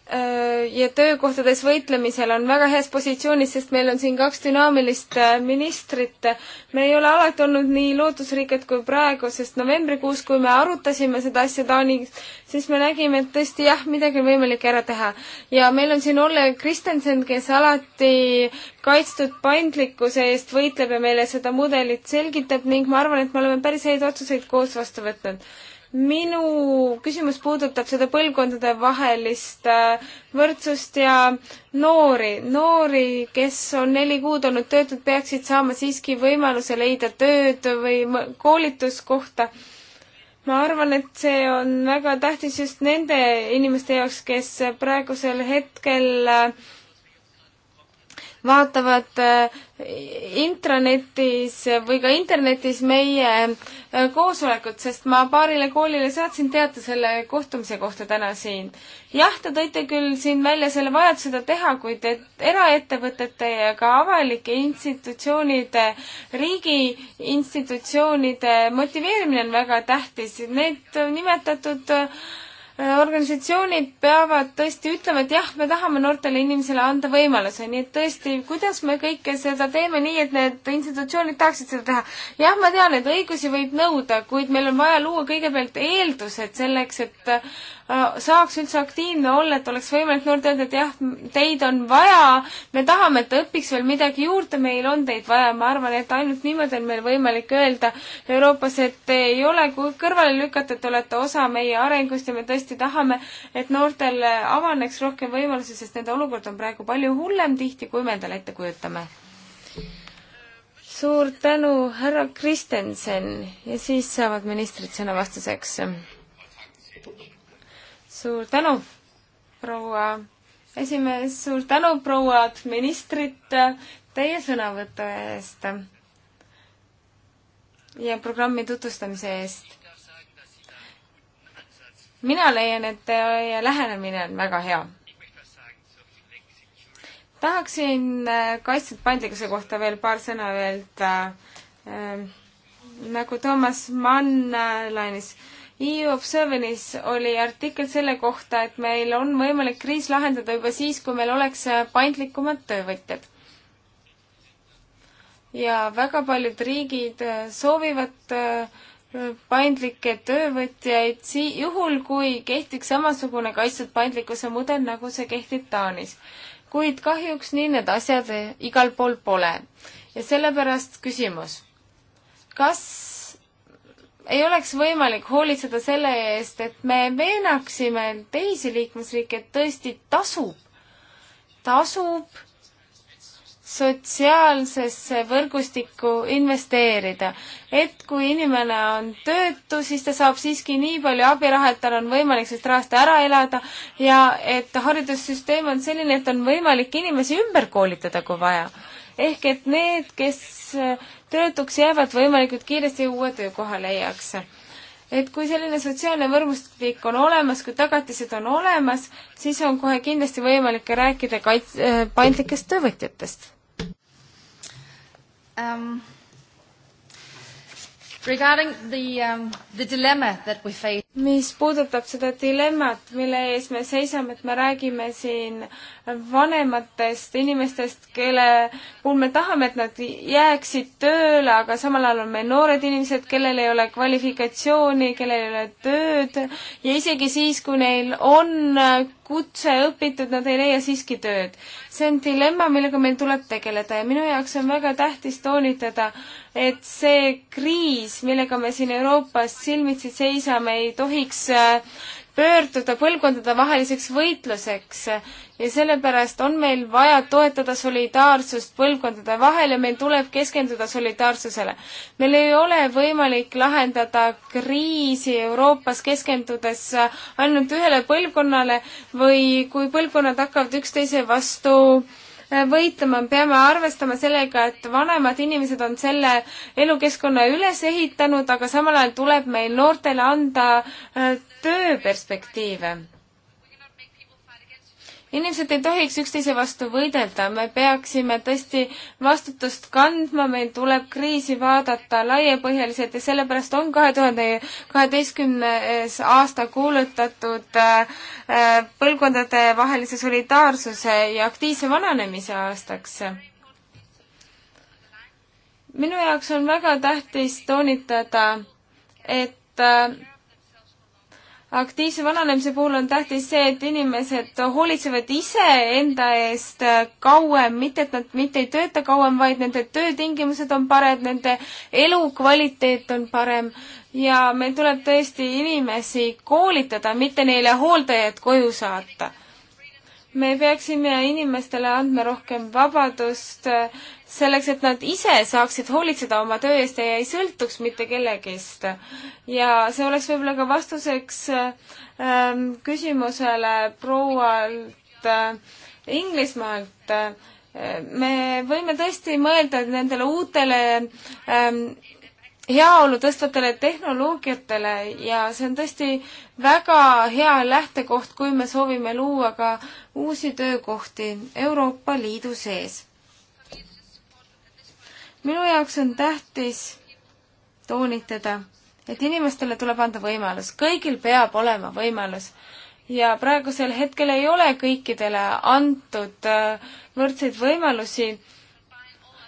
Äh, ja töökohtades võitlemisel on väga heas positsioonis, sest meil on siin kaks dünaamilist äh, ministrit. me ei ole alati olnud nii lootusrikkad kui praegu, sest novembrikuus, kui me arutasime seda asja Taanis, siis me nägime, et tõesti jah, midagi on võimalik ära teha. ja meil on siin Olle Kristensen, kes alati kaitstud paindlikkuse eest võitleb ja meile seda mudelit selgitab ning ma arvan, et me oleme päris häid otsuseid koos vastu võtnud minu küsimus puudutab seda põlvkondadevahelist äh, võrdsust ja noori. noori, kes on neli kuud olnud töötud, peaksid saama siiski võimaluse leida tööd või koolituskohta. ma arvan, et see on väga tähtis just nende inimeste jaoks, kes praegusel hetkel äh, vaatavad äh, intranetis või ka internetis meie äh, koosolekut, sest ma paarile koolile saatsin teate selle kohtumise kohta täna siin. jah, te tõite küll siin välja selle vajaduse seda teha, kuid et eraettevõtete ja ka avalike institutsioonide, riigi institutsioonide motiveerimine on väga tähtis, need nimetatud äh, Äh, organisatsioonid peavad tõesti ütlema, et jah, me tahame noortele inimesele anda võimaluse, nii et tõesti, kuidas me kõike seda teeme nii, et need institutsioonid tahaksid seda teha. jah, ma tean, et õigusi võib nõuda, kuid meil on vaja luua kõigepealt eeldused selleks, et Äh, saaks üldse aktiivne olla, et oleks võimalik noorte öelda, et jah, teid on vaja, me tahame, et ta õpiks veel midagi juurde, meil on teid vaja, ma arvan, et ainult niimoodi on meil võimalik öelda Euroopas, et te ei ole kõrvale lükata, te olete osa meie arengust ja me tõesti tahame, et noortel avaneks rohkem võimalusi, sest nende olukord on praegu palju hullem tihti, kui me endale ette kujutame. suur tänu, härra Kristensen ja siis saavad ministrid sõna vastuseks suur tänu, proua esimees, suur tänu, prouad ministrid, teie sõnavõtu eest ja programmi tutvustamise eest. mina leian, et teie lähenemine on väga hea. tahaksin kaitstud paindlikkuse kohta veel paar sõna öelda. Äh, nagu Toomas Mann lainis äh, EU Observeris oli artikkel selle kohta, et meil on võimalik kriis lahendada juba siis, kui meil oleks paindlikumad töövõtjad. ja väga paljud riigid soovivad äh, paindlikke töövõtjaid sii-, juhul kui kehtiks samasugune kaitstud paindlikkuse mudel, nagu see kehtib Taanis. kuid kahjuks nii need asjad äh, igal pool pole. ja sellepärast küsimus, kas ei oleks võimalik hoolitseda selle eest, et me veenaksime teisi liikmesriike, et tõesti tasub, tasub sotsiaalsesse võrgustikku investeerida. et kui inimene on töötu, siis ta saab siiski nii palju abiraha, et tal on võimalik sellest rahast ära elada ja et haridussüsteem on selline, et on võimalik inimesi ümber koolitada, kui vaja. ehk et need, kes töötuks jäävad, võimalikult kiiresti uue töökoha leiaks. et kui selline sotsiaalne võrgustik on olemas, kui tagatised on olemas, siis on kohe kindlasti võimalik ka rääkida kaits-, äh, paindlikest töövõtjatest um Regarding the um,, the dilemma that we face. mis puudutab seda dilemmat, mille ees me seisame, et me räägime siin vanematest inimestest, kelle puhul me tahame, et nad jääksid tööle, aga samal ajal on meil noored inimesed, kellel ei ole kvalifikatsiooni, kellel ei ole tööd ja isegi siis, kui neil on kutse õpitud, nad ei leia siiski tööd see on dilemma, millega meil tuleb tegeleda ja minu jaoks on väga tähtis toonitada, et see kriis, millega me siin Euroopas silmitsi seisame, ei tohiks äh, pöörduda põlvkondadevaheliseks võitluseks ja sellepärast on meil vaja toetada solidaarsust põlvkondade vahel ja meil tuleb keskenduda solidaarsusele. meil ei ole võimalik lahendada kriisi Euroopas keskendudes ainult ühele põlvkonnale või kui põlvkonnad hakkavad üksteise vastu äh, Äh, võitlema, peame arvestama sellega, et vanemad inimesed on selle elukeskkonna üles ehitanud, aga samal ajal tuleb meil noortele anda äh, tööperspektiive inimesed ei tohiks üksteise vastu võidelda, me peaksime tõesti vastutust kandma, meil tuleb kriisi vaadata laiapõhjaliselt ja sellepärast on kahe tuhande kaheteistkümnes aasta kuulutatud äh, põlvkondadevahelise solidaarsuse ja aktiivse vananemise aastaks minu jaoks on väga tähtis toonitada, et äh, aktiivse vananemise puhul on tähtis see, et inimesed hoolitsevad iseenda eest kauem, mitte et nad mitte ei tööta kauem, vaid nende töötingimused on parem, nende elukvaliteet on parem ja meil tuleb tõesti inimesi koolitada, mitte neile hooldajad koju saata me peaksime inimestele andma rohkem vabadust selleks, et nad ise saaksid hoolitseda oma töö eest ja ei sõltuks mitte kellegist. ja see oleks võib-olla ka vastuseks ähm, küsimusele proualt äh, Inglismaalt äh,. me võime tõesti mõelda nendele uutele ähm, heaolu tõstvatele tehnoloogiatele ja see on tõesti väga hea lähtekoht, kui me soovime luua ka uusi töökohti Euroopa Liidu sees minu jaoks on tähtis toonitada, et inimestele tuleb anda võimalus, kõigil peab olema võimalus. ja praegusel hetkel ei ole kõikidele antud äh, võrdseid võimalusi.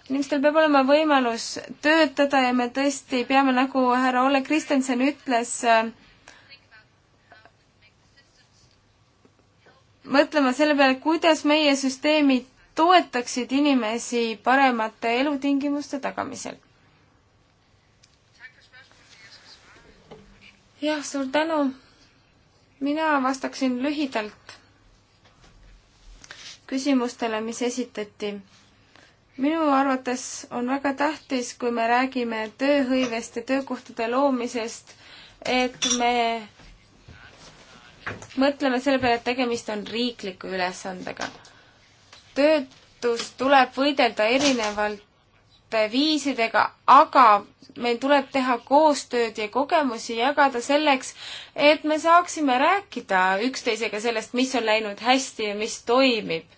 inimestel peab olema võimalus töötada ja me tõesti peame, nagu härra Olle Kristjanson ütles, äh, mõtlema selle peale, kuidas meie süsteemid toetaksid inimesi paremate elutingimuste tagamisel. jah, suur tänu. mina vastaksin lühidalt küsimustele, mis esitati. minu arvates on väga tähtis, kui me räägime tööhõivest ja töökohtade loomisest, et me mõtleme selle peale, et tegemist on riikliku ülesandega töötust tuleb võidelda erinevate viisidega, aga meil tuleb teha koostööd ja kogemusi jagada selleks, et me saaksime rääkida üksteisega sellest, mis on läinud hästi ja mis toimib.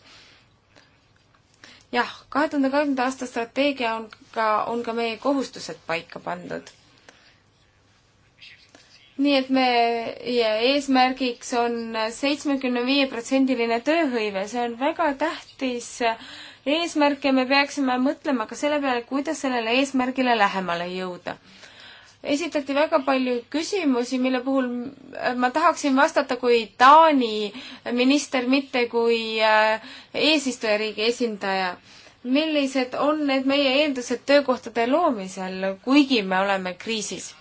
jah, kahe tuhande kahekümnenda aasta strateegia on ka, on ka meie kohustused paika pandud nii et meie eesmärgiks on seitsmekümne viie protsendiline tööhõive, see on väga tähtis eesmärk ja me peaksime mõtlema ka selle peale, kuidas sellele eesmärgile lähemale jõuda. esitati väga palju küsimusi, mille puhul ma tahaksin vastata kui Taani minister, mitte kui äh, eesistujariigi esindaja millised on need meie eeldused töökohtade loomisel, kuigi me oleme kriisis?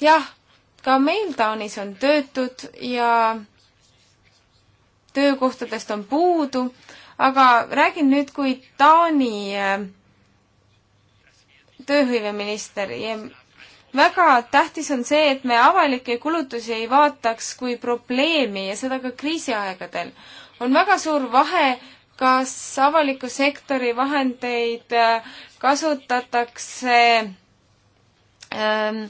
jah, ka meil Taanis on töötud ja töökohtadest on puudu, aga räägin nüüd kui Taani äh, tööhõiveminister ja väga tähtis on see, et me avalikke kulutusi ei vaataks kui probleemi ja seda ka kriisiaegadel. on väga suur vahe, kas avaliku sektori vahendeid äh, kasutatakse ähm,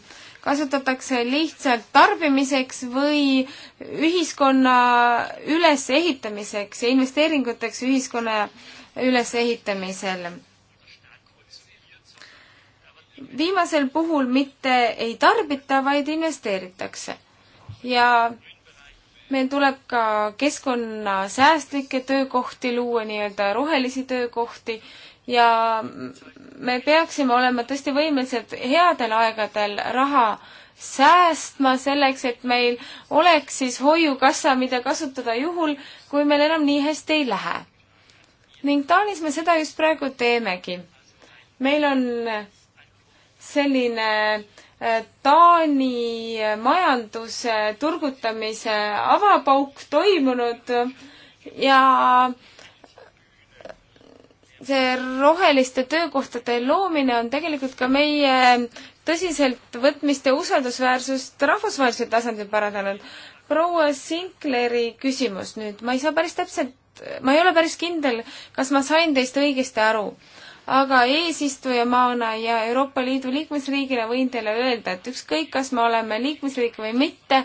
kasutatakse lihtsalt tarbimiseks või ühiskonna ülesehitamiseks ja investeeringuteks ühiskonna ülesehitamisel. viimasel puhul mitte ei tarbita, vaid investeeritakse ja meil tuleb ka keskkonnasäästlikke töökohti luua, nii-öelda rohelisi töökohti ja me peaksime olema tõesti võimelised headel aegadel raha säästma selleks, et meil oleks siis hoiukassa, mida kasutada juhul, kui meil enam nii hästi ei lähe. ning Taanis me seda just praegu teemegi. meil on selline äh, Taani majanduse turgutamise avapauk toimunud ja see roheliste töökohtade loomine on tegelikult ka meie tõsiseltvõtmist ja usaldusväärsust rahvusvahelisel tasandil parandanud. proua Sinkleri küsimus nüüd, ma ei saa päris täpselt, ma ei ole päris kindel, kas ma sain teist õigesti aru aga eesistujamaana ja Euroopa Liidu liikmesriigina võin teile öelda, et ükskõik, kas me oleme liikmesriik või mitte,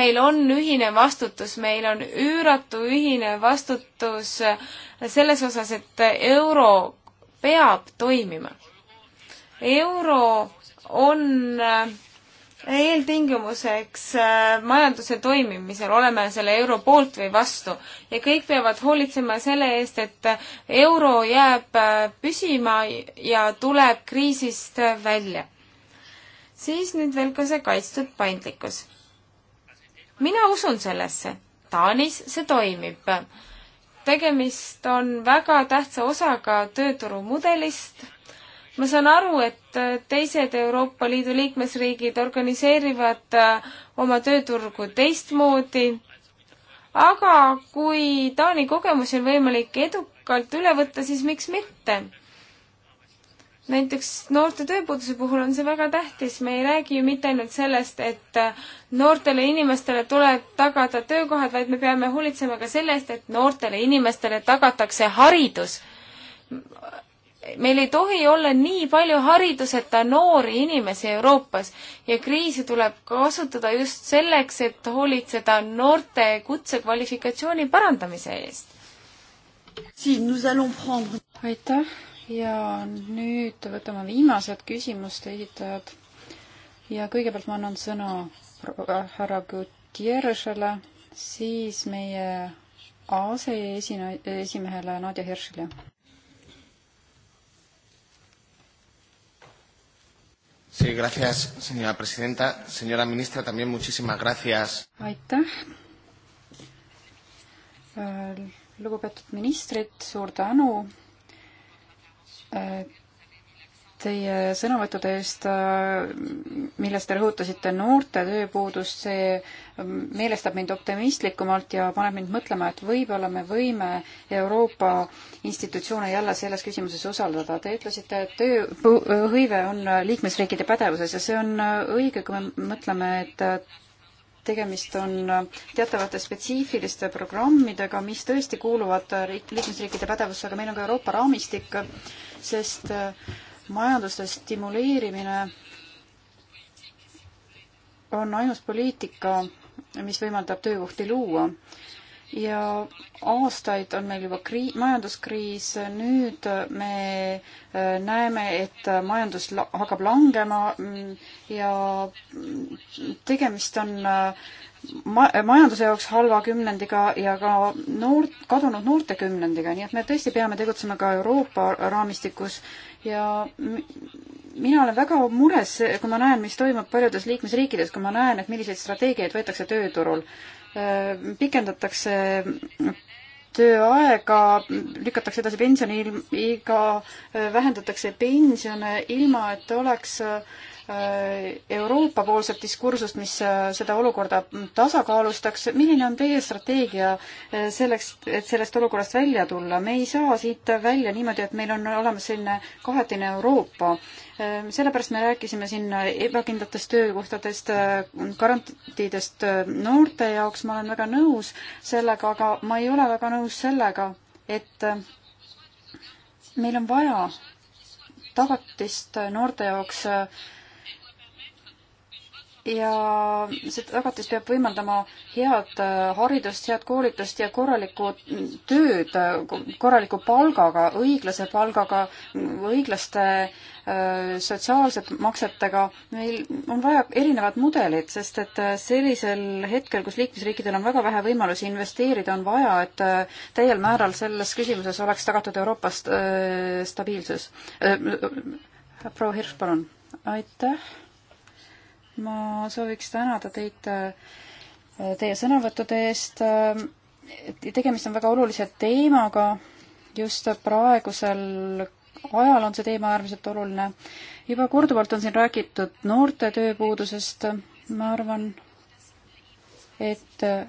meil on ühine vastutus, meil on üüratu ühine vastutus selles osas, et euro peab toimima. euro on äh, eeltingimuseks äh, majanduse toimimisel, oleme selle euro poolt või vastu. ja kõik peavad hoolitsema selle eest, et äh, euro jääb äh, püsima ja tuleb kriisist välja. siis nüüd veel ka see kaitstud paindlikkus. mina usun sellesse. Taanis see toimib. tegemist on väga tähtsa osaga tööturumudelist ma saan aru, et äh, teised Euroopa Liidu liikmesriigid organiseerivad äh, oma tööturgu teistmoodi, aga kui Taani kogemusi on võimalik edukalt üle võtta, siis miks mitte? näiteks noorte tööpuuduse puhul on see väga tähtis, me ei räägi ju mitte ainult sellest, et äh, noortele inimestele tuleb tagada töökohad, vaid me peame hoolitsema ka selle eest, et noortele inimestele tagatakse haridus meil ei tohi olla nii palju hariduseta noori inimesi Euroopas ja kriisi tuleb kasutada just selleks, et hoolitseda noorte kutsekvalifikatsiooni parandamise eest. aitäh ja nüüd võtame viimased küsimuste esitajad. ja kõigepealt ma annan sõna härra Gutierrezele, siis meie aseesimehele Nadja Hirschile. Sí, gracias, señora presidenta. Señora ministra, también muchísimas gracias. aitäh. lugupeetud ministrid, suur tänu teie sõnavõttude eest, äh, milles te rõhutasite noorte tööpuudust, see meelestab mind optimistlikumalt ja paneb mind mõtlema, et võib-olla me võime Euroopa institutsioone jälle selles küsimuses usaldada. Te ütlesite, et tööhõive on liikmesriikide pädevuses ja see on õige, kui me mõtleme, et tegemist on teatavate spetsiifiliste programmidega, mis tõesti kuuluvad liikmesriikide pädevusse, aga meil on ka Euroopa raamistik, sest äh, majanduste stimuleerimine on ainus poliitika, mis võimaldab töökohti luua. ja aastaid on meil juba krii-, majanduskriis, nüüd me äh, näeme, et majandus la hakkab langema mm, ja tegemist on äh, ma-, majanduse jaoks halva kümnendiga ja ka noort, kadunud noorte kümnendiga, nii et me tõesti peame tegutsema ka Euroopa raamistikus ja mina olen väga mures, kui ma näen, mis toimub paljudes liikmesriikides, kui ma näen, et milliseid strateegiaid võetakse tööturul. pikendatakse tööaega, lükatakse edasi pensioniiga, vähendatakse pensione ilma, et oleks äh, Äh, Euroopa-poolset diskursust, mis äh, seda olukorda tasakaalustaks. milline on teie strateegia äh, selleks, et sellest olukorrast välja tulla? me ei saa siit välja niimoodi, et meil on olemas selline kahetine Euroopa. sellepärast me rääkisime siin ebakindlatest töökohtadest, garantiidest noorte jaoks, ma olen väga nõus sellega, aga ma ei ole väga nõus sellega, et meil on vaja tagatist noorte jaoks äh, ja see tagatis peab võimaldama head äh, haridust, head koolitust ja korralikku tööd korraliku palgaga, õiglase palgaga, õiglaste äh, sotsiaalsete maksetega. meil on vaja erinevad mudelid, sest et äh, sellisel hetkel, kus liikmesriikidel on väga vähe võimalusi investeerida, on vaja, et täiel määral selles küsimuses oleks tagatud Euroopast stabiilsus. proua Hirš, palun. aitäh ma sooviks tänada teid äh, teie sõnavõttude eest. Äh, tegemist on väga olulise teemaga. just praegusel ajal on see teema äärmiselt oluline. juba korduvalt on siin räägitud noorte tööpuudusest. ma arvan, et äh,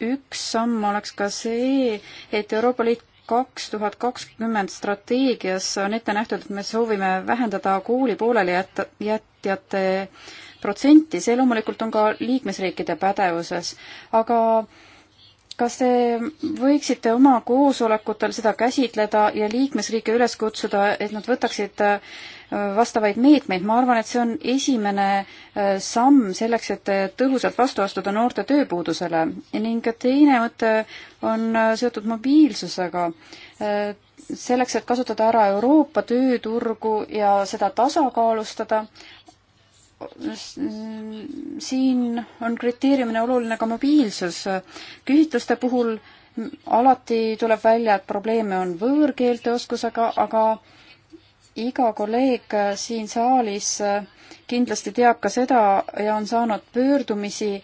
üks samm oleks ka see, et Euroopa Liit kaks tuhat kakskümmend strateegias on ette nähtud, et me soovime vähendada kooli poolelijätjate jät protsenti, see loomulikult on ka liikmesriikide pädevuses, aga kas te võiksite oma koosolekutel seda käsitleda ja liikmesriike üles kutsuda, et nad võtaksid äh, vastavaid meetmeid, ma arvan, et see on esimene äh, samm selleks, et äh, tõhusalt vastu astuda noorte tööpuudusele ning teine mõte on seotud mobiilsusega. selleks, et kasutada ära Euroopa tööturgu ja seda tasakaalustada, siin on kriteeriumina oluline ka mobiilsus. küsitluste puhul alati tuleb välja, et probleeme on võõrkeelte oskusega, aga iga kolleeg siin saalis kindlasti teab ka seda ja on saanud pöördumisi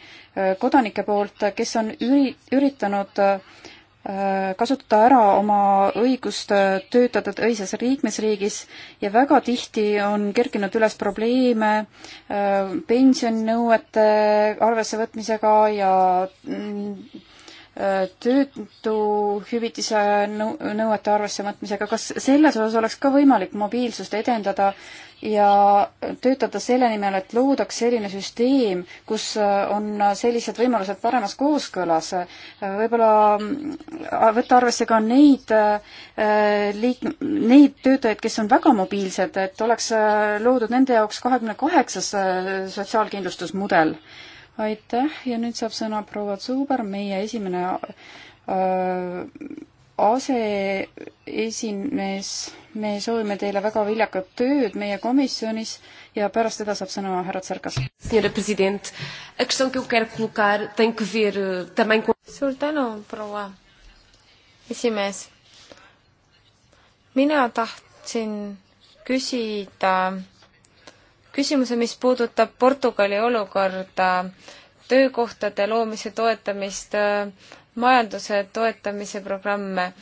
kodanike poolt, kes on üri-, üritanud äh, Äh, kasutada ära oma õigust äh, töötada teises liikmesriigis ja väga tihti on kerkinud üles probleeme äh, pensioninõuete arvessevõtmisega ja mm, töötuhüvitise nõuete arvesse võtmisega, kas selles osas oleks ka võimalik mobiilsust edendada ja töötada selle nimel, et loodaks selline süsteem, kus on sellised võimalused paremas kooskõlas, võib-olla äh, võtta arvesse ka neid äh, liik-, neid töötajaid, kes on väga mobiilsed, et oleks äh, loodud nende jaoks kahekümne kaheksas sotsiaalkindlustusmudel aitäh ja nüüd saab sõna proua Zuber, meie esimene äh, aseesimees, me soovime teile väga viljakat tööd meie komisjonis ja pärast seda saab sõna härra Tsarkas. Eh, suur tänu, proua esimees. mina tahtsin küsida küsimuse, mis puudutab Portugali olukorda, töökohtade loomise toetamist, majanduse toetamise programme.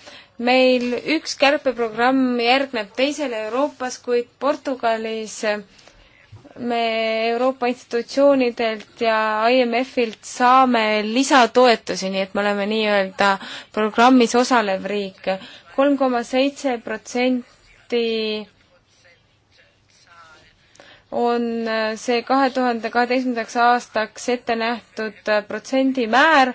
meil üks kärpeprogramm järgneb teisele Euroopas, kuid Portugalis me Euroopa institutsioonidelt ja IMF-ilt saame lisatoetusi, nii et me oleme nii-öelda programmis osalev riik. kolm koma seitse protsenti on äh, see kahe tuhande kaheteistkümnendaks aastaks ette nähtud äh, protsendimäär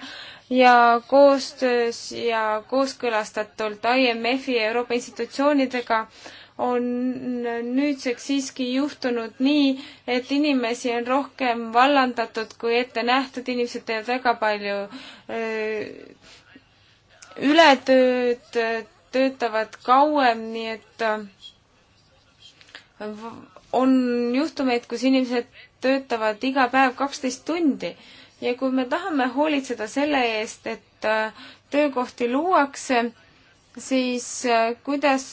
ja koostöös ja kooskõlastatult IMF-i ja Euroopa institutsioonidega on äh, nüüdseks siiski juhtunud nii, et inimesi on rohkem vallandatud kui ette nähtud, inimesed teevad väga palju öö, ületööd, töötavad kauem, nii et on juhtumeid, kus inimesed töötavad iga päev kaksteist tundi ja kui me tahame hoolitseda selle eest, et äh, töökohti luuakse, siis äh, kuidas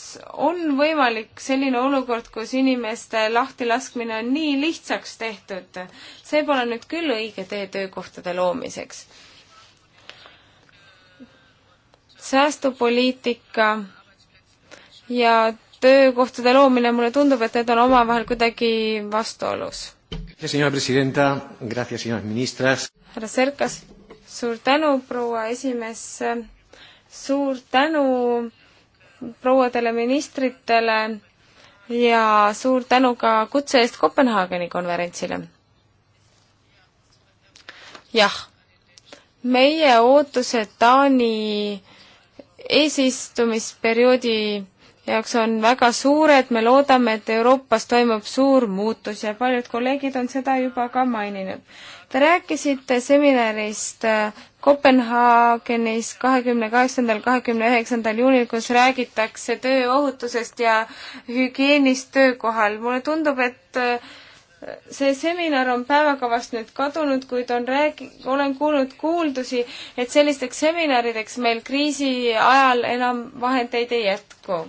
on võimalik selline olukord, kus inimeste lahtilaskmine on nii lihtsaks tehtud? see pole nüüd küll õige tee töökohtade loomiseks. säästupoliitika ja töökohtade loomine, mulle tundub, et need on omavahel kuidagi vastuolus. härra Serkas, suur tänu, proua esimees, suur tänu prouadele ministritele ja suur tänu ka kutse eest Kopenhaageni konverentsile. jah, meie ootused Taani eesistumisperioodi jaoks on väga suured, me loodame, et Euroopas toimub suur muutus ja paljud kolleegid on seda juba ka maininud. Te rääkisite seminarist äh, Kopenhaagenis kahekümne kaheksandal, kahekümne üheksandal juunil, kus räägitakse tööohutusest ja hügieenist töökohal. mulle tundub, et äh, see seminar on päevakavast nüüd kadunud, kuid on räägi-, olen kuulnud kuuldusi, et sellisteks seminarideks meil kriisi ajal enam vahendeid ei jätku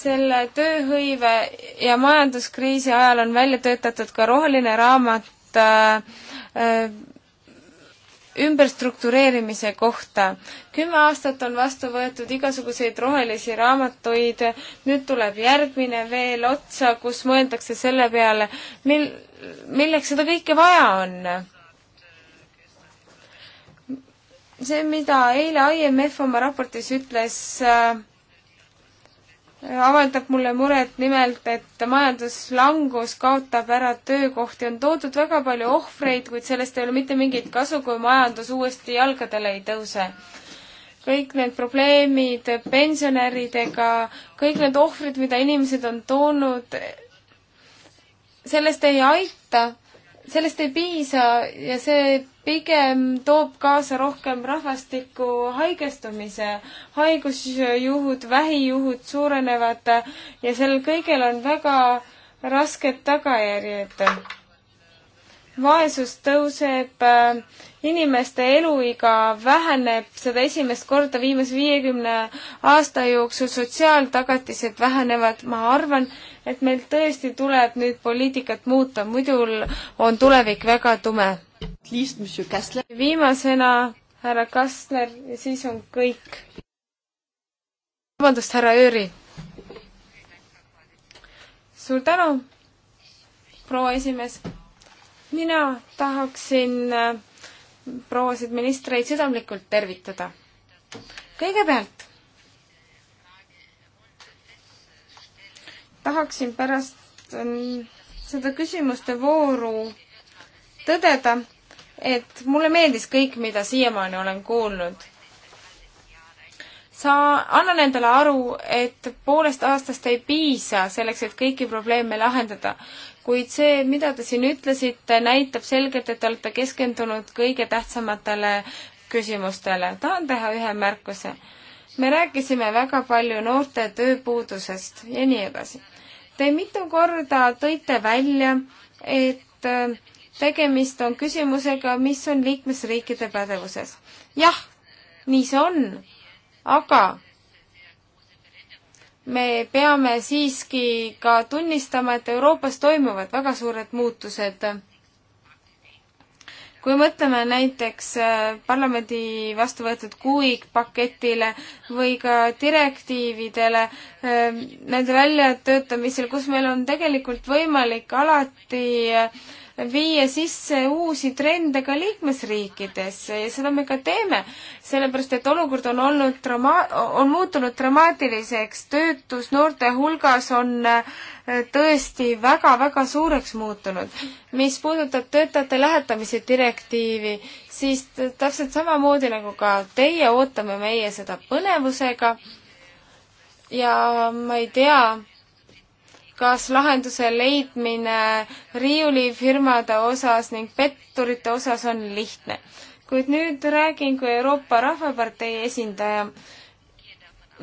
selle tööhõive ja majanduskriisi ajal on välja töötatud ka roheline raamat äh, äh, ümberstruktureerimise kohta. kümme aastat on vastu võetud igasuguseid rohelisi raamatuid, nüüd tuleb järgmine veel otsa, kus mõeldakse selle peale, mil-, milleks seda kõike vaja on. see, mida eile IMF oma raportis ütles äh, avaldab mulle muret nimelt, et majanduslangus kaotab ära töökohti, on toodud väga palju ohvreid, kuid sellest ei ole mitte mingit kasu, kui majandus uuesti jalgadele ei tõuse. kõik need probleemid pensionäridega, kõik need ohvrid, mida inimesed on toonud, sellest ei aita, sellest ei piisa ja see pigem toob kaasa rohkem rahvastiku haigestumise. haigusjuhud, vähijuhud suurenevad ja sel kõigel on väga rasked tagajärjed. vaesus tõuseb, inimeste eluiga väheneb, seda esimest korda viimase viiekümne aasta jooksul sotsiaaltagatised vähenevad, ma arvan, et meil tõesti tuleb nüüd poliitikat muuta, muidu on tulevik väga tume. viimasena härra Kastner ja siis on kõik. vabandust, härra Jüri. suur tänu, proua esimees. mina tahaksin äh, prouasid ministreid südamlikult tervitada. kõigepealt tahaksin pärast ähm, seda küsimuste vooru tõdeda, et mulle meeldis kõik, mida siiamaani olen kuulnud. sa, annan endale aru, et poolest aastast ei piisa selleks, et kõiki probleeme lahendada, kuid see, mida te siin ütlesite, näitab selgelt, et te olete keskendunud kõige tähtsamatele küsimustele. tahan teha ühe märkuse me rääkisime väga palju noorte tööpuudusest ja nii edasi. Te mitu korda tõite välja, et äh, tegemist on küsimusega, mis on liikmesriikide pädevuses. jah, nii see on, aga me peame siiski ka tunnistama, et Euroopas toimuvad väga suured muutused kui mõtleme näiteks äh, parlamendi vastu võetud kuuikpaketile või ka direktiividele ähm, nende väljatöötamisel, kus meil on tegelikult võimalik alati äh, viia sisse uusi trende ka liikmesriikidesse ja seda me ka teeme, sellepärast et olukord on olnud drama-, on muutunud dramaatiliseks, töötus noorte hulgas on äh, tõesti väga-väga suureks muutunud. mis puudutab töötajate lähetamise direktiivi, siis täpselt samamoodi nagu ka teie, ootame meie seda põnevusega ja ma ei tea, kas lahenduse leidmine riiulifirmade osas ning petturite osas on lihtne. kuid nüüd räägin kui Euroopa Rahvapartei esindaja.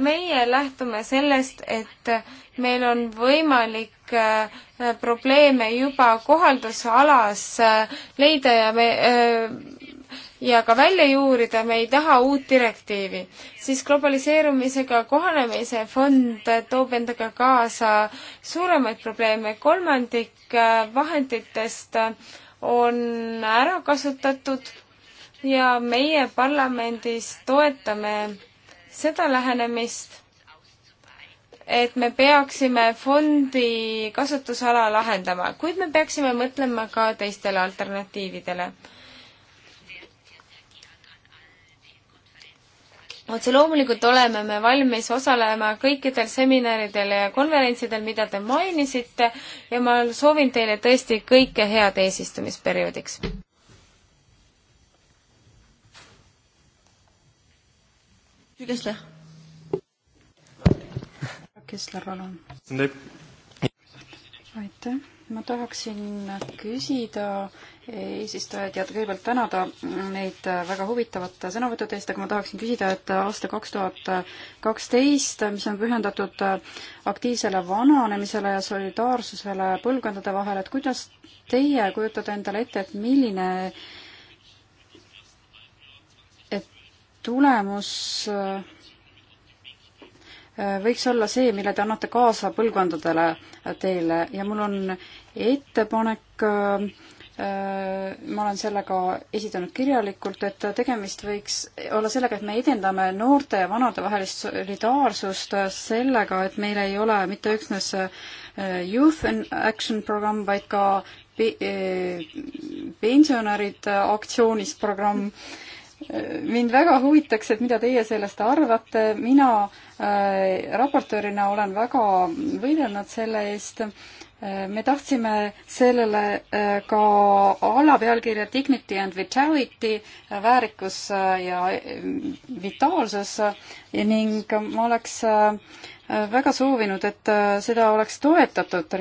meie lähtume sellest, et meil on võimalik äh, probleeme juba kohaldusalas äh, leida ja me öö, äh, ja ka välja juurida, me ei taha uut direktiivi, siis globaliseerumisega kohanemise fond toob endaga kaasa suuremaid probleeme. kolmandik äh, vahenditest on ära kasutatud ja meie parlamendis toetame seda lähenemist, et me peaksime fondi kasutusala lahendama, kuid me peaksime mõtlema ka teistele alternatiividele otse loomulikult oleme me valmis osalema kõikidel seminaridel ja konverentsidel, mida te mainisite ja ma soovin teile tõesti kõike head eesistumisperioodiks. Kessler. Kessler, palun. aitäh, ma tahaksin küsida eesistujad ja kõigepealt tänada neid väga huvitavate sõnavõttude eest, aga ma tahaksin küsida, et aasta kaks tuhat kaksteist, mis on pühendatud aktiivsele vananemisele ja solidaarsusele põlvkondade vahel, et kuidas teie kujutate endale ette, et milline et tulemus äh, võiks olla see, mille te annate kaasa põlvkondadele teile ja mul on ettepanek äh, Äh, ma olen sellega esitanud kirjalikult, et tegemist võiks olla sellega, et me edendame noorte ja vanade vahelist solidaarsust sellega, et meil ei ole mitte üksnes äh, Youth in Action programm, vaid ka äh, pensionäride aktsioonis programm. mind väga huvitaks, et mida teie sellest arvate, mina raportöörina olen väga võidelnud selle eest Eh, me tahtsime sellele eh, ka alapealkirja Dignity and Vitality, eh, väärikus ja vitaalsus ning ma oleks väga soovinud, et seda oleks toetatud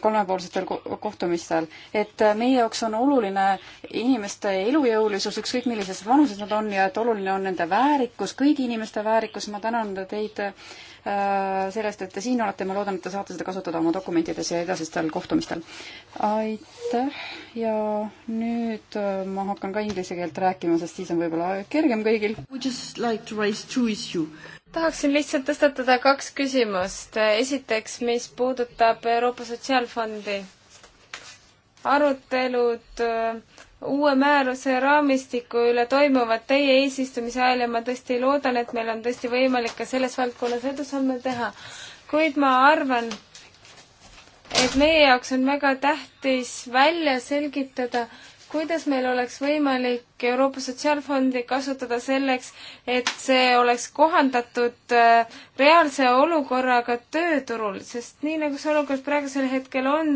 kolmepoolsetel kohtumistel. et meie jaoks on oluline inimeste elujõulisus, ükskõik millises vanuses nad on ja et oluline on nende väärikus, kõigi inimeste väärikus, ma tänan teid Äh, sellest, et te siin olete, ma loodan, et te saate seda kasutada oma dokumentides ja edasistel kohtumistel. aitäh ja nüüd äh, ma hakkan ka inglise keelt rääkima, sest siis on võib-olla kergem kõigil. Like tahaksin lihtsalt tõstatada kaks küsimust. esiteks, mis puudutab Euroopa Sotsiaalfondi. arutelud äh, uue määruse raamistiku üle toimuvad teie eesistumise ajal ja ma tõesti loodan, et meil on tõesti võimalik ka selles valdkonnas edusamme teha. kuid ma arvan, et meie jaoks on väga tähtis välja selgitada, kuidas meil oleks võimalik Euroopa Sotsiaalfondi kasutada selleks, et see oleks kohandatud äh, reaalse olukorraga tööturul, sest nii nagu see olukord praegusel hetkel on,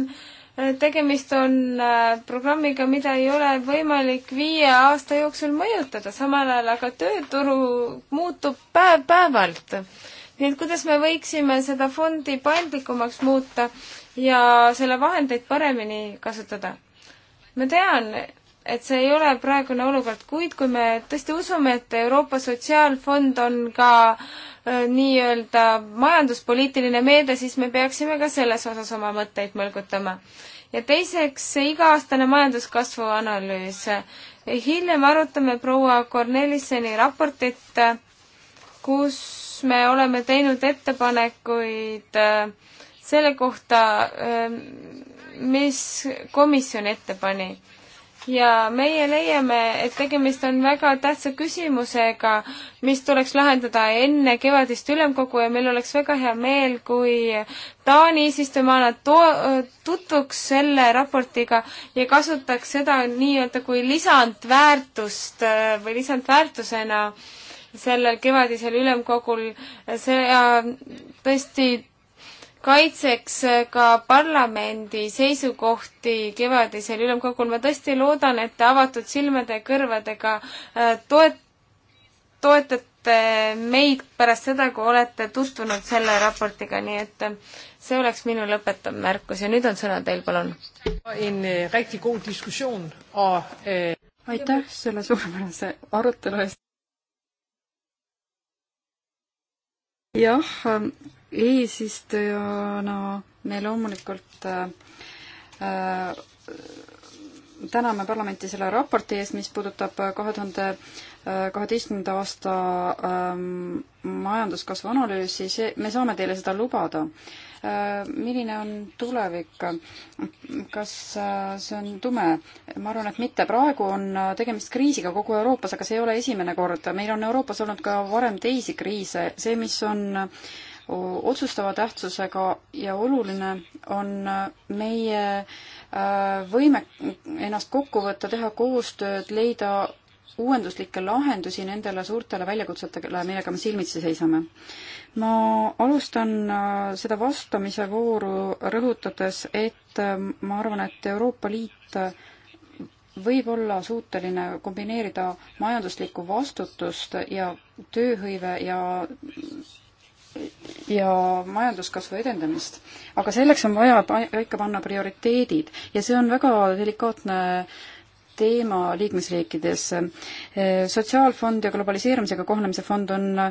tegemist on äh, programmiga, mida ei ole võimalik viie aasta jooksul mõjutada, samal ajal aga tööturu muutub päev-päevalt. nii et kuidas me võiksime seda fondi paindlikumaks muuta ja selle vahendeid paremini kasutada? ma tean, et see ei ole praegune olukord, kuid kui me tõesti usume, et Euroopa Sotsiaalfond on ka äh, nii-öelda majanduspoliitiline meede, siis me peaksime ka selles osas oma mõtteid mõlgutama ja teiseks iga-aastane majanduskasvu analüüs. hiljem arutame proua Kornelisseni raportit, kus me oleme teinud ettepanekuid äh, selle kohta, äh, mis komisjon ette pani ja meie leiame, et tegemist on väga tähtsa küsimusega, mis tuleks lahendada enne kevadist ülemkogu ja meil oleks väga hea meel, kui Taani eesistujamaana to-, tutvuks selle raportiga ja kasutaks seda nii-öelda kui lisandväärtust äh, või lisandväärtusena sellel kevadisel ülemkogul. see äh, tõesti kaitseks ka parlamendi seisukohti kevadisel ülemkogul. ma tõesti loodan, et te avatud silmade ja kõrvadega äh, toet-, toetate meid pärast seda, kui olete tutvunud selle raportiga, nii et äh, see oleks minu lõpetav märkus ja nüüd on sõna teil, palun. Äh, aitäh selle suurepärase arutelu eest. jah eesistujana me loomulikult äh, äh, täname parlamenti selle raporti eest, mis puudutab äh, kahe tuhande äh, kaheteistkümnenda aasta ähm, majanduskasvu analüüsi, see, me saame teile seda lubada äh,. milline on tulevik? kas äh, see on tume? ma arvan, et mitte. praegu on tegemist kriisiga kogu Euroopas, aga see ei ole esimene kord. meil on Euroopas olnud ka varem teisi kriise. see, mis on äh, otsustava tähtsusega ja oluline on meie äh, võime ennast kokku võtta, teha koostööd, leida uuenduslikke lahendusi nendele suurtele väljakutsetele, millega me silmitsi seisame. ma alustan äh, seda vastamise vooru rõhutades, et äh, ma arvan, et Euroopa Liit võib olla suuteline kombineerida majanduslikku vastutust ja tööhõive ja ja majanduskasvu edendamist. aga selleks on vaja paika panna prioriteedid ja see on väga delikaatne teema liikmesriikides. E, sotsiaalfond ja globaliseerumisega kohanemise fond on e,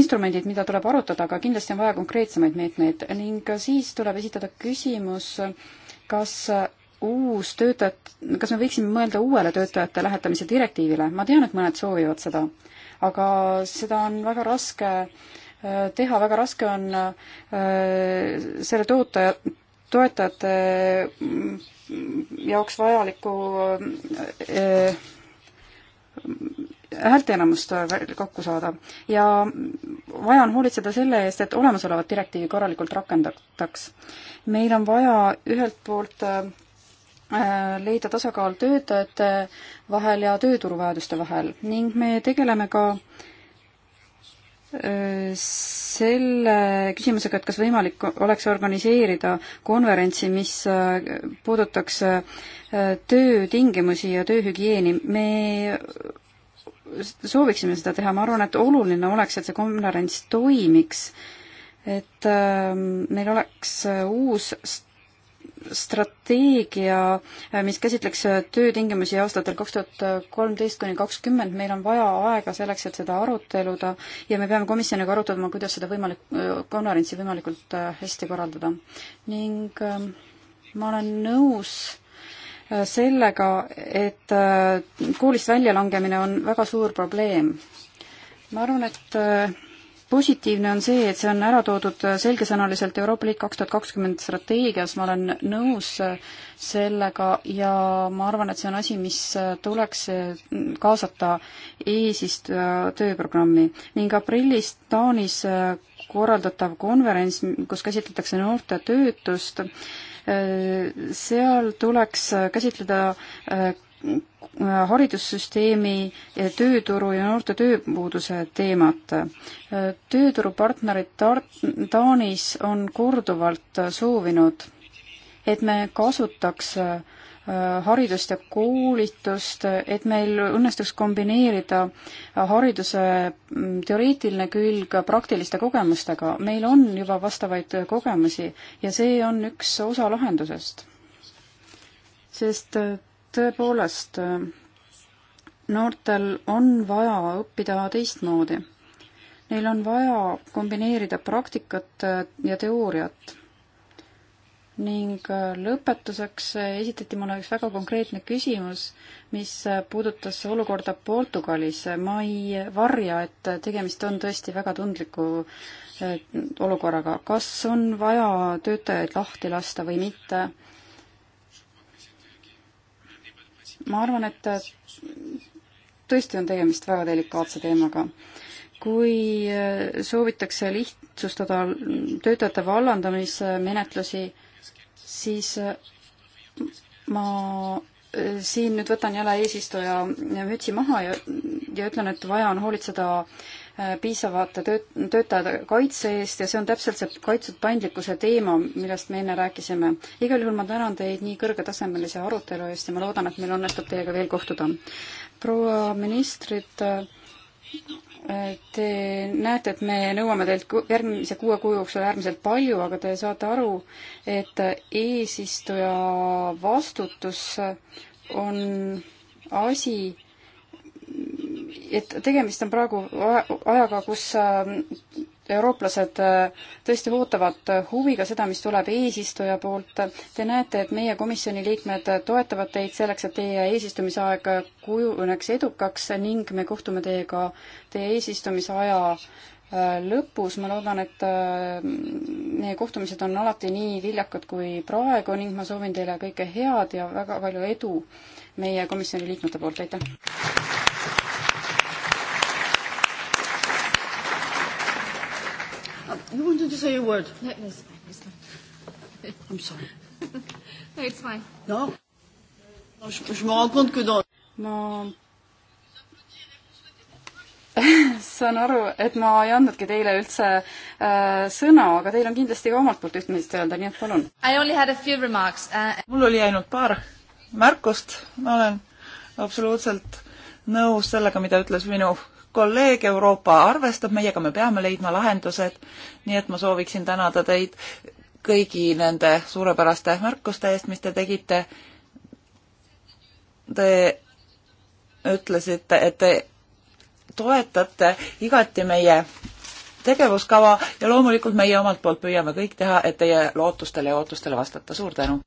instrumendid, mida tuleb arutada, aga kindlasti on vaja konkreetsemaid meetmeid ning siis tuleb esitada küsimus, kas uus töötajat, kas me võiksime mõelda uuele töötajate lähetamise direktiivile, ma tean, et mõned soovivad seda, aga seda on väga raske äh, teha, väga raske on äh, selle tootaja, toetajate mm, jaoks vajalikku äh, häälteenamust kokku saada ja vaja on hoolitseda selle eest, et olemasolevat direktiivi korralikult rakendataks. meil on vaja ühelt poolt Äh, leida tasakaal töötajate vahel ja tööturuvajaduste vahel ning me tegeleme ka äh, selle küsimusega, et kas võimalik oleks organiseerida konverentsi, mis äh, puudutaks töötingimusi ja tööhügieeni. me sooviksime seda teha, ma arvan, et oluline oleks, et see konverents toimiks, et meil oleks uus strateegia, mis käsitleks äh, töötingimusi aastatel kaks tuhat kolmteist kuni kakskümmend, meil on vaja aega selleks, et seda aruteluda ja me peame komisjoniga arutama, kuidas seda võimalik, äh, konverentsi võimalikult äh, hästi korraldada. ning ähm, ma olen nõus sellega, et koolist väljalangemine on väga suur probleem. ma arvan, et positiivne on see, et see on ära toodud selgesõnaliselt Euroopa Liit kaks tuhat kakskümmend strateegias, ma olen nõus sellega ja ma arvan, et see on asi, mis tuleks kaasata eesistuja tööprogrammi ning aprillis Taanis korraldatav konverents, kus käsitletakse noorte töötust, seal tuleks käsitleda haridussüsteemi, tööturu ja noorte tööpuuduse teemat. tööturupartnerid Tar-, Taanis on korduvalt soovinud, et me kasutaks äh, haridust ja koolitust, et meil õnnestuks kombineerida äh, hariduse mm, teoreetiline külg praktiliste kogemustega. meil on juba vastavaid kogemusi ja see on üks osa lahendusest. sest äh, tõepoolest, noortel on vaja õppida teistmoodi. Neil on vaja kombineerida praktikat ja teooriat. ning lõpetuseks esitati mulle üks väga konkreetne küsimus, mis puudutas olukorda Portugalis. ma ei varja, et tegemist on tõesti väga tundliku eh, olukorraga. kas on vaja töötajaid lahti lasta või mitte? ma arvan, et tõesti on tegemist väga delikaatse teemaga. kui äh, soovitakse lihtsustada töötajate vallandamise menetlusi, siis äh, ma äh, siin nüüd võtan jälle eesistuja mütsi maha ja, ja ütlen, et vaja on hoolitseda äh, Äh, piisavate tööt-, töötajate kaitse eest ja see on täpselt see kaitstud paindlikkuse teema, millest me enne rääkisime. igal juhul ma tänan teid nii kõrgetasemelise arutelu eest ja ma loodan, et meil õnnestub teiega veel kohtuda. proua ministrit, äh, te näete, et me nõuame teilt järgmise kuue kuu jooksul äärmiselt palju, aga te saate aru, et eesistuja vastutus on asi, et tegemist on praegu ajaga, kus äh, eurooplased äh, tõesti ootavad äh, huviga seda, mis tuleb eesistuja poolt. Te näete, et meie komisjoni liikmed toetavad teid selleks, et teie eesistumisaeg kujuneks edukaks ning me kohtume teiega teie eesistumise aja lõpus, ma loodan, et meie kohtumised on alati nii viljakad kui praegu ning ma soovin teile kõike head ja väga palju edu meie komisjoni liikmete poolt, aitäh! You wanted to say a word? No, no, it's fine. It's fine. I'm sorry. no, it's fine. No? Je, je me rends compte que dans... Ma saan aru, et ma ei andnudki teile üldse äh, sõna, aga teil on kindlasti ka omalt poolt üht-teist öelda, nii et palun. Uh... mul oli ainult paar märkust, ma olen absoluutselt nõus sellega, mida ütles minu kolleeg Euroopa arvestab meiega, me peame leidma lahendused, nii et ma sooviksin tänada teid kõigi nende suurepäraste märkuste eest, mis te tegite. Te ütlesite, et te toetate igati meie tegevuskava ja loomulikult meie omalt poolt püüame kõik teha, et teie lootustele ja ootustele vastata. suur tänu!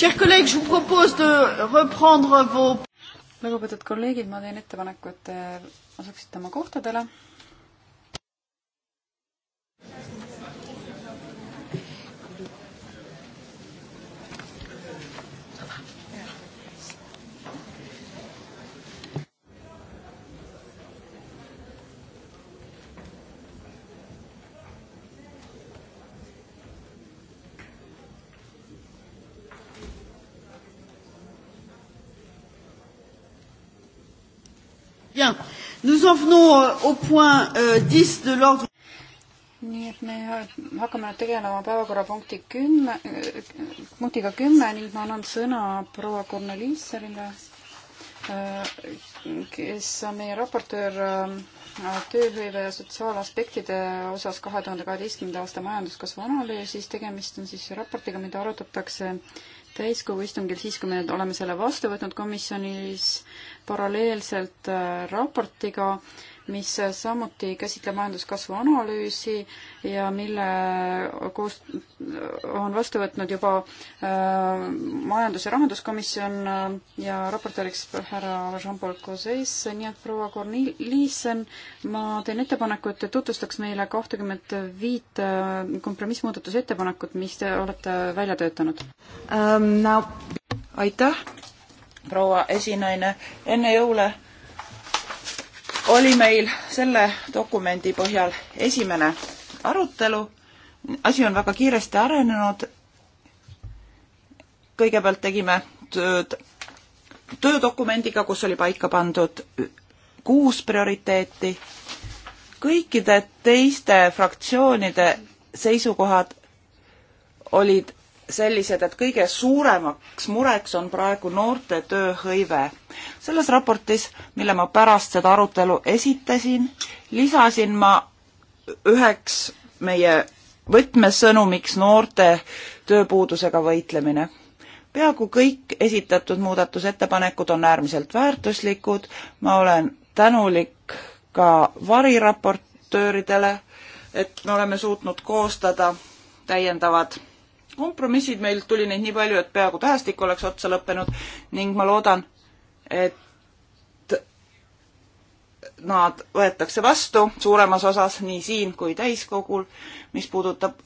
Chers collègues, je vous propose de reprendre vos... lugupeetud kolleegid, ma teen ettepaneku, et te asuksite oma kohtadele en venons euh, au point euh, 10 de l'ordre. nii et me hakkame nüüd tegelema päevakorrapunkti kümme, äh, punktiga kümme ning ma annan sõna proua Kornelisserile, äh, kes on meie raportöör äh, tööhõive ja sotsiaalaspektide osas kahe tuhande kaheteistkümnenda aasta majanduskasvu analüüsis. tegemist on siis raportiga, mida arutatakse täiskogu istungil, siis kui me oleme selle vastu võtnud komisjonis paralleelselt äh, raportiga äh, mis samuti käsitleb majanduskasvu analüüsi ja mille koos on vastu võtnud juba äh, majandus- ja rahanduskomisjon äh, ja raportööriks härra Jean-Paul Causeis, nii et proua Korneliisen, ma teen ettepaneku, et te tutvustaks meile kahtekümmet viit äh, kompromissmuudatusettepanekut, mis te olete välja töötanud um,. Ähm, no. aitäh, proua esinaine, enne jõule oli meil selle dokumendi põhjal esimene arutelu. asi on väga kiiresti arenenud. kõigepealt tegime tööd töödokumendiga, kus oli paika pandud kuus prioriteeti. kõikide teiste fraktsioonide seisukohad olid sellised, et kõige suuremaks mureks on praegu noorte tööhõive. selles raportis, mille ma pärast seda arutelu esitasin, lisasin ma üheks meie võtmesõnumiks noorte tööpuudusega võitlemine. peaaegu kõik esitatud muudatusettepanekud on äärmiselt väärtuslikud, ma olen tänulik ka variraportööridele, et me oleme suutnud koostada täiendavad kompromissid, meil tuli neid nii palju, et peaaegu tähestik oleks otsa lõppenud ning ma loodan, et nad võetakse vastu suuremas osas nii siin kui täiskogul, mis puudutab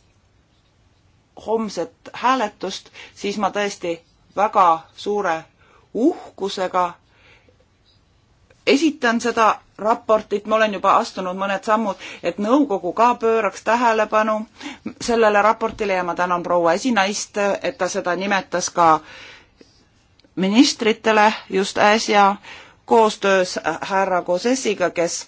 homset hääletust, siis ma tõesti väga suure uhkusega esitan seda raportit, ma olen juba astunud mõned sammud, et nõukogu ka pööraks tähelepanu sellele raportile ja ma tänan proua esinaist, et ta seda nimetas ka ministritele just äsja koostöös härra Kozessiga, kes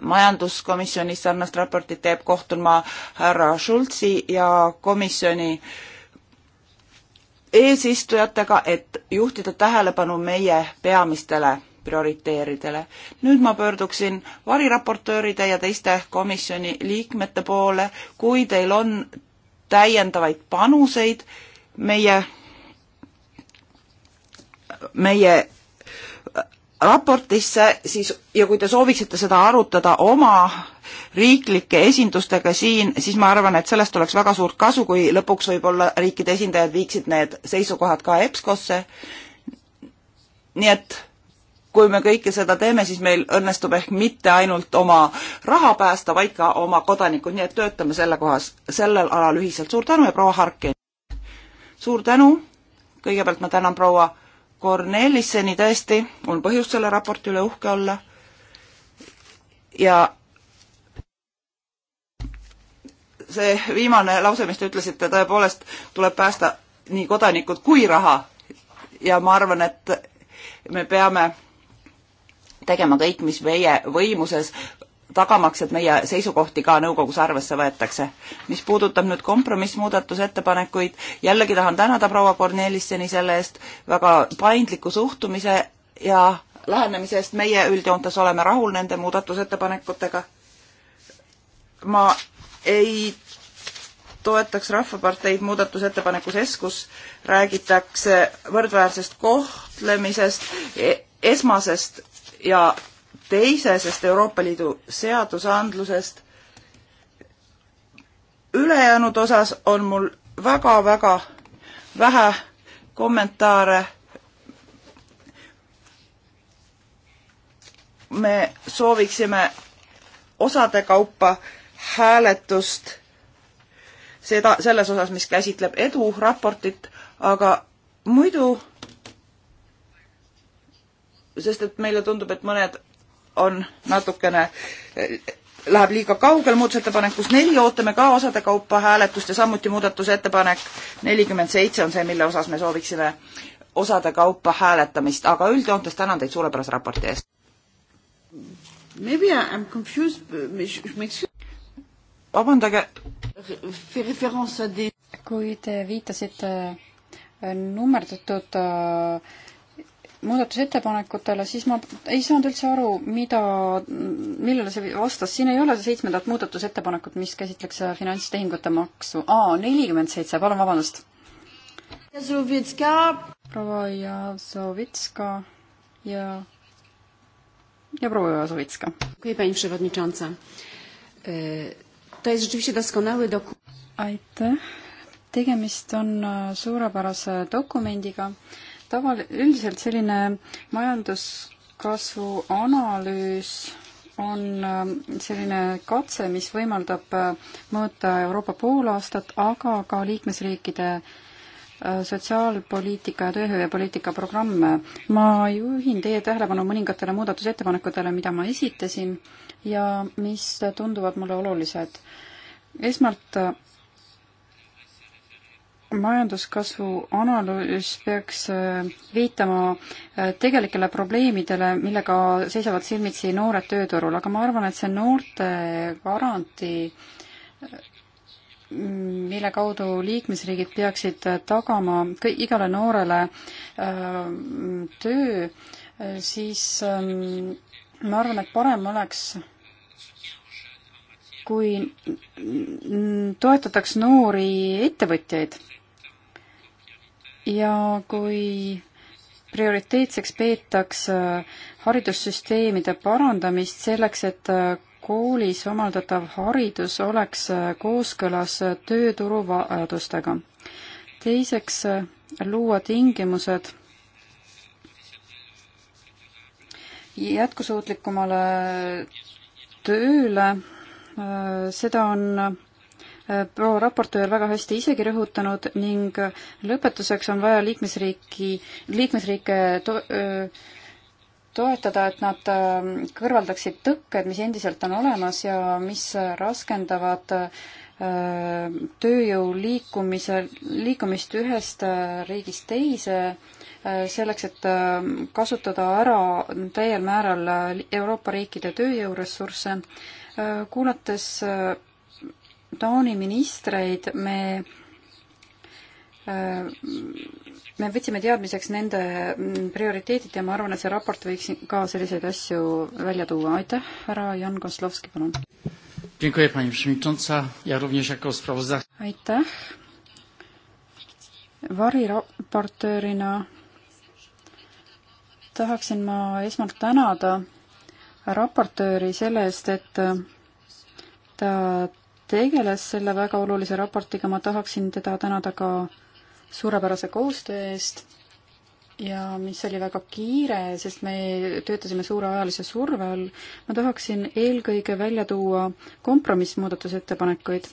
majanduskomisjonis sarnast raportit teeb, kohtun ma härra Schultzi ja komisjoni eesistujatega, et juhtida tähelepanu meie peamistele prioriteeridele. nüüd ma pöörduksin variraportööride ja teiste komisjoni liikmete poole, kui teil on täiendavaid panuseid meie, meie raportisse, siis ja kui te sooviksite seda arutada oma riiklike esindustega siin, siis ma arvan, et sellest oleks väga suurt kasu, kui lõpuks võib-olla riikide esindajad viiksid need seisukohad ka EBSCO-sse. nii et kui me kõike seda teeme, siis meil õnnestub ehk mitte ainult oma raha päästa, vaid ka oma kodanikud, nii et töötame selle kohas, sellel alal ühiselt. suur tänu ja proua Harkin! suur tänu, kõigepealt ma tänan proua Kornelisseni tõesti, on põhjust selle raporti üle uhke olla ja see viimane lause, mis te ütlesite, tõepoolest tuleb päästa nii kodanikud kui raha ja ma arvan, et me peame tegema kõik, mis meie võimuses, tagamaks, et meie seisukohti ka nõukogus arvesse võetakse. mis puudutab nüüd kompromissmuudatusettepanekuid, jällegi tahan tänada proua Kornelisseni selle eest väga paindliku suhtumise ja lähenemise eest, meie üldjoontes oleme rahul nende muudatusettepanekutega. ma ei toetaks Rahvaparteid muudatusettepanekus S, kus räägitakse võrdväärsest kohtlemisest, e-, esmasest ja teisesest Euroopa Liidu seadusandlusest. ülejäänud osas on mul väga-väga vähe kommentaare. me sooviksime osade kaupa hääletust seda, selles osas, mis käsitleb edu raportit, aga muidu sest et meile tundub, et mõned on natukene, läheb liiga kaugel, muudatusettepanekus neli ootame ka osade kaupa hääletust ja samuti muudatusettepanek nelikümmend seitse on see, mille osas me sooviksime osade kaupa hääletamist, aga üldjoontes tänan teid suurepärase raporti eest. Maybe I am confused, vabandage. kui te viitasite äh, nummerdatud äh, muudatusettepanekutele, siis ma ei saanud üldse aru, mida, millele see vastas, siin ei ole see seitsmendat muudatusettepanekut, mis käsitleks finantstehingute maksu. aa, nelikümmend seitse, palun vabandust. proua Jazovitska ja, ja proua Jazovitska. E, aitäh, tegemist on e, suurepärase dokumendiga taval-, üldiselt selline majanduskasvu analüüs on ähm, selline katse, mis võimaldab äh, mõõta Euroopa poolaastat, aga ka liikmesriikide äh, sotsiaalpoliitika ja tööhõivepoliitika programme. ma juhin teie tähelepanu mõningatele muudatusettepanekutele, mida ma esitasin ja mis tunduvad mulle olulised. esmalt äh, majanduskasvu analüüs peaks äh, viitama äh, tegelikele probleemidele, millega seisavad silmitsi noored tööturul, aga ma arvan, et see noorte garantii, äh, mille kaudu liikmesriigid peaksid tagama igale noorele töö, siis ähm, ma arvan, et parem oleks kui toetataks noori ettevõtjaid ja kui prioriteetseks peetakse haridussüsteemide parandamist selleks, et koolis omaldatav haridus oleks kooskõlas tööturu vajadustega. teiseks, luua tingimused jätkusuutlikumale tööle, seda on Äh, proua raportöör väga hästi isegi rõhutanud ning lõpetuseks on vaja liikmesriiki, liikmesriike to, öö, äh, toetada, et nad äh, kõrvaldaksid tõkked, mis endiselt on olemas ja mis raskendavad tööjõu liikumise, liikumist ühest riigist teise, selleks, et kasutada ära täiel määral Euroopa riikide tööjõuressursse. kuulates Taani ministreid me äh, me võtsime teadmiseks nende prioriteedid ja ma arvan, et see raport võiks ka selliseid asju välja tuua. aitäh, härra Jan Koslovski, palun. aitäh. variraportöörina tahaksin ma esmalt tänada raportööri selle eest, et ta tegeles selle väga olulise raportiga, ma tahaksin teda tänada ka suurepärase koostöö eest ja mis oli väga kiire, sest me töötasime suure ajalise surve all. ma tahaksin eelkõige välja tuua kompromissmuudatusettepanekuid.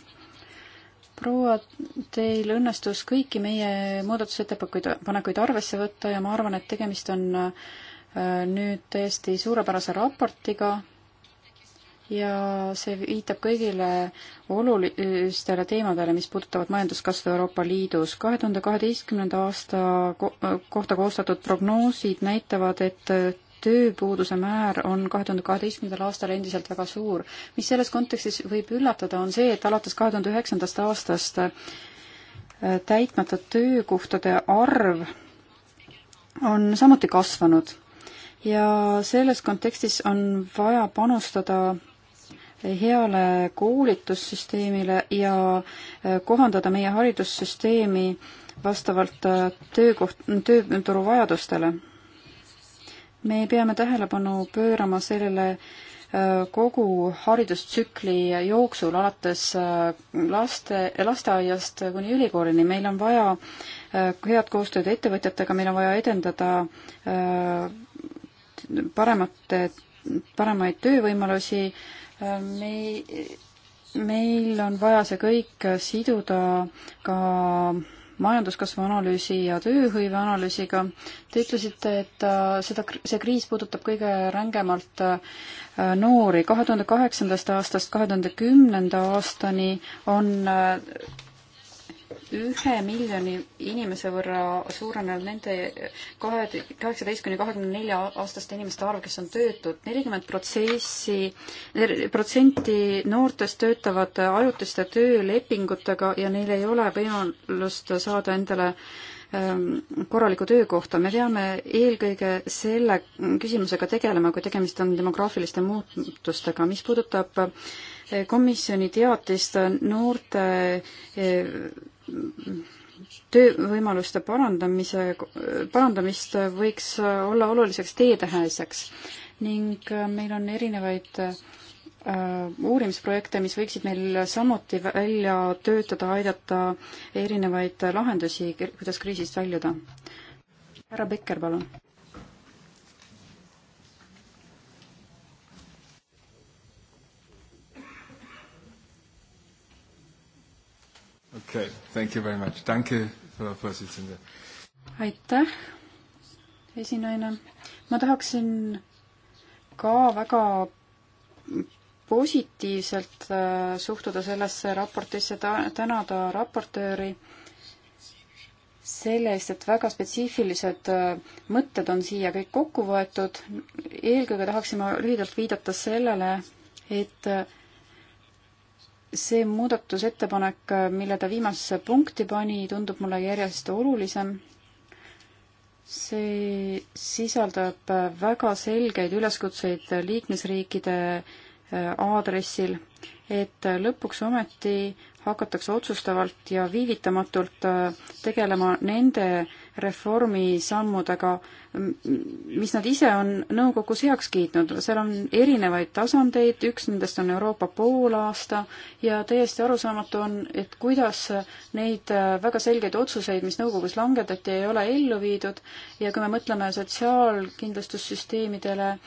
proua, teil õnnestus kõiki meie muudatusettepanekuid arvesse võtta ja ma arvan, et tegemist on äh, nüüd täiesti suurepärase raportiga ja see viitab kõigile olulistele teemadele, mis puudutavad majanduskasvu Euroopa Liidus. kahe tuhande kaheteistkümnenda aasta kohta koostatud prognoosid näitavad, et tööpuuduse määr on kahe tuhande kaheteistkümnendal aastal endiselt väga suur. mis selles kontekstis võib üllatada, on see, et alates kahe tuhande üheksandast aastast äh, täitmata töökohtade arv on samuti kasvanud ja selles kontekstis on vaja panustada heale koolitussüsteemile ja äh, kohandada meie haridussüsteemi vastavalt äh, töökoht, tööturu vajadustele. me peame tähelepanu pöörama sellele äh, kogu haridustsükli jooksul, alates laste, lasteaiast kuni ülikoolini. meil on vaja head koostööd ettevõtjatega, meil on vaja edendada paremat, paremaid töövõimalusi, me, meil on vaja see kõik siduda ka majanduskasvu analüüsi ja tööhõive analüüsiga. Te ütlesite, et äh, seda, see kriis puudutab kõige rängemalt äh, noori. kahe tuhande kaheksandast aastast kahe tuhande kümnenda aastani on äh, ühe miljoni inimese võrra suurenenud nende kahe, kaheksateist kuni kahekümne nelja aastaste inimeste arv, kes on töötud. nelikümmend protsessi, protsenti noortest töötavad ajutiste töölepingutega ja neil ei ole võimalust saada endale ähm, korralikku töökohta, me peame eelkõige selle küsimusega tegelema, kui tegemist on demograafiliste muutustega, mis puudutab äh, komisjoni teatist noorte äh, töövõimaluste parandamise, parandamist võiks olla oluliseks teetähäiseks ning äh, meil on erinevaid äh, uurimisprojekte, mis võiksid meil samuti välja töötada, aidata erinevaid lahendusi, kuidas kriisist väljuda. härra Becker, palun Okay, thank you very much. Danke, Frau Vorsitzende. aitäh, esinaine. ma tahaksin ka väga positiivselt äh, suhtuda sellesse raportisse, tänada raportööri selle eest, et väga spetsiifilised äh, mõtted on siia kõik kokku võetud. eelkõige tahaksin ma lühidalt viidata sellele, et äh, see muudatusettepanek, mille ta viimasesse punkti pani, tundub mulle järjest olulisem. see sisaldab väga selgeid üleskutseid liikmesriikide äh, aadressil, et lõpuks ometi hakatakse otsustavalt ja viivitamatult äh, tegelema nende reformi sammudega, mis nad ise on nõukogus heaks kiitnud. seal on erinevaid tasandeid, üks nendest on Euroopa poolaasta ja täiesti arusaamatu on, et kuidas neid äh, väga selgeid otsuseid, mis nõukogus langetati, ei ole ellu viidud ja kui me mõtleme sotsiaalkindlustussüsteemidele, äh,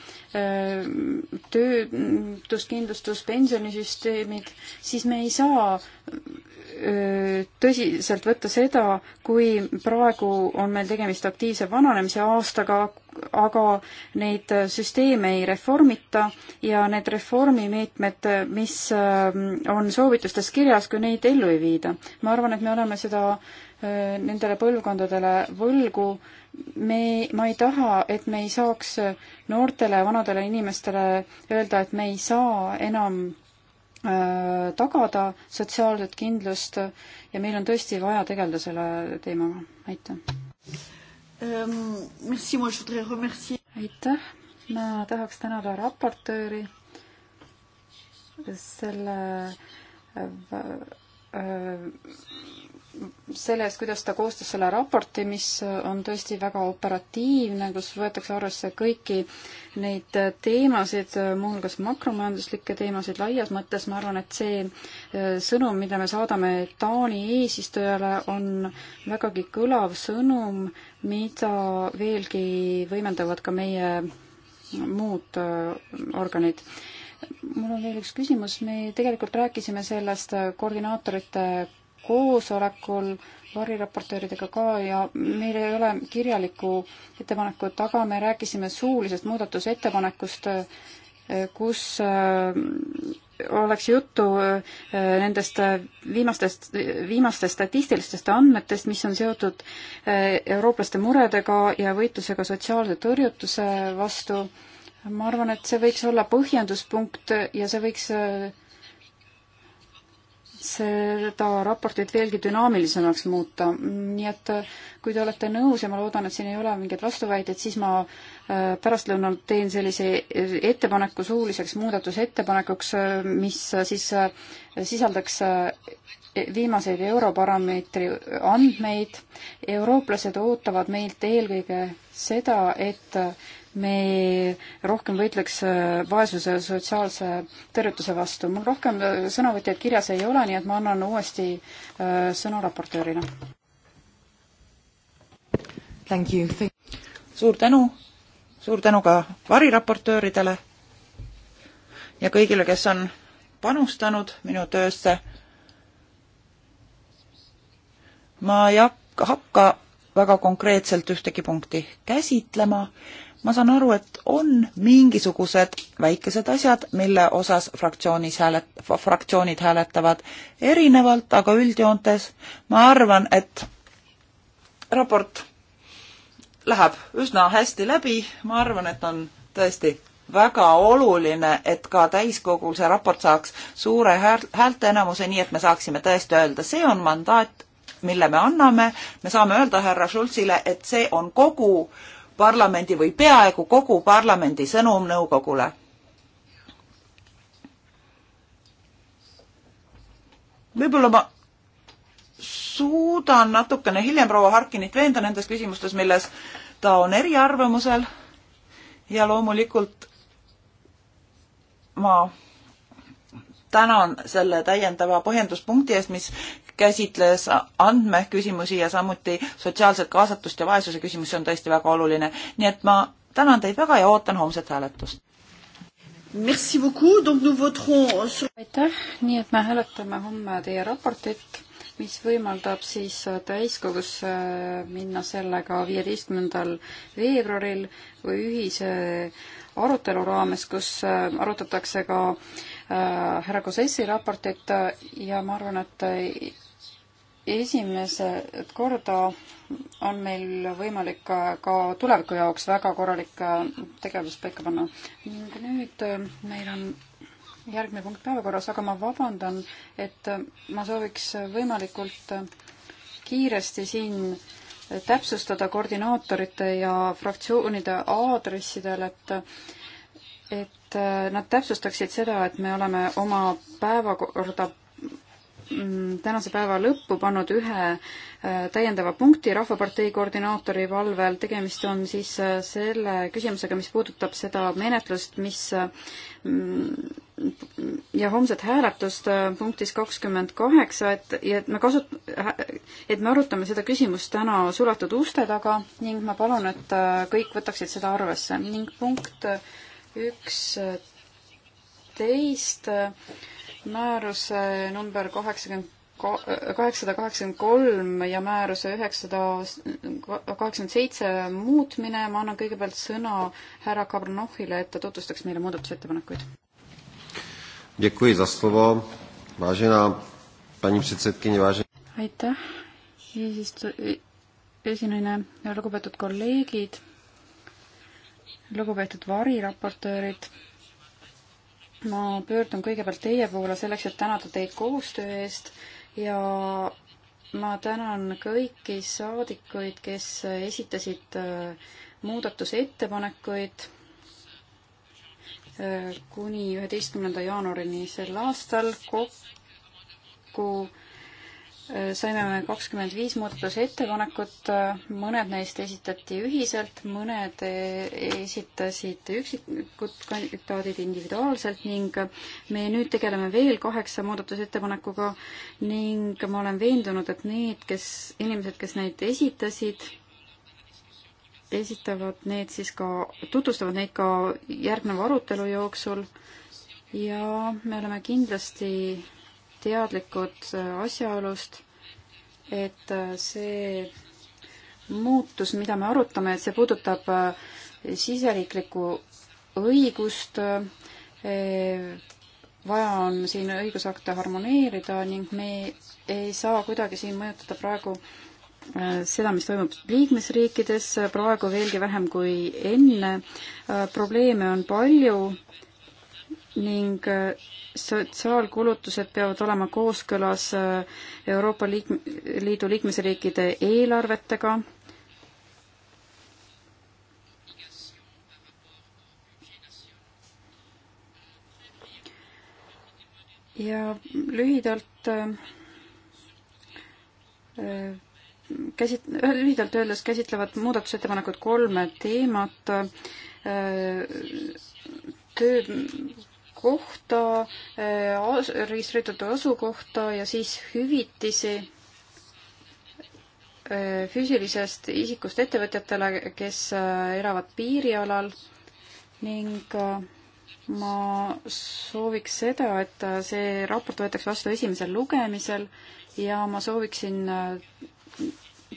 töötuskindlustus, pensionisüsteemid, siis me ei saa tõsiselt võtta seda, kui praegu on meil tegemist aktiivse vananemise aastaga, aga neid süsteeme ei reformita ja need reformimeetmed, mis äh, on soovitustes kirjas, kui neid ellu ei viida. ma arvan, et me oleme seda äh, nendele põlvkondadele võlgu, me, ma ei taha, et me ei saaks noortele ja vanadele inimestele öelda, et me ei saa enam Äh, tagada sotsiaalset kindlust ja meil on tõesti vaja tegeleda selle teemaga. aitäh. Ähm, aitäh, ma tahaks tänada raportööri selle äh, äh, selle eest, kuidas ta koostas selle raporti, mis on tõesti väga operatiivne, kus võetakse arvesse kõiki neid teemasid, muuhulgas makromajanduslikke teemasid laias mõttes, ma arvan, et see äh, sõnum, mida me saadame Taani eesistujale, on vägagi kõlav sõnum, mida veelgi võimendavad ka meie muud äh, organid mul on veel üks küsimus, me tegelikult rääkisime sellest koordinaatorite koosolekul variraportööridega ka ja meil ei ole kirjalikku ettepanekut, aga me rääkisime suulisest muudatusettepanekust, eh, kus eh, oleks juttu eh, nendest viimastest, viimastest statistilistest andmetest, mis on seotud eurooplaste muredega ja võitlusega sotsiaalse tõrjutuse vastu. ma arvan, et see võiks olla põhjenduspunkt ja see võiks seda raportit veelgi dünaamilisemaks muuta. nii et äh, kui te olete nõus ja ma loodan, et siin ei ole mingeid vastuväiteid, siis ma Äh, pärastlõunal teen sellise ettepaneku suuliseks muudatusettepanekuks, äh, mis äh, siis sisaldaks viimaseid Europarameetri andmeid. eurooplased ootavad meilt eelkõige seda, et me rohkem võitleks vaesuse ja sotsiaalse tõrjutuse vastu. mul rohkem sõnavõtjaid kirjas ei ole, nii et ma annan uuesti sõna raportöörile. suur tänu suur tänu ka variraportööridele ja kõigile, kes on panustanud minu töösse. ma ei hakka väga konkreetselt ühtegi punkti käsitlema. ma saan aru, et on mingisugused väikesed asjad, mille osas fraktsioonis häälet-, fraktsioonid hääletavad erinevalt, aga üldjoontes ma arvan, et raport läheb üsna hästi läbi, ma arvan, et on tõesti väga oluline, et ka täiskogul see raport saaks suure häälteenamuse, nii et me saaksime tõesti öelda, see on mandaat, mille me anname, me saame öelda härra Schulzile, et see on kogu parlamendi või peaaegu kogu parlamendi sõnum nõukogule. võib-olla ma suudan natukene hiljem proua Harkinit veenda nendes küsimustes, milles ta on eriarvamusel. ja loomulikult ma tänan selle täiendava põhjenduspunkti eest, mis käsitles andmeküsimusi ja samuti sotsiaalset kaasatust ja vaesuse küsimusi on tõesti väga oluline. nii et ma tänan teid väga ja ootan homset hääletust. aitäh, nii et me hääletame homme teie raportit mis võimaldab siis täiskogusse minna sellega viieteistkümnendal veebruaril või ühise arutelu raames, kus äh, arutatakse ka äh, härra Kosessi raportit ja ma arvan, et esimesed korda on meil võimalik ka tuleviku jaoks väga korralik äh, tegevus paika panna. ning nüüd meil on järgmine punkt päevakorras, aga ma vabandan, et ma sooviks võimalikult kiiresti siin täpsustada koordinaatorite ja fraktsioonide aadressidel, et et nad täpsustaksid seda, et me oleme oma päevakorda mm, tänase päeva lõppu pannud ühe äh, täiendava punkti Rahvapartei koordinaatori valvel. tegemist on siis äh, selle küsimusega, mis puudutab seda menetlust, mis äh, mm, ja homset hääletust äh, punktis kakskümmend kaheksa, et, ja et me kasut-, et me arutame seda küsimust täna suletud uste taga ning ma palun, et äh, kõik võtaksid seda arvesse ning punkt äh, üksteist määruse number kaheksakümmend kaheksasada kaheksakümmend kolm ja määruse üheksasada kaheksakümmend seitse muutmine, ma annan kõigepealt sõna härra Kabrnohhile, et ta tutvustaks meile muudatusettepanekuid Děkuji za slovo. Vážená paní předsedkyně, vážená... Aitäh, eesistu-, esinaine ja lugupeetud kolleegid, lugupeetud variraportöörid. ma pöördun kõigepealt teie poole selleks, et tänada teid koostöö eest ja ma tänan kõiki saadikuid, kes esitasid äh, muudatusettepanekuid kuni üheteistkümnenda jaanuarini sel aastal. kokku äh, saime me kakskümmend viis muudatusettepanekut, mõned neist esitati ühiselt, mõned e-, esitasid üksikud kandidaadid individuaalselt ning me nüüd tegeleme veel kaheksa muudatusettepanekuga ning ma olen veendunud, et need, kes, inimesed, kes neid esitasid, esitavad need siis ka, tutvustavad neid ka järgneva arutelu jooksul ja me oleme kindlasti teadlikud asjaolust, et see muutus, mida me arutame, et see puudutab eh, siseriiklikku õigust, eh, vaja on siin õigusakte harmoneerida ning me ei saa kuidagi siin mõjutada praegu äh, Äh, seda, mis toimub liikmesriikides, äh, praegu veelgi vähem kui enne. Äh, probleeme on palju ning sotsiaalkulutused peavad olema kooskõlas Euroopa liik-, Liidu liikmesriikide eelarvetega. ja lühidalt äh, käsit-, lühidalt öeldes käsitlevad muudatusettepanekud kolme teemat, äh, töökohta, äh, registreeritud asukohta ja siis hüvitisi äh, füüsilisest isikust ettevõtjatele, kes elavad piirialal ning ma sooviks seda, et see raport võetakse vastu esimesel lugemisel ja ma sooviksin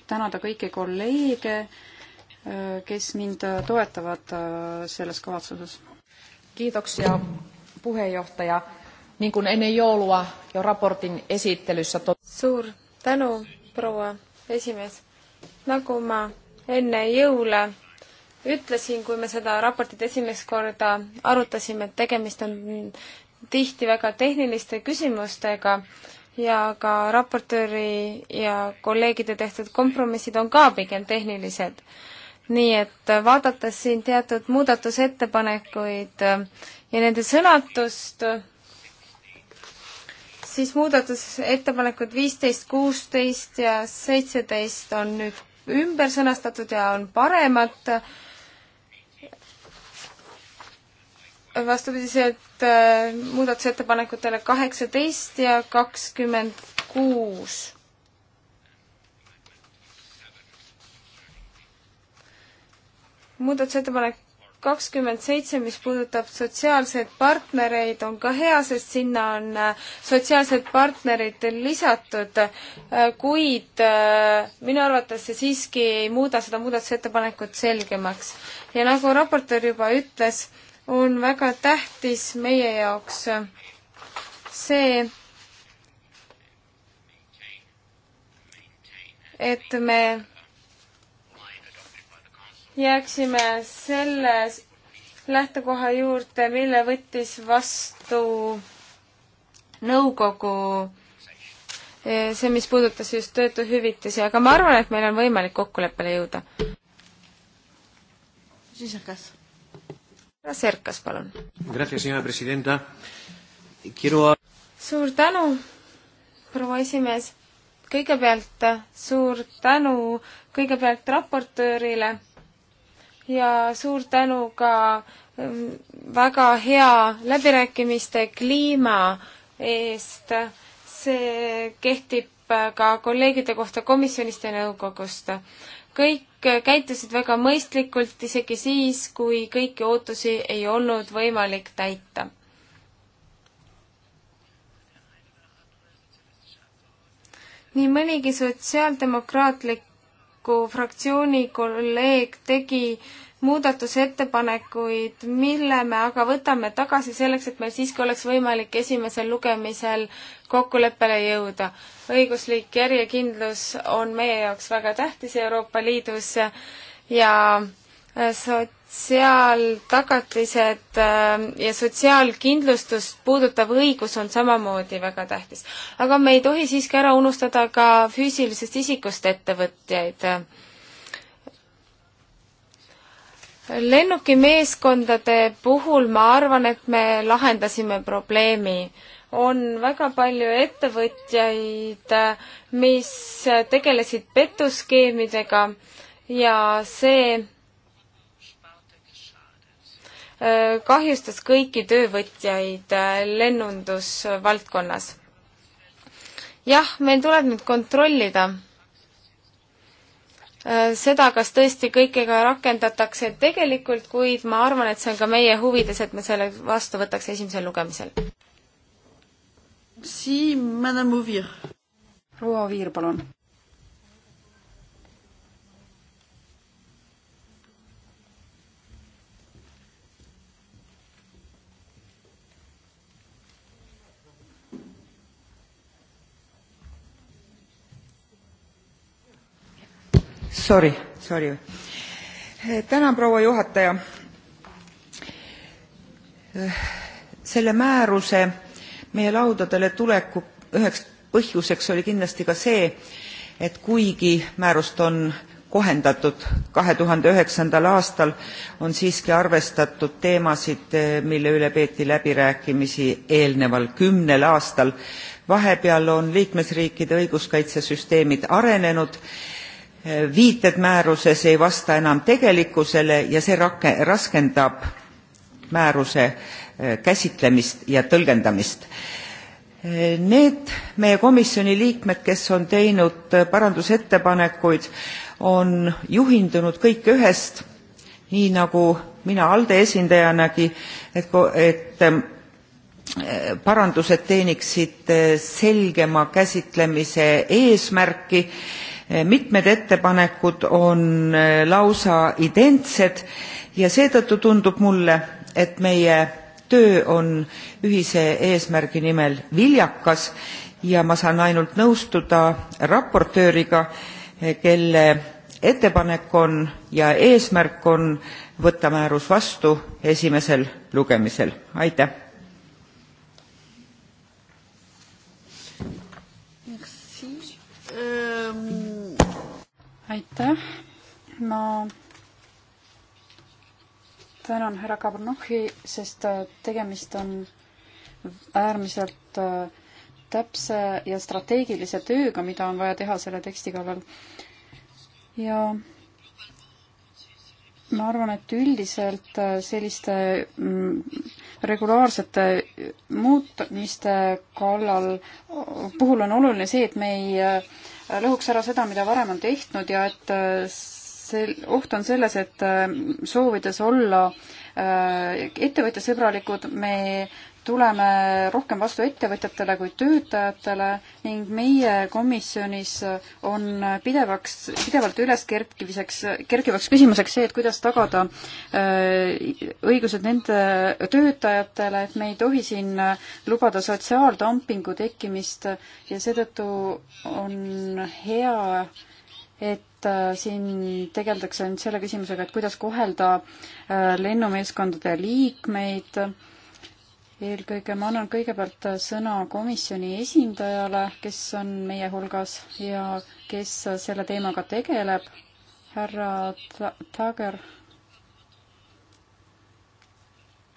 tänada kõiki kolleege, kes mind toetavad äh, selles kavatsuses. kiitoksia, puhejuhataja. nii kuin enne joulua ja raportin esittelyssä to-. suur tänu, proua esimees. nagu ma enne jõule ütlesin, kui me seda raportit esimest korda arutasime, et tegemist on tihti väga tehniliste küsimustega ja ka raportööri ja kolleegide tehtud kompromissid on ka pigem tehnilised. nii et vaadates siin teatud muudatusettepanekuid ja nende sõnatust, siis muudatusettepanekud viisteist, kuusteist ja seitseteist on nüüd ümber sõnastatud ja on paremad vastupidiselt äh, muudatusettepanekutele kaheksateist ja kakskümmend kuus. muudatusettepanek kakskümmend seitse, mis puudutab sotsiaalseid partnereid, on ka hea, sest sinna on äh, sotsiaalsed partnerid lisatud, äh, kuid minu arvates see siiski ei muuda seda muudatusettepanekut selgemaks. ja nagu raportöör juba ütles, on väga tähtis meie jaoks see, et me jääksime selle lähtekoha juurde, mille võttis vastu nõukogu see, mis puudutas just töötuhüvitisi, aga ma arvan, et meil on võimalik kokkuleppele jõuda. siis hakkas Serkas, palun. suur tänu, proua esimees. kõigepealt äh, suur tänu kõigepealt raportöörile ja suur tänu ka ähm, väga hea läbirääkimiste kliima eest. see kehtib äh, ka kolleegide kohta komisjonist ja nõukogust kõik käitusid väga mõistlikult, isegi siis, kui kõiki ootusi ei olnud võimalik täita. nii mõnigi sotsiaaldemokraatliku fraktsiooni kolleeg tegi äh, muudatusettepanekuid, mille me aga võtame tagasi selleks, et meil siiski oleks võimalik esimesel lugemisel kokkuleppele jõuda. õiguslik järjekindlus on meie jaoks väga tähtis Euroopa Liidus ja äh, sotsiaaltagatised äh, ja sotsiaalkindlustust puudutav õigus on samamoodi väga tähtis. aga me ei tohi siiski ära unustada ka füüsilisest isikust ettevõtjaid lennukimeeskondade puhul ma arvan, et me lahendasime probleemi. on väga palju ettevõtjaid, mis tegelesid petuskeemidega ja see äh, kahjustas kõiki töövõtjaid äh, lennundusvaldkonnas. jah, meil tuleb nüüd kontrollida Äh, seda, kas tõesti kõike ka rakendatakse tegelikult, kuid ma arvan, et see on ka meie huvides, et me selle vastu võtaks esimesel lugemisel. proua Oviir, palun. Sorry, sorry. tänan, proua juhataja. selle määruse meie laudadele tuleku üheks põhjuseks oli kindlasti ka see, et kuigi määrust on kohendatud 2009. aastal on siiski arvestatud teemasid mille üle peeti läbirääkimisi eelneval kümnel aastal vahepeal on liikmesriikide õiguskaitsesüsteemid arenenud viited määruses ei vasta enam tegelikkusele ja see rake- raskendab määruse eh, käsitlemist ja tõlgendamist. Eh, need meie komisjoni liikmed, kes on teinud eh, parandusettepanekuid, on juhindunud kõik ühest, nii nagu mina ALDE esindajanagi, et, et parandused teeniksid selgema käsitlemise eesmärki Eh, mitmed ettepanekud on eh, lausa identsed ja seetõttu tundub mulle et meie töö on ühise eesmärgi nimel viljakas ja ma saan ainult nõustuda raportööriga eh, kelle ettepanek on ja eesmärk on võtta määrus vastu esimesel lugemisel. aitäh! aitäh, ma tänan härra Kabrnohhi, sest äh, tegemist on äärmiselt äh, täpse ja strateegilise tööga, mida on vaja teha selle teksti kallal. ja ma arvan, et üldiselt äh, selliste mm, regulaarsete muutmiste kallal puhul on oluline see, et me ei lõhuks ära seda, mida varem on tehtud ja et äh, see oht on selles, et äh, soovides olla äh, ettevõtjasõbralikud, me tuleme rohkem vastu ettevõtjatele kui töötajatele ning meie komisjonis on pidevaks, pidevalt üles kerkimiseks, kerkivaks küsimuseks see, et kuidas tagada äh, õigused nende töötajatele, et me ei tohi siin lubada sotsiaaldumpingu tekkimist ja seetõttu on hea et äh, siin tegeldakse nüüd selle küsimusega, et kuidas kohelda äh, lennumeeskondade liikmeid eelkõige ma annan kõigepealt sõna komisjoni esindajale, kes on meie hulgas ja kes selle teemaga tegeleb, härra Tager.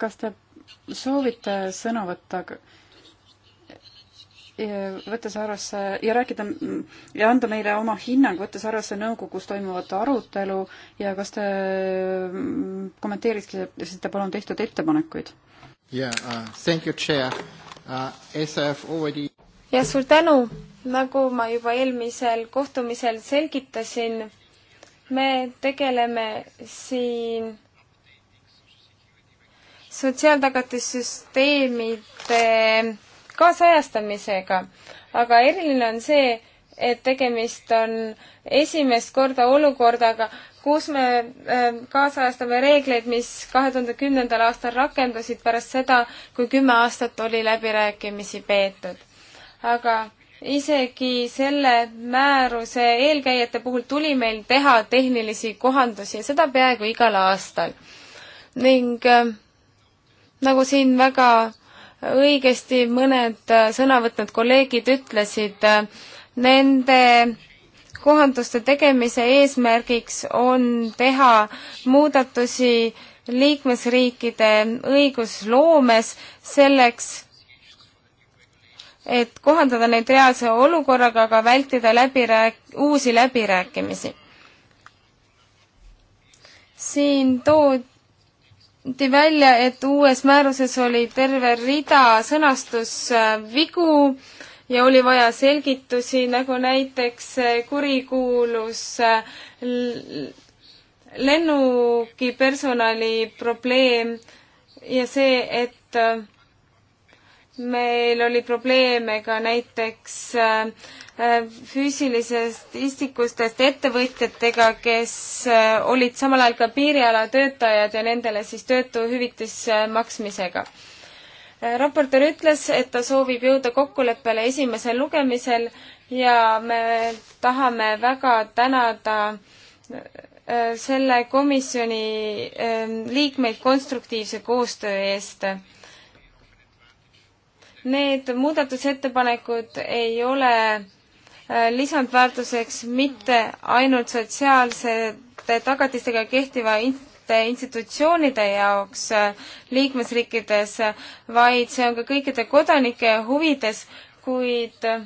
kas te soovite sõna võtta? võttes arvesse ja rääkida ja anda meile oma hinnang, võttes arvesse nõukogus toimuvat arutelu ja kas te kommenteeriksite palun tehtud ettepanekuid? Yeah, uh, thank you, Chair. Uh, as I have already... ja suur tänu, nagu ma juba eelmisel kohtumisel selgitasin, me tegeleme siin sotsiaaltagatissüsteemide kaasajastamisega, aga eriline on see, et tegemist on esimest korda olukordaga, kus me ähm, kaasajastame reegleid, mis kahe tuhande kümnendal aastal rakendusid pärast seda, kui kümme aastat oli läbirääkimisi peetud. aga isegi selle määruse eelkäijate puhul tuli meil teha tehnilisi kohandusi ja seda peaaegu igal aastal. ning ähm, nagu siin väga õigesti mõned äh, sõna võtnud kolleegid ütlesid, äh, nende kohanduste tegemise eesmärgiks on teha muudatusi liikmesriikide õigusloomes selleks, et kohandada neid reaalse olukorraga, aga vältida läbirääk-, uusi läbirääkimisi. siin toodi välja, et uues määruses oli terve rida sõnastusvigu äh, ja oli vaja selgitusi, nagu näiteks eh, kurikuulus eh, lennuki personali probleem ja see, et eh, meil oli probleeme ka näiteks füüsilisest istikustest ettevõtjatega, kes olid samal ajal ka piiriala töötajad ja nendele siis töötuhüvitis maksmisega raportöör ütles, et ta soovib jõuda kokkuleppele esimesel lugemisel ja me tahame väga tänada äh, selle komisjoni ähm, liikmeid konstruktiivse koostöö eest. Need muudatusettepanekud ei ole äh, lisandväärtuseks mitte ainult sotsiaalsete tagatistega kehtiva ainult institutsioonide jaoks äh, liikmesriikides, vaid see on ka kõikide kodanike huvides, kuid äh,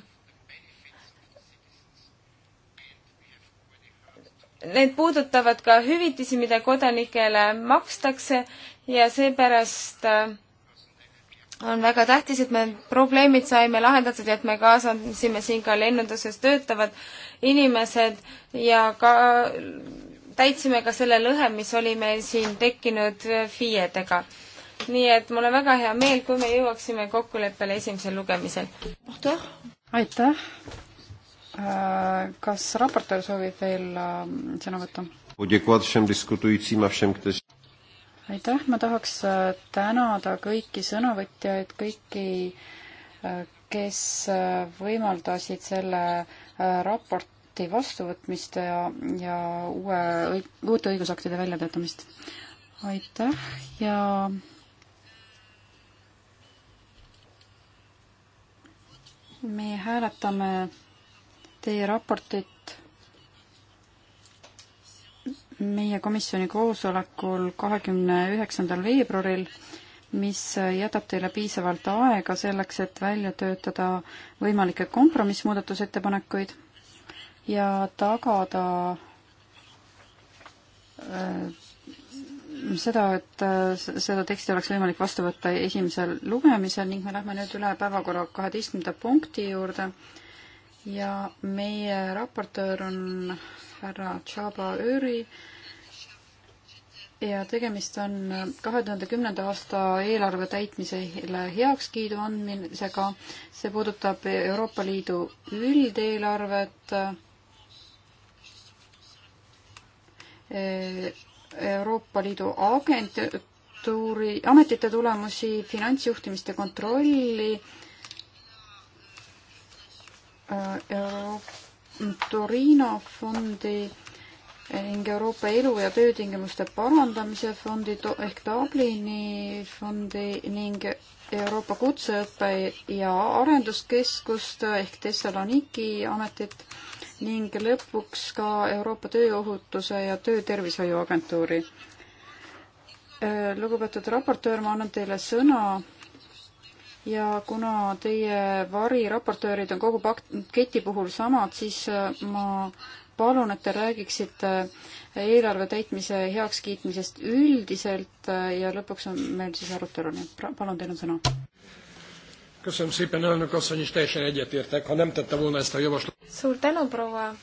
need puudutavad ka hüvitisi, mida kodanikele makstakse ja seepärast äh, on väga tähtis, et me probleemid saime lahendatud ja et me kaasasime siin ka lennunduses töötavad inimesed ja ka täitsime ka selle lõhe, mis oli meil siin tekkinud FIE-dega. nii et mul on väga hea meel, kui me jõuaksime kokkuleppele esimesel lugemisel. aitäh! Äh, kas raportöör soovib veel ähm, sõna võtta? aitäh, ma tahaks äh, tänada kõiki sõnavõtjaid, kõiki, äh, kes võimaldasid selle raport akti vastuvõtmist ja, ja uue, uute õigusaktide väljatöötamist. aitäh ja me hääletame teie raportit meie komisjoni koosolekul kahekümne üheksandal veebruaril, mis jätab teile piisavalt aega selleks, et välja töötada võimalikke kompromissmuudatusettepanekuid ja tagada äh, seda, et äh, seda teksti oleks võimalik vastu võtta esimesel lugemisel ning me lähme nüüd üle päevakorra kaheteistkümnenda punkti juurde ja meie raportöör on härra Tšaba Öri ja tegemist on kahe tuhande kümnenda aasta eelarve täitmisele heakskiidu andmisega. see puudutab Euroopa Liidu üldeelarvet Euroopa Liidu agentuuri, ametite tulemusi, finantsjuhtimiste kontrolli, äh, Euro-, Torino fondi ning Euroopa elu- ja töötingimuste parandamise fondi ehk Dublini fondi ning Euroopa Kutseõppe ja Arenduskeskust ehk Thessaloniki ametit ning lõpuks ka Euroopa Tööohutuse ja Töötervishoiu Agentuuri. Äh, lugupeetud raportöör, ma annan teile sõna ja kuna teie variraportöörid on kogu paketi puhul samad, siis äh, ma palun, et te räägiksite äh, eelarve täitmise heakskiitmisest üldiselt ja lõpuks on meil siis arutelu, nii et palun, teil on sõna Köszönöm szépen, elnök asszony, és teljesen egyetértek. Ha nem tette volna ezt a javaslatot... Suur tänu, proua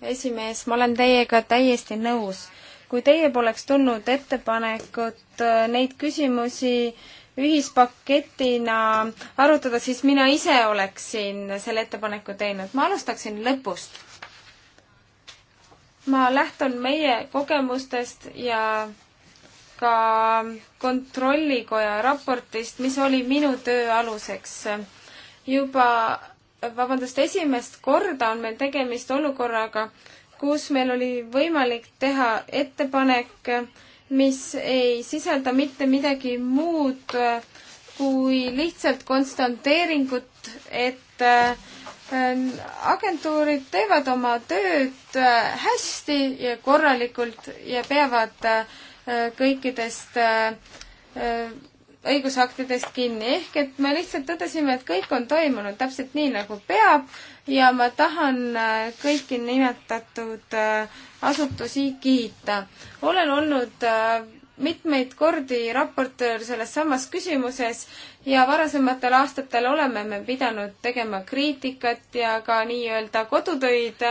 esimees, ma olen teiega täiesti nõus. kui teie poleks tulnud ettepanekut äh, neid küsimusi ühispaketina arutada, siis mina ise oleksin selle ettepaneku teinud. ma alustaksin lõpust. ma lähtun meie kogemustest ja ka Kontrollikoja raportist, mis oli minu töö aluseks. juba, vabandust, esimest korda on meil tegemist olukorraga, kus meil oli võimalik teha ettepanek, mis ei sisalda mitte midagi muud kui lihtsalt konstanteeringut, et äh, agentuurid teevad oma tööd äh, hästi ja korralikult ja peavad äh, Äh, kõikidest äh, äh, õigusaktidest kinni, ehk et me lihtsalt tõdesime, et kõik on toimunud täpselt nii, nagu peab ja ma tahan kõiki nimetatud asutusi kiita. olen olnud mitmeid kordi raportöör selles samas küsimuses ja varasematel aastatel oleme me pidanud tegema kriitikat ja ka nii-öelda kodutöid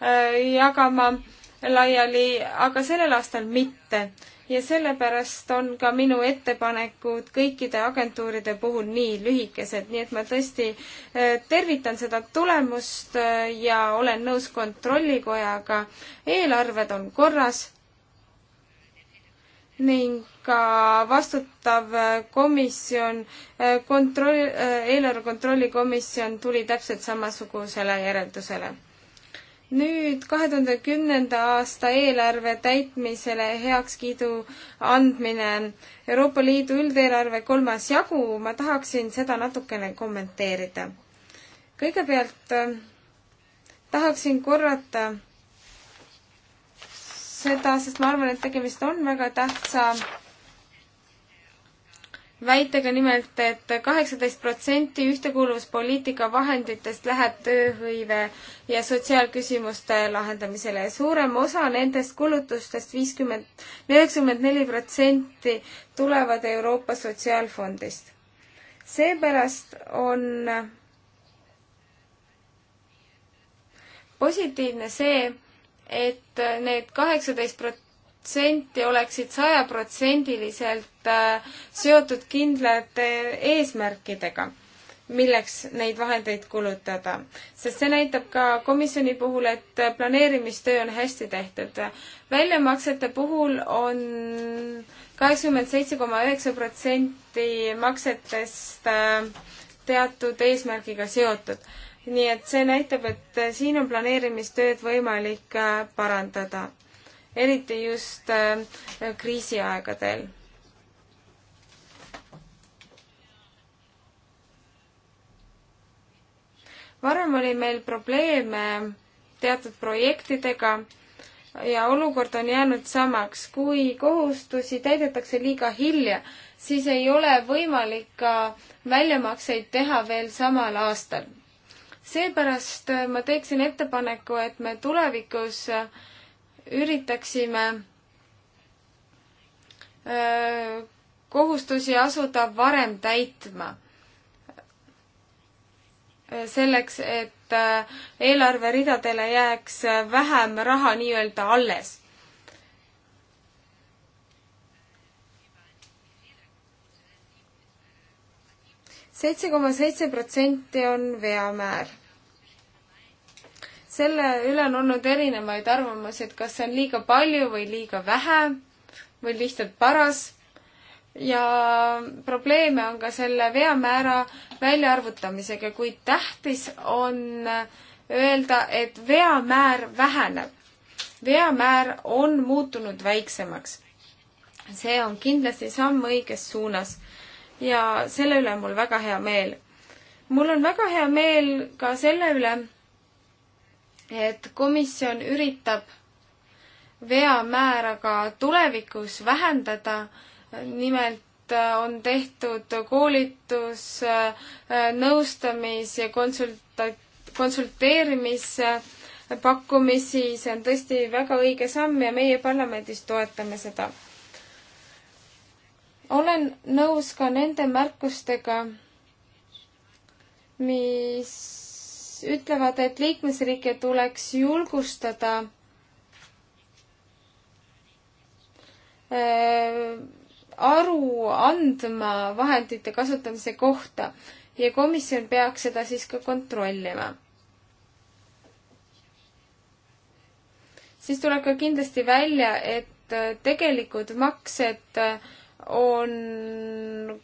jagama äh, laiali, aga sellel aastal mitte. ja sellepärast on ka minu ettepanekud kõikide agentuuride puhul nii lühikesed, nii et ma tõesti äh, tervitan seda tulemust äh, ja olen nõus kontrollikojaga. eelarved on korras ning ka vastutav äh, komisjon, kontroll, eelarve kontrolli komisjon tuli täpselt samasugusele järeldusele nüüd kahe tuhande kümnenda aasta eelarve täitmisele heakskiidu andmine, Euroopa Liidu üldeelarve kolmas jagu, ma tahaksin seda natukene kommenteerida. kõigepealt äh, tahaksin korrata seda, sest ma arvan, et tegemist on väga tähtsa väitega nimelt et, et kaheksateist protsenti ühtekuuluvuspoliitika vahenditest läheb tööhõive ja sotsiaalküsimuste lahendamisele ja suurem osa nendest kulutustest, viiskümmend, üheksakümmend neli protsenti, tulevad Euroopa Sotsiaalfondist. seepärast on positiivne see, et need kaheksateist prot-, protsenti oleksid sajaprotsendiliselt äh, seotud kindlate eesmärkidega, milleks neid vahendeid kulutada. sest see näitab ka komisjoni puhul, et planeerimistöö on hästi tehtud. väljamaksete puhul on kaheksakümmend seitse koma üheksa protsenti maksetest äh, teatud eesmärgiga seotud. nii et see näitab, et äh, siin on planeerimistööd võimalik parandada eriti just äh, kriisiaegadel. varem oli meil probleeme teatud projektidega ja olukord on jäänud samaks. kui kohustusi täidetakse liiga hilja, siis ei ole võimalik ka väljamakseid teha veel samal aastal. seepärast ma teeksin ettepaneku, et me tulevikus äh, üritaksime kohustusi asuda varem täitma. selleks, et eelarveridadele jääks vähem raha nii-öelda alles. seitse koma seitse protsenti on veamäär selle üle on olnud erinevaid arvamusi, et kas see on liiga palju või liiga vähe või lihtsalt paras. ja probleeme on ka selle veamäära väljaarvutamisega, kuid tähtis on öelda, et veamäär väheneb. veamäär on muutunud väiksemaks. see on kindlasti samm õiges suunas ja selle üle on mul väga hea meel. mul on väga hea meel ka selle üle, et komisjon üritab veamäära ka tulevikus vähendada, nimelt äh, on tehtud koolitus, äh, nõustamis- ja konsulta-, konsulteerimispakkumisi, see on tõesti väga õige samm ja meie parlamendis toetame seda. olen nõus ka nende märkustega, mis ütlevad, et liikmesriike tuleks julgustada äh, aru andma vahendite kasutamise kohta ja komisjon peaks seda siis ka kontrollima. siis tuleb ka kindlasti välja, et äh, tegelikud maksed äh, on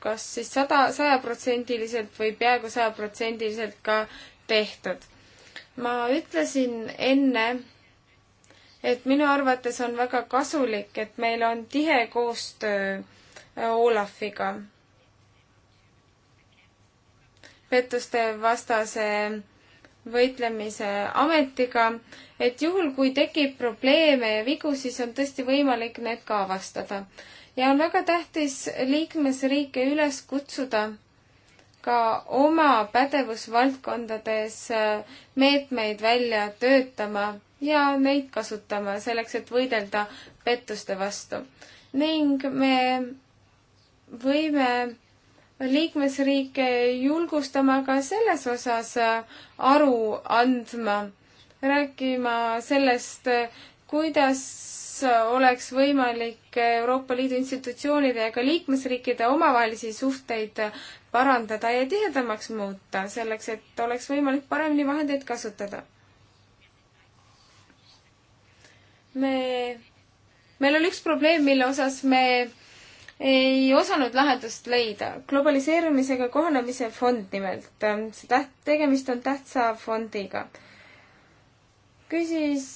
kas siis sada, sajaprotsendiliselt või peaaegu sajaprotsendiliselt ka tehtud. ma ütlesin enne, et minu arvates on väga kasulik, et meil on tihe koostöö äh, Olafiga. pettuste vastase võitlemise ametiga, et juhul, kui tekib probleeme ja vigu, siis on tõesti võimalik need ka avastada. ja on väga tähtis liikmesriike üles kutsuda ka oma pädevusvaldkondades äh, meetmeid välja töötama ja neid kasutama selleks, et võidelda pettuste vastu. ning me võime liikmesriike julgustama ka selles osas äh, aru andma, rääkima sellest, kuidas oleks võimalik Euroopa Liidu institutsioonide ja ka liikmesriikide omavahelisi suhteid parandada ja tihedamaks muuta, selleks et oleks võimalik paremini vahendeid kasutada. me, meil oli üks probleem, mille osas me ei osanud lahendust leida. globaliseerumisega kohanemise fond nimelt. see täht-, tegemist on tähtsa fondiga. küsis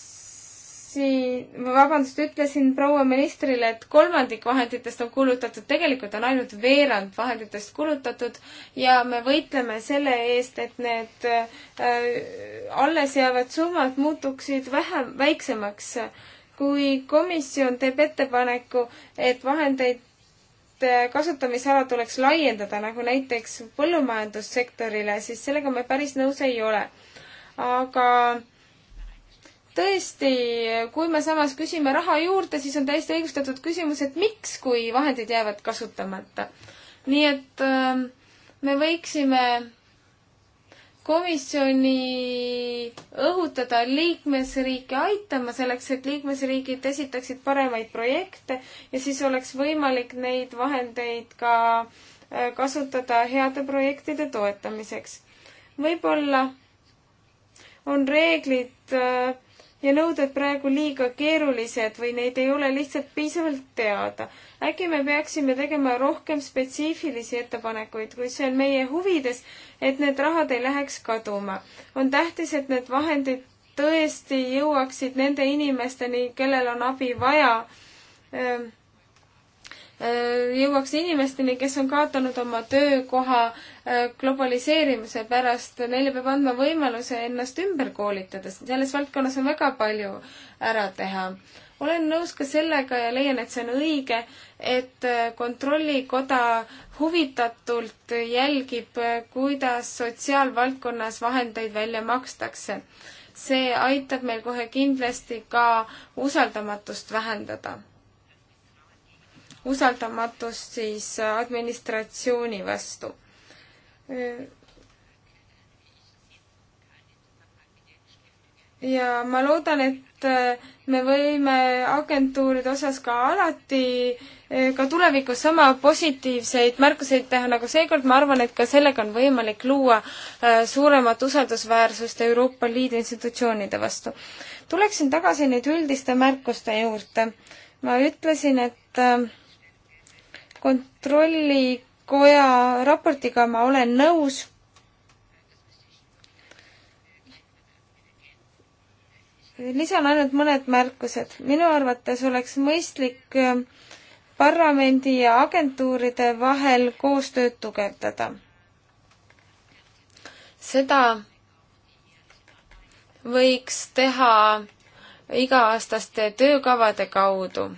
siin, vabandust, ütlesin proua ministrile, et kolmandik vahenditest on kulutatud, tegelikult on ainult veerand vahenditest kulutatud ja me võitleme selle eest, et need äh, alles jäävad summad muutuksid vähem, väiksemaks. kui komisjon teeb ettepaneku, et vahendeid äh, kasutamisala tuleks laiendada, nagu näiteks põllumajandussektorile, siis sellega me päris nõus ei ole. aga tõesti, kui me samas küsime raha juurde, siis on täiesti õigustatud küsimus, et miks, kui vahendid jäävad kasutamata. nii et äh, me võiksime komisjoni õhutada liikmesriike aitama selleks, et liikmesriigid esitaksid paremaid projekte ja siis oleks võimalik neid vahendeid ka äh, kasutada heade projektide toetamiseks. võib-olla on reeglid äh, ja nõuded praegu liiga keerulised või neid ei ole lihtsalt piisavalt teada. äkki me peaksime tegema rohkem spetsiifilisi ettepanekuid, kui see on meie huvides, et need rahad ei läheks kaduma. on tähtis, et need vahendid tõesti jõuaksid nende inimesteni, kellel on abi vaja ähm, Äh, jõuaks inimesteni, kes on kaotanud oma töökoha äh, globaliseerimise pärast, neile peab andma võimaluse ennast ümber koolitada, sest selles valdkonnas on väga palju ära teha. olen nõus ka sellega ja leian, et see on õige, et äh, Kontrollikoda huvitatult jälgib, kuidas sotsiaalvaldkonnas vahendeid välja makstakse. see aitab meil kohe kindlasti ka usaldamatust vähendada usaldamatust siis administratsiooni vastu. ja ma loodan, et me võime agentuuride osas ka alati, ka tulevikus sama positiivseid märkuseid teha nagu seekord, ma arvan, et ka sellega on võimalik luua äh, suuremat usaldusväärsust Euroopa Liidu institutsioonide vastu. tuleksin tagasi nüüd üldiste märkuste juurde. ma ütlesin, et äh, kontrollikoja raportiga ma olen nõus. lisan ainult mõned märkused. minu arvates oleks mõistlik äh, parlamendi ja agentuuride vahel koostööd tugevdada. seda võiks teha iga-aastaste töökavade kaudu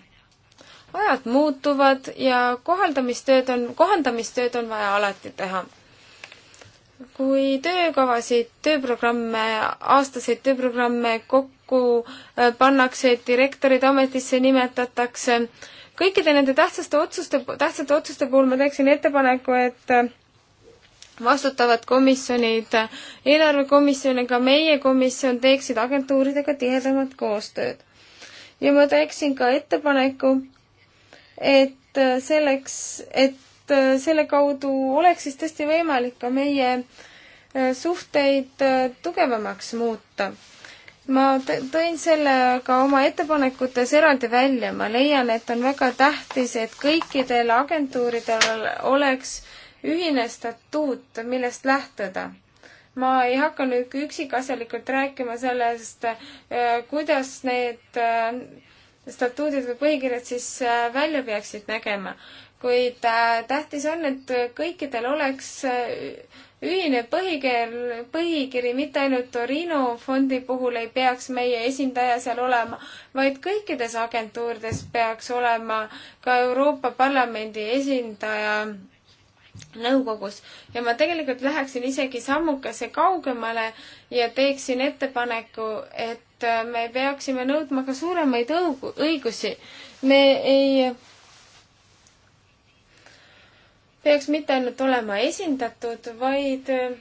ajad muutuvad ja kohaldamistööd on, kohandamistööd on vaja alati teha. kui töökavasid, tööprogramme, aastaseid tööprogramme kokku äh, pannakse, direktorid ametisse nimetatakse, kõikide nende tähtsaste otsuste, tähtsate otsuste puhul ma teeksin ettepaneku, et äh, vastutavad komisjonid, äh, eelarvekomisjon ja ka meie komisjon teeksid agentuuridega tihedamat koostööd. ja ma teeksin ka ettepaneku, et selleks, et selle kaudu oleks siis tõesti võimalik ka meie äh, suhteid äh, tugevamaks muuta ma tõin selle ka oma ettepanekutes eraldi välja, ma leian, et on väga tähtis, et kõikidel agentuuridel oleks ühine statuut, millest lähtuda. ma ei hakka nüüd üksikasjalikult rääkima sellest, äh, kuidas need statuudid või põhikirjad siis äh, välja peaksid nägema. kuid äh, tähtis on, et kõikidel oleks äh, ühine põhikeel, põhikiri, mitte ainult Torino fondi puhul ei peaks meie esindaja seal olema, vaid kõikides agentuurides peaks olema ka Euroopa Parlamendi esindaja nõukogus ja ma tegelikult läheksin isegi sammukese kaugemale ja teeksin ettepaneku, et et äh, me peaksime nõudma ka suuremaid õigusi. me ei peaks mitte ainult olema esindatud, vaid äh,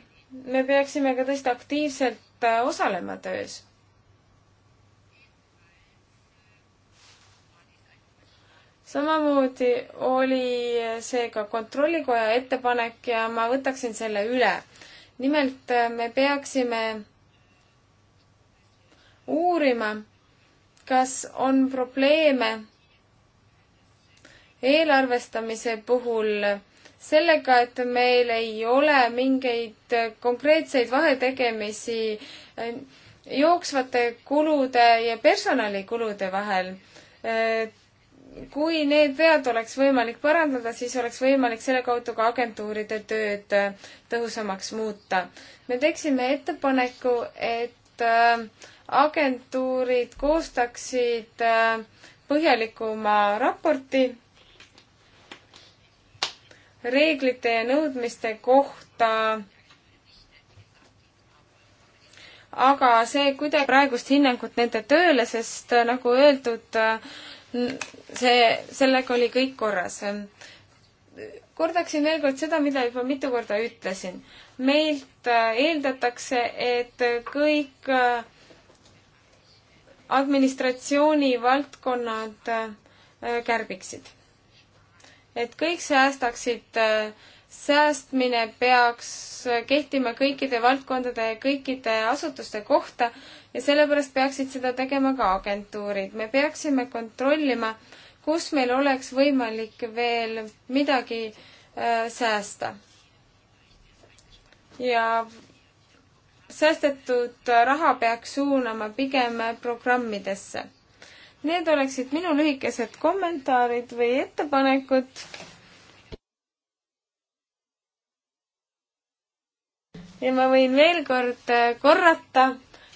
me peaksime ka tõesti aktiivselt äh, osalema töös. samamoodi oli see ka Kontrollikoja ettepanek ja ma võtaksin selle üle. nimelt me peaksime uurima, kas on probleeme eelarvestamise puhul sellega, et meil ei ole mingeid konkreetseid vahetegemisi äh, jooksvate kulude ja personalikulude vahel. Äh, kui need vead oleks võimalik parandada, siis oleks võimalik selle kaudu ka agentuuride tööd äh, tõhusamaks muuta. me teeksime ettepaneku, et agentuurid koostaksid äh, põhjalikuma raporti reeglite ja nõudmiste kohta. aga see kuidagi praegust hinnangut nende tööle, sest äh, nagu öeldud, äh, see, sellega oli kõik korras. kordaksin veel kord seda, mida juba mitu korda ütlesin. meilt eeldatakse, et kõik administratsiooni valdkonnad äh, kärbiksid. et kõik säästaksid, äh, säästmine peaks äh, kehtima kõikide valdkondade ja kõikide asutuste kohta ja sellepärast peaksid seda tegema ka agentuurid. me peaksime kontrollima, kus meil oleks võimalik veel midagi säästa. ja säästetud raha peaks suunama pigem programmidesse. Need oleksid minu lühikesed kommentaarid või ettepanekud. ja ma võin veel kord korrata,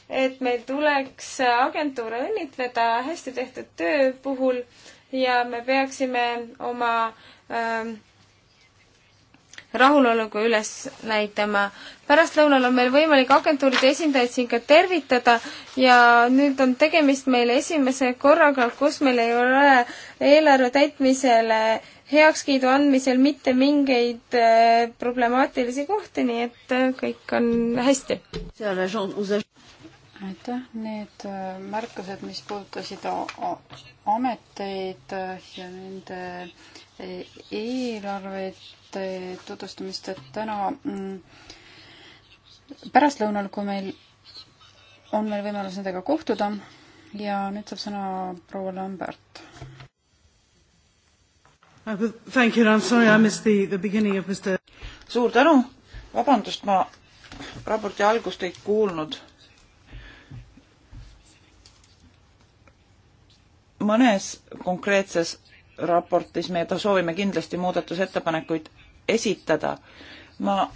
et meil tuleks agentuure õnnitleda hästi tehtud töö puhul ja me peaksime oma äh, rahuloluga üles näitama. pärastlõunal on meil võimalik agentuuride esindajaid siin ka tervitada ja nüüd on tegemist meil esimese korraga, kus meil ei ole eelarve täitmisele heakskiidu andmisel mitte mingeid äh, problemaatilisi kohti, nii et äh, kõik on hästi. aitäh, need äh, märkused, mis puudutasid ameteid äh, ja nende eelarvete tutvustamist, et täna mm, pärastlõunal, kui meil on meil võimalus nendega kohtuda ja nüüd saab sõna proua Lambert. suur tänu, vabandust, ma raporti algust ei kuulnud. mõnes konkreetses raportis me soovime kindlasti muudatusettepanekuid esitada. ma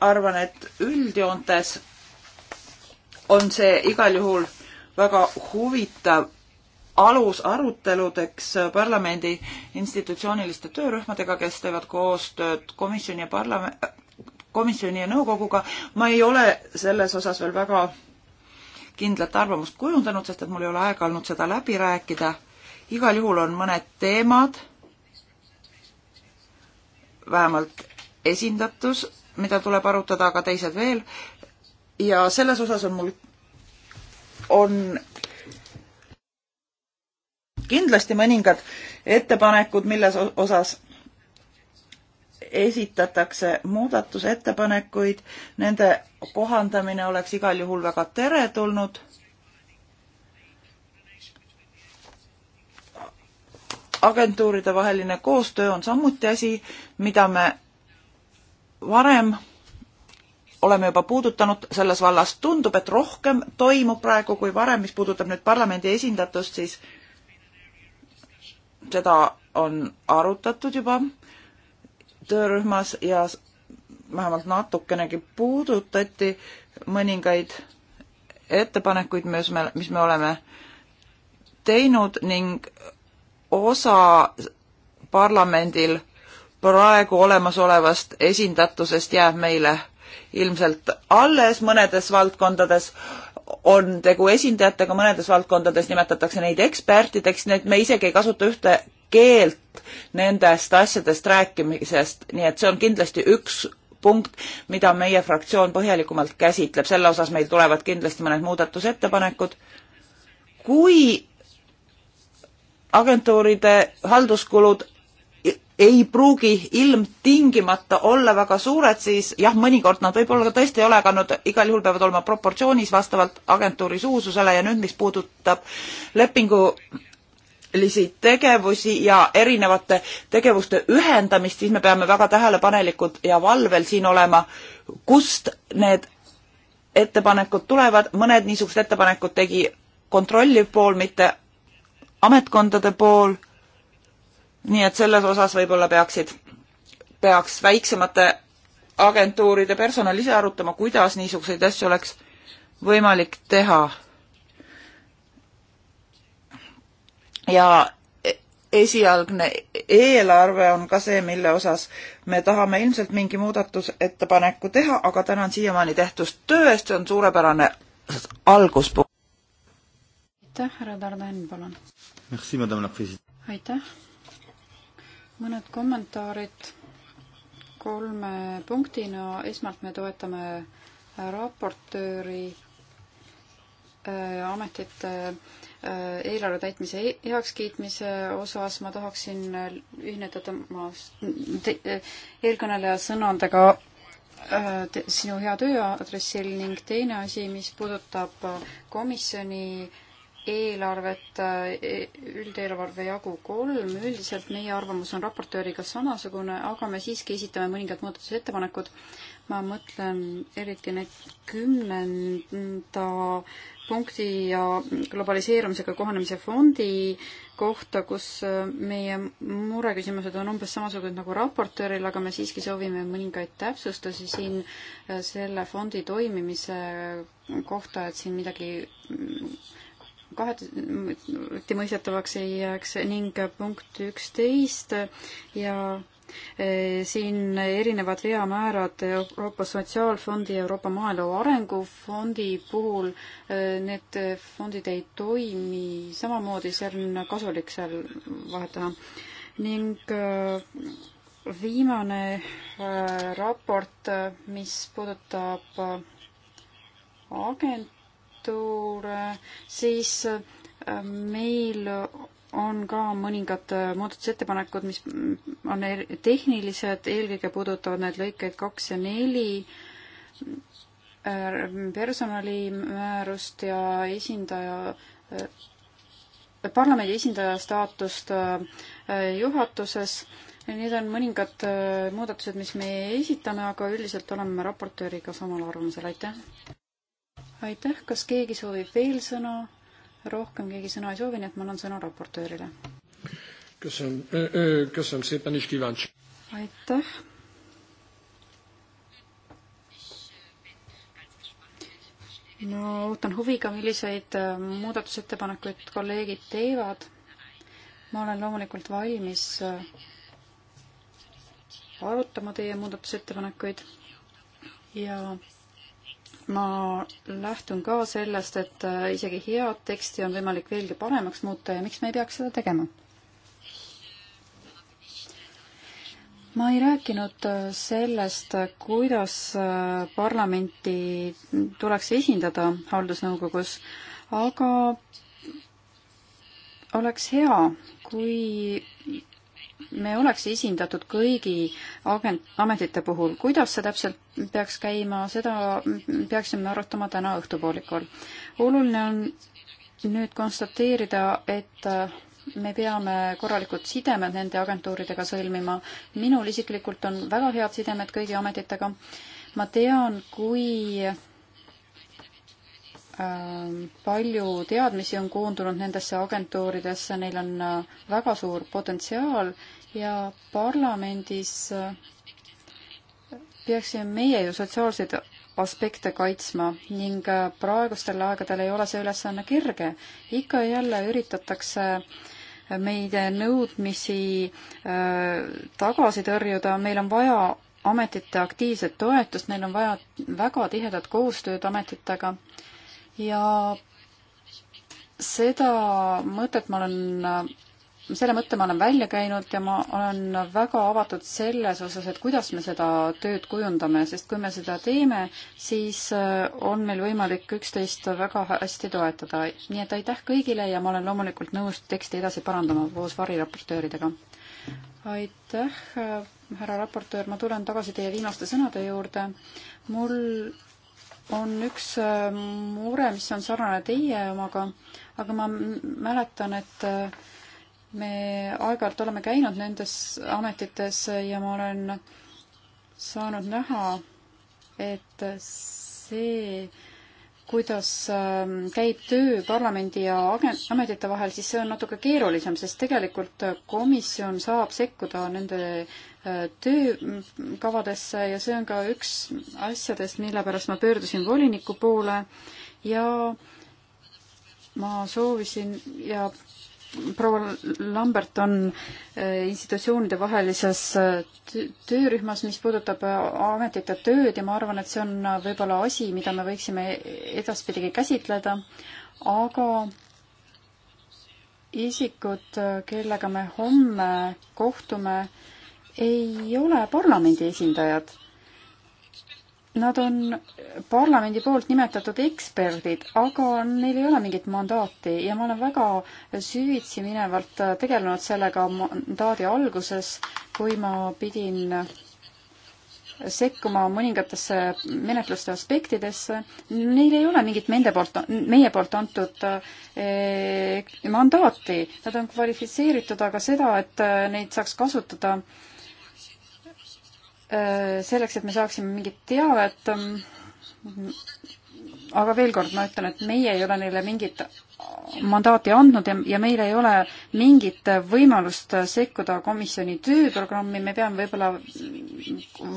arvan, et üldjoontes on see igal juhul väga huvitav alus aruteludeks parlamendi institutsiooniliste töörühmadega, kes teevad koostööd komisjoni ja parlam-, komisjoni ja nõukoguga. ma ei ole selles osas veel väga kindlat arvamust kujundanud, sest et mul ei ole aega olnud seda läbi rääkida igal juhul on mõned teemad, vähemalt esindatus, mida tuleb arutada, aga teised veel. ja selles osas on mul, on kindlasti mõningad ettepanekud, milles osas esitatakse muudatusettepanekuid, nende kohandamine oleks igal juhul väga teretulnud agentuuride vaheline koostöö on samuti asi, mida me varem oleme juba puudutanud selles vallas. tundub, et rohkem toimub praegu kui varem, mis puudutab nüüd parlamendi esindatust, siis seda on arutatud juba töörühmas ja vähemalt natukenegi puudutati mõningaid ettepanekuid, mis me, mis me oleme teinud ning osa parlamendil praegu olemasolevast esindatusest jääb meile ilmselt alles mõnedes valdkondades on tegu esindajatega, mõnedes valdkondades nimetatakse neid ekspertideks, nii et me isegi ei kasuta ühte keelt nendest asjadest rääkimisest, nii et see on kindlasti üks punkt, mida meie fraktsioon põhjalikumalt käsitleb, selle osas meil tulevad kindlasti mõned muudatusettepanekud. kui agentuuride halduskulud ei pruugi ilmtingimata olla väga suured, siis jah, mõnikord nad võib-olla ka tõesti ei ole, aga nad igal juhul peavad olema proportsioonis vastavalt agentuuri suurusele ja nüüd, mis puudutab lepingulisi tegevusi ja erinevate tegevuste ühendamist, siis me peame väga tähelepanelikud ja valvel siin olema, kust need ettepanekud tulevad, mõned niisugused ettepanekud tegi kontrolliv pool, mitte ametkondade pool. nii et selles osas võib-olla peaksid, peaks väiksemate agentuuride personal ise arutama, kuidas niisuguseid asju oleks võimalik teha. ja esialgne eelarve on ka see, mille osas me tahame ilmselt mingi muudatusettepaneku teha, aga tänan siiamaani tehtust töö eest, see on suurepärane alguspunkt. aitäh, härra Tardan, palun aitäh. mõned kommentaarid kolme punktina. esmalt me toetame raportööri äh, ametite äh, eelarve täitmise heakskiitmise osas ma tahaksin ühineda tema äh, eelkõneleja sõnadega sinu hea töö aadressil ning teine asi, mis puudutab komisjoni äh, eelarvet, äh, üldeelarve jagu kolm, üldiselt meie arvamus on raportööriga samasugune, aga me siiski esitame mõningad muudatusettepanekud. ma mõtlen eriti need kümnenda punkti ja globaliseerumisega kohanemise fondi kohta, kus äh, meie mureküsimused on umbes samasugused nagu raportööril, aga me siiski soovime mõningaid täpsustusi siin äh, selle fondi toimimise kohta, et siin midagi mm, kahetimõistetavaks ei jääks ning punkt üksteist ja e, siin erinevad veamäärad Euroopa Sotsiaalfondi ja Euroopa Maaelu Arengufondi puhul, e, need fondid ei toimi samamoodi, seal on kasulik seal vahet teha. ning e, viimane raport, mis puudutab agent-, raportööre, siis äh, meil on ka mõningad äh, muudatusettepanekud, mis mm, on tehnilised, eelkõige puudutavad need lõikeid kaks ja neli, äh, personalimäärust ja esindaja, parlamendi esindaja staatust juhatuses. Need on mõningad muudatused, mis me esitame, aga üldiselt oleme raportööriga samal arvamusel, aitäh! aitäh, kas keegi soovib veel sõna? rohkem keegi sõna ei soovi, nii et ma annan sõna raportöörile. aitäh. no ootan huviga, milliseid äh, muudatusettepanekuid kolleegid teevad. ma olen loomulikult valmis äh, arutama teie muudatusettepanekuid ja ma lähtun ka sellest, et äh, isegi head teksti on võimalik veelgi paremaks muuta ja miks me ei peaks seda tegema? ma ei rääkinud äh, sellest, kuidas äh, parlamenti tuleks esindada haldusnõukogus, aga oleks hea, kui me oleks esindatud kõigi agent, ametite puhul. kuidas see täpselt peaks käima, seda peaksime arutama täna õhtupoolikul. oluline on nüüd konstateerida, et äh, me peame korralikud sidemed nende agentuuridega sõlmima. minul isiklikult on väga head sidemed kõigi ametitega. ma tean, kui äh, palju teadmisi on koondunud nendesse agentuuridesse, neil on äh, väga suur potentsiaal ja parlamendis äh, peaksime meie ju sotsiaalseid aspekte kaitsma ning äh, praegustel aegadel ei ole see ülesanne kerge. ikka ja jälle üritatakse äh, meid nõudmisi tagasi tõrjuda, meil on vaja ametite aktiivset toetust, meil on vaja väga tihedat koostööd ametitega ja seda mõtet ma olen selle mõtte ma olen välja käinud ja ma olen väga avatud selles osas, et kuidas me seda tööd kujundame, sest kui me seda teeme, siis äh, on meil võimalik üksteist väga hästi toetada. nii et aitäh kõigile ja ma olen loomulikult nõus teksti edasi parandama koos variraportööridega. aitäh, äh, härra raportöör, ma tulen tagasi teie viimaste sõnade juurde. mul on üks äh, mure, mis on sarnane teie omaga, aga ma mäletan, et me aeg-ajalt oleme käinud nendes ametites ja ma olen saanud näha, et see, kuidas ähm, käib töö parlamendi ja ametite vahel, siis see on natuke keerulisem, sest tegelikult komisjon saab sekkuda nende äh, töökavadesse ja see on ka üks asjadest, mille pärast ma pöördusin voliniku poole ja ma soovisin ja proua Lambert on äh, institutsioonide vahelises äh, töörühmas, mis puudutab äh, ametite tööd ja ma arvan, et see on võib-olla asi, mida me võiksime e-, edaspidigi käsitleda, aga isikud, kellega me homme kohtume, ei ole parlamendi esindajad Nad on parlamendi poolt nimetatud eksperdid, aga neil ei ole mingit mandaati ja ma olen väga süvitsi minevalt tegelenud sellega mandaadi alguses, kui ma pidin sekkuma mõningatesse menetluste aspektidesse. Neil ei ole mingit nende poolt, meie poolt antud eh, mandaati, nad on kvalifitseeritud, aga seda, et neid saaks kasutada äh, Äh, selleks, et me saaksime mingit teavet. Ähm, aga veel kord ma ütlen, et meie ei ole neile mingit mandaati andnud ja, ja meil ei ole mingit võimalust sekkuda komisjoni tööprogrammi, me peame võib-olla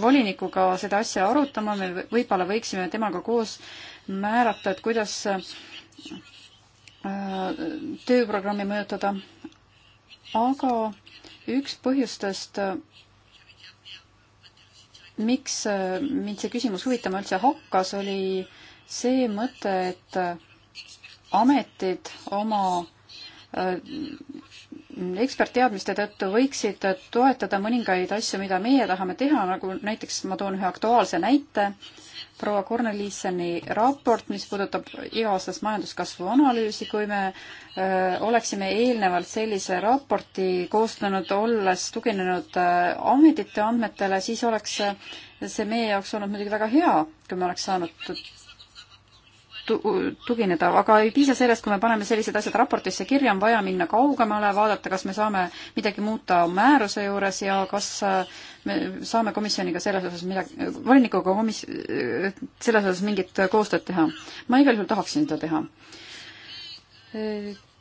volinikuga seda asja arutama, me võib-olla võiksime temaga koos määrata, et kuidas äh, tööprogrammi mõjutada. aga üks põhjustest miks äh, mind see küsimus huvitama üldse hakkas, oli see mõte, et ametid oma äh, ekspertteadmiste tõttu võiksid toetada mõningaid asju, mida meie tahame teha, nagu näiteks ma toon ühe aktuaalse näite, proua Korneliisseni raport, mis puudutab iga-aastast majanduskasvu analüüsi, kui me öö, oleksime eelnevalt sellise raporti koostanud, olles tuginenud ametite andmetele, siis oleks see meie jaoks olnud muidugi väga hea, kui me oleks saanud tugineda, aga ei piisa sellest, kui me paneme sellised asjad raportisse kirja, on vaja minna kaugemale, vaadata, kas me saame midagi muuta määruse juures ja kas äh, me saame komisjoniga selles osas midagi, volinikuga komis-, selles osas mingit koostööd teha. ma igal juhul tahaksin seda teha.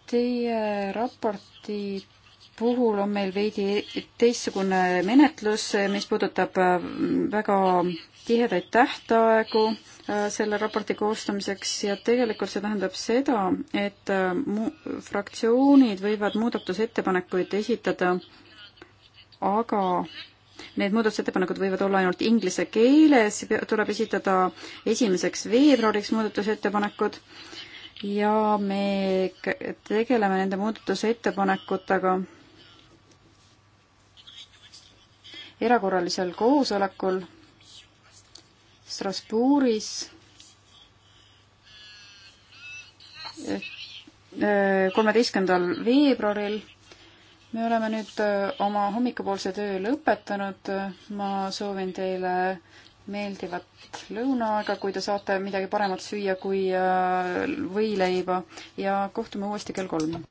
Teie raporti puhul on meil veidi teistsugune menetlus, mis puudutab äh, väga tihedaid tähtaegu äh, selle raporti koostamiseks ja tegelikult see tähendab seda, et äh, mu-, fraktsioonid võivad muudatusettepanekuid esitada, aga need muudatusettepanekud võivad olla ainult inglise keeles, tuleb esitada esimeseks veebruariks muudatusettepanekud ja me tegeleme nende muudatusettepanekutega erakorralisel koosolekul Strasbourgis eh, kolmeteistkümnendal veebruaril. me oleme nüüd eh, oma hommikupoolse töö lõpetanud. ma soovin teile meeldivat lõunaaega, kui te saate midagi paremat süüa kui eh, võileiba ja kohtume uuesti kell kolm.